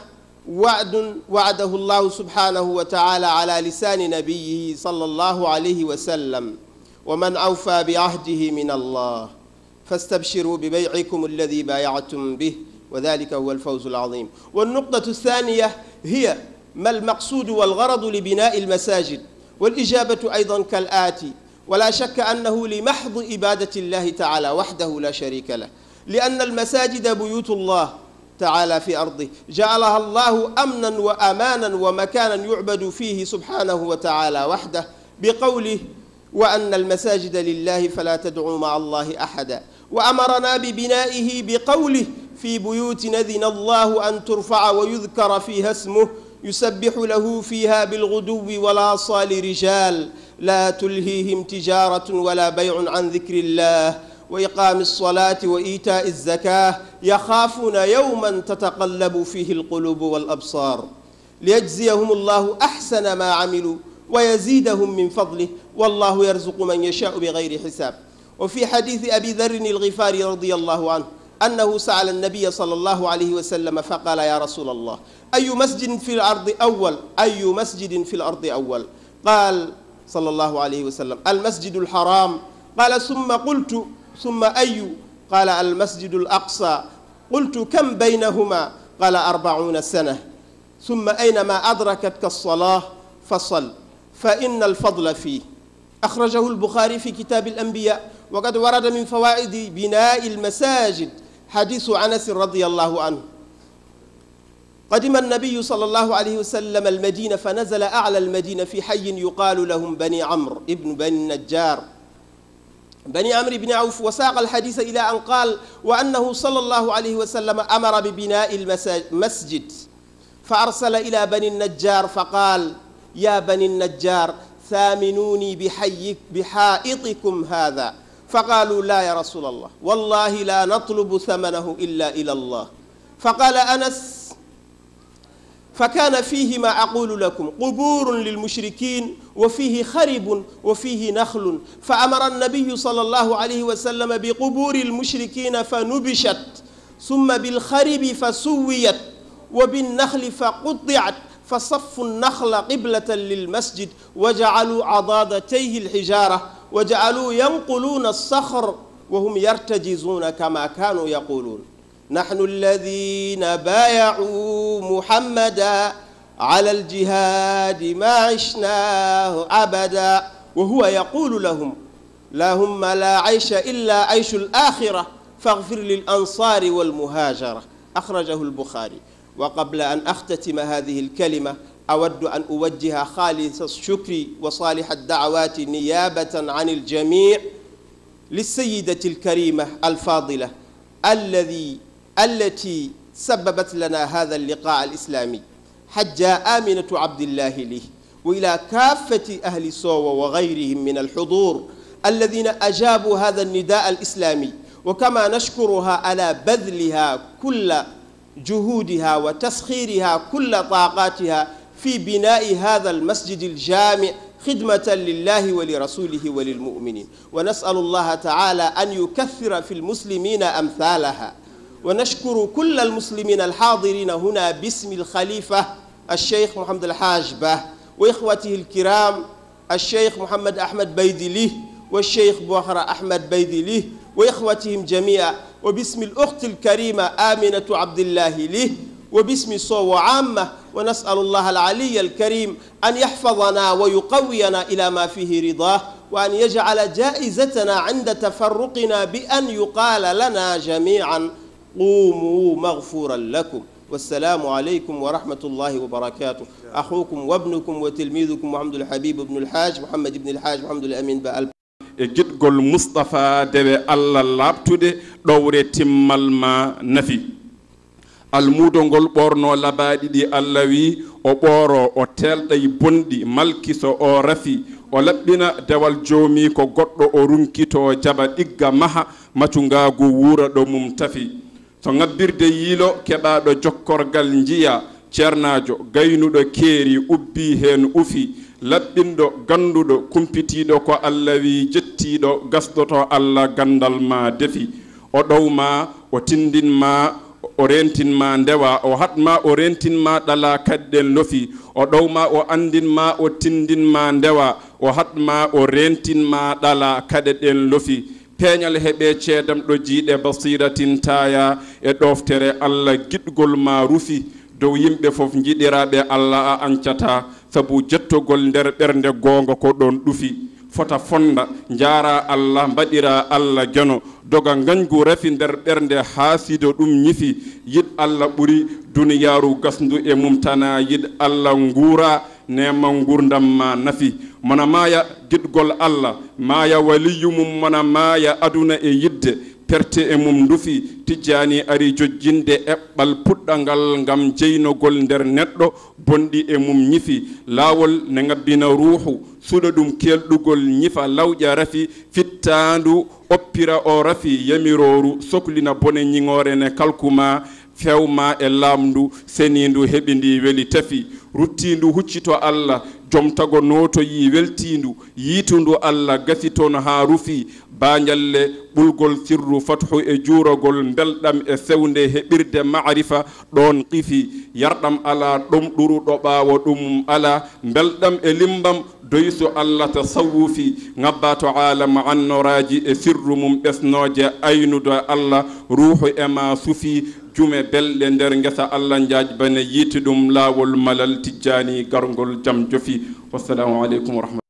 وعد وعده الله سبحانه وتعالى على لسان نبيه صلى الله عليه وسلم ومن أوفى بعهده من الله فاستبشروا ببيعكم الذي بايعتم به وذلك هو الفوز العظيم والنقطة الثانية هي ما المقصود والغرض لبناء المساجد والإجابة أيضا كالآتي ولا شك أنه لمحض إبادة الله تعالى وحده لا شريك له لأن المساجد بيوت الله تعالى في أرضه جعلها الله أمنا وأمانا ومكانا يعبد فيه سبحانه وتعالى وحده بقوله وأن المساجد لله فلا تدعوا مع الله أحدا وأمرنا ببنائه بقوله في بيوت نذن الله أن ترفع ويذكر فيها اسمه يسبح له فيها بالغدو صال رجال لا تلهيهم تجارة ولا بيع عن ذكر الله وإقام الصلاة وإيتاء الزكاة يخافون يوما تتقلب فيه القلوب والأبصار ليجزيهم الله أحسن ما عملوا ويزيدهم من فضله والله يرزق من يشاء بغير حساب وفي حديث أبي ذر الغفاري رضي الله عنه أنه سأل النبي صلى الله عليه وسلم فقال يا رسول الله أي مسجد في الأرض أول أي مسجد في الأرض أول قال صلى الله عليه وسلم المسجد الحرام قال ثم قلت ثم أي قال المسجد الأقصى قلت كم بينهما قال أربعون سنة ثم أينما أدركتك الصلاة فصل فإن الفضل فيه أخرجه البخاري في كتاب الأنبياء وقد ورد من فوائد بناء المساجد حديث أنس رضي الله عنه قدم النبي صلى الله عليه وسلم المدينة فنزل أعلى المدينة في حي يقال لهم بني عمرو ابن بني النجار بني عمرو بن عوف وساق الحديث إلى أن قال وأنه صلى الله عليه وسلم أمر ببناء المسجد فأرسل إلى بني النجار فقال يا بني النجار ثامنوني بحي بحائطكم هذا فقالوا لا يا رسول الله والله لا نطلب ثمنه إلا إلى الله فقال أنس فكان فيه ما أقول لكم قبور للمشركين وفيه خرب وفيه نخل فأمر النبي صلى الله عليه وسلم بقبور المشركين فنبشت ثم بالخرب فسويت وبالنخل فقطعت فصفوا النخل قبلة للمسجد وجعلوا عضادتيه الحجارة وجعلوا ينقلون الصخر وهم يرتجزون كما كانوا يقولون نحن الذين بايعوا محمدا على الجهاد ما عشناه أبدا وهو يقول لهم اللهم لا عيش إلا عيش الآخرة فاغفر للأنصار والمهاجرة أخرجه البخاري وقبل أن أختتم هذه الكلمة أود أن أوجه خالص الشكر وصالح الدعوات نيابة عن الجميع للسيدة الكريمة الفاضلة الذي التي سببت لنا هذا اللقاء الإسلامي حج آمنة عبد الله له وإلى كافة أهل سوى وغيرهم من الحضور الذين أجابوا هذا النداء الإسلامي وكما نشكرها على بذلها كل جهودها وتسخيرها كل طاقاتها في بناء هذا المسجد الجامع خدمة لله ولرسوله وللمؤمنين ونسأل الله تعالى أن يكثر في المسلمين أمثالها ونشكر كل المسلمين الحاضرين هنا باسم الخليفة الشيخ محمد الحاج به وإخوته الكرام الشيخ محمد أحمد بيدلي والشيخ بوخرة أحمد بيدلي وإخوتهم جميعا وباسم الأخت الكريمة آمنة عبد الله لي وباسم صو عامة ونسأل الله العلي الكريم أن يحفظنا ويقوينا إلى ما فيه رضاه وأن يجعل جائزتنا عند تفرقنا بأن يقال لنا جميعاً قوموا مغفورا لكم والسلام عليكم ورحمة الله وبركاته أخوكم وابنكم وتلميذكم محمد الحبيب ابن الحاج محمد ابن الحاج محمد الأمين بألب إجت قول مصطفى دب الله لابتو دي دورة تمال ما نفي المودون قول بورنو لبادي دي اللوي أو بورو أو تيل دي بندي ملكي أو رفي ولبنا دوال جومي كو غطو أو رنكي تو جبا إقا مها ما تنغاقو وورا دو ممتفي to ngabbirde yiilo keɓaɗo jokkorgal njiya ceernajo gaynuɗo keeri ubbi hen ufi laɓɓinɗo ganduɗo kumpitiɗo ko allah wi jettiɗo gasdoto allah gandal ma defi o ɗowma o tindinma o rentinma ndewa o hatma o rentinma ɗala kadɗen lofi o ɗowma o andinma o tindinma ndewa o hatma o rentinma ɗala kaɗe ɗen lofi peeñal heɓe ceedam ɗo jiiɗe basiratin taya e ɗoftere allah giɗgol ma rufi dow yimɓe fof jiɗiraɓe allah a ancata saabu jettogol nder ɓernde goonga ko ɗon ɗufi fota fonda jaara allah mbaɗira allah geno doga gañgu refi nder ɓernde haasido ɗum ñifi yiɗ allah ɓuri duniyaaru gasndu e mumtana yiɗ allah nguura neman gurdan ma nafi mana maya gidgol allah maya waliyumum mana maya aduna e yidde perte e mum dufi tijjani ari jojjinde eɓɓal puɗɗangal gam jeynogol nder neɗɗo bonɗi e mum ñifi laawol ne gabbina ruuhu suɗa ɗum kelɗugol ñifa lawƴa rafi fittandu oppira o rafi yamirooru sohlina bone ñiŋore ne kalkuma fewma e laamndu senindu heɓindi weli tafi ruttindu huccito allah jom tago noto yi weltindu yiitundu allah gafi toon ha rufi bañalle ɓulgol sirru fathu e juurogol belɗam e sewnde heɓirde maarifa ɗon qifi yarɗam ala ɗom ɗuru ɗo ɓawo ɗum ala belɗam e limbam doyso allah ta sawwufi ŋabba to alama annoraji e sirru mum ɓesnoje aynudo allah ruuhu e ma sufi jume belɗe nder gesa allah jaaj bane yiiti ɗum laawol malal tijani gargol jam jofi wassalamu alaykum wa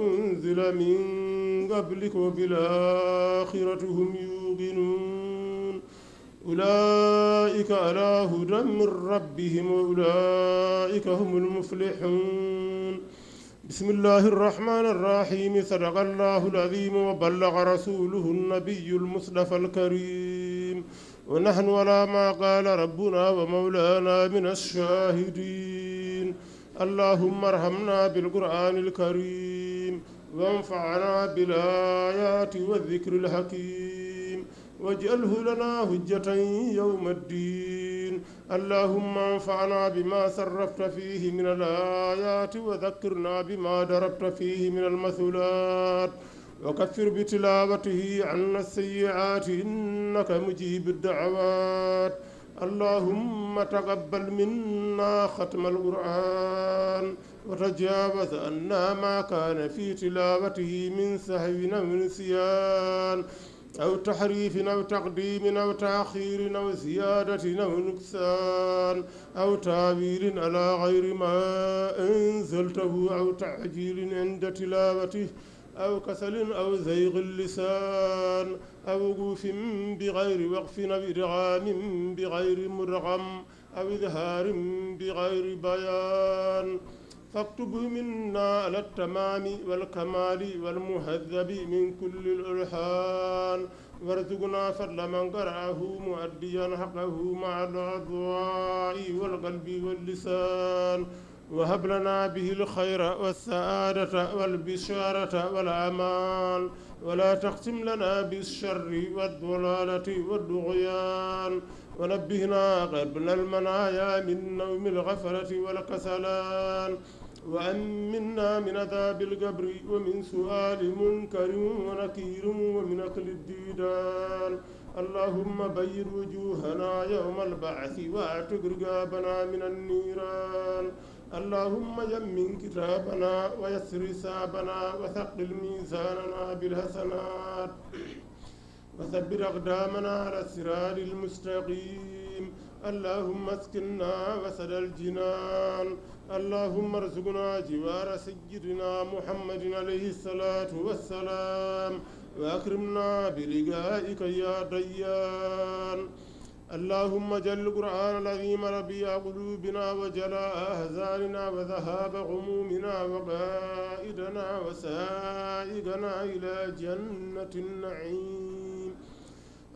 أنزل من قبلك وبالآخرة هم يوقنون أولئك على هدى من ربهم وأولئك هم المفلحون بسم الله الرحمن الرحيم صدق الله العظيم وبلغ رسوله النبي المصطفى الكريم ونحن ولا ما قال ربنا ومولانا من الشاهدين اللهم ارحمنا بالقرآن الكريم وانفعنا بالآيات والذكر الحكيم واجعله لنا حجة يوم الدين اللهم انفعنا بما سربت فيه من الآيات وذكرنا بما دربت فيه من المثلات وكفر بتلاوته عنا السيئات إنك مجيب الدعوات اللهم تقبل منا ختم القرآن وتجاوز عنا ما كان في تلاوته من سهو أو نسيان أو تحريف أو تقديم أو تأخير أو زيادة أو نقصان أو تعبير على غير ما أنزلته أو تعجيل عند تلاوته أو كسل أو زيغ اللسان أو جوف بغير وقف إرعام بغير مرغم أو إظهار بغير بيان فاكتب منا على التمام والكمال والمهذب من كل الألحان وارزقنا فضل من قرأه مؤديا حقه مع الأضواء والقلب واللسان وهب لنا به الخير والسعادة والبشارة والأمان ولا تقسم لنا بالشر والضلالة والدغيان ونبهنا قبل المنايا من نوم الغفلة والكسلان وأمنا من عذاب القبر ومن سؤال منكر ونكير ومن أكل الديدان اللهم بين وجوهنا يوم البعث واعتق رقابنا من النيران اللهم يمن كتابنا ويسر حسابنا وثقل ميزاننا بالحسنات وثبت أقدامنا على الصراط المستقيم اللهم اسكننا وسد الجنان اللهم ارزقنا جوار سيدنا محمد عليه الصلاة والسلام وأكرمنا بلقائك يا ديان اللهم جل القرآن العظيم ربي قلوبنا وجلاء أحزاننا وذهاب غمومنا وقائدنا وسائقنا إلى جنة النعيم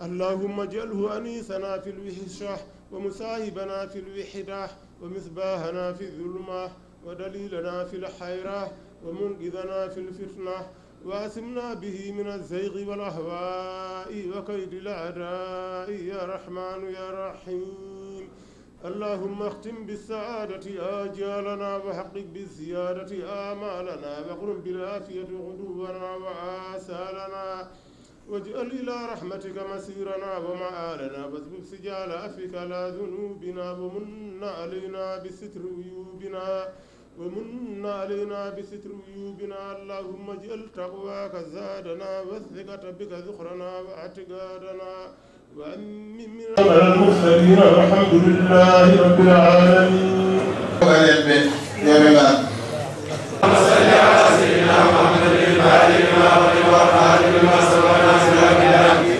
اللهم جله أنيسنا في الوحشة ومساهبنا في الوحدة ومصباحنا في الظلمة ودليلنا في الحيرة ومنقذنا في الفتنة واسمنا به من الزيغ والأهواء وكيد الأعداء يا رحمن يا رحيم اللهم اختم بالسعادة آجالنا وحقق بالزيادة آمالنا وقرم بالعافية غدونا وآسالنا واجعل إلى رحمتك مسيرنا ومآلنا واذبب سجال أفك على ذنوبنا ومن علينا بستر عيوبنا ومن علينا بستر ويوبنا اللهم جل تقواك زادنا والثقة بك ذخرنا واعتقادنا وأمنا على المرسلين والحمد لله رب العالمين. صل على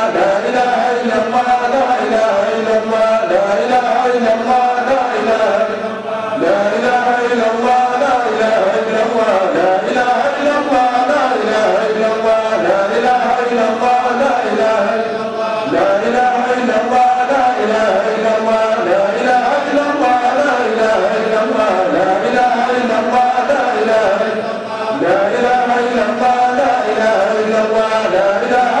لا اله إلا الله لا إله إلا الله لا إله إلا الله لا إله الا الله لا إله إلا الله لا إله إلا الله لا إله إلا الله لا إله إلا الله لا إله إلا الله لا إله الا الله لا إله إلا الله لا إله إلا الله لا إله إلا الله لا إله إلا الله لا إله إلا الله لا إله الا الله لا إله إلا الله لا إله إلا الله لا إله الا الا الا الله الله الله لا لا اله اله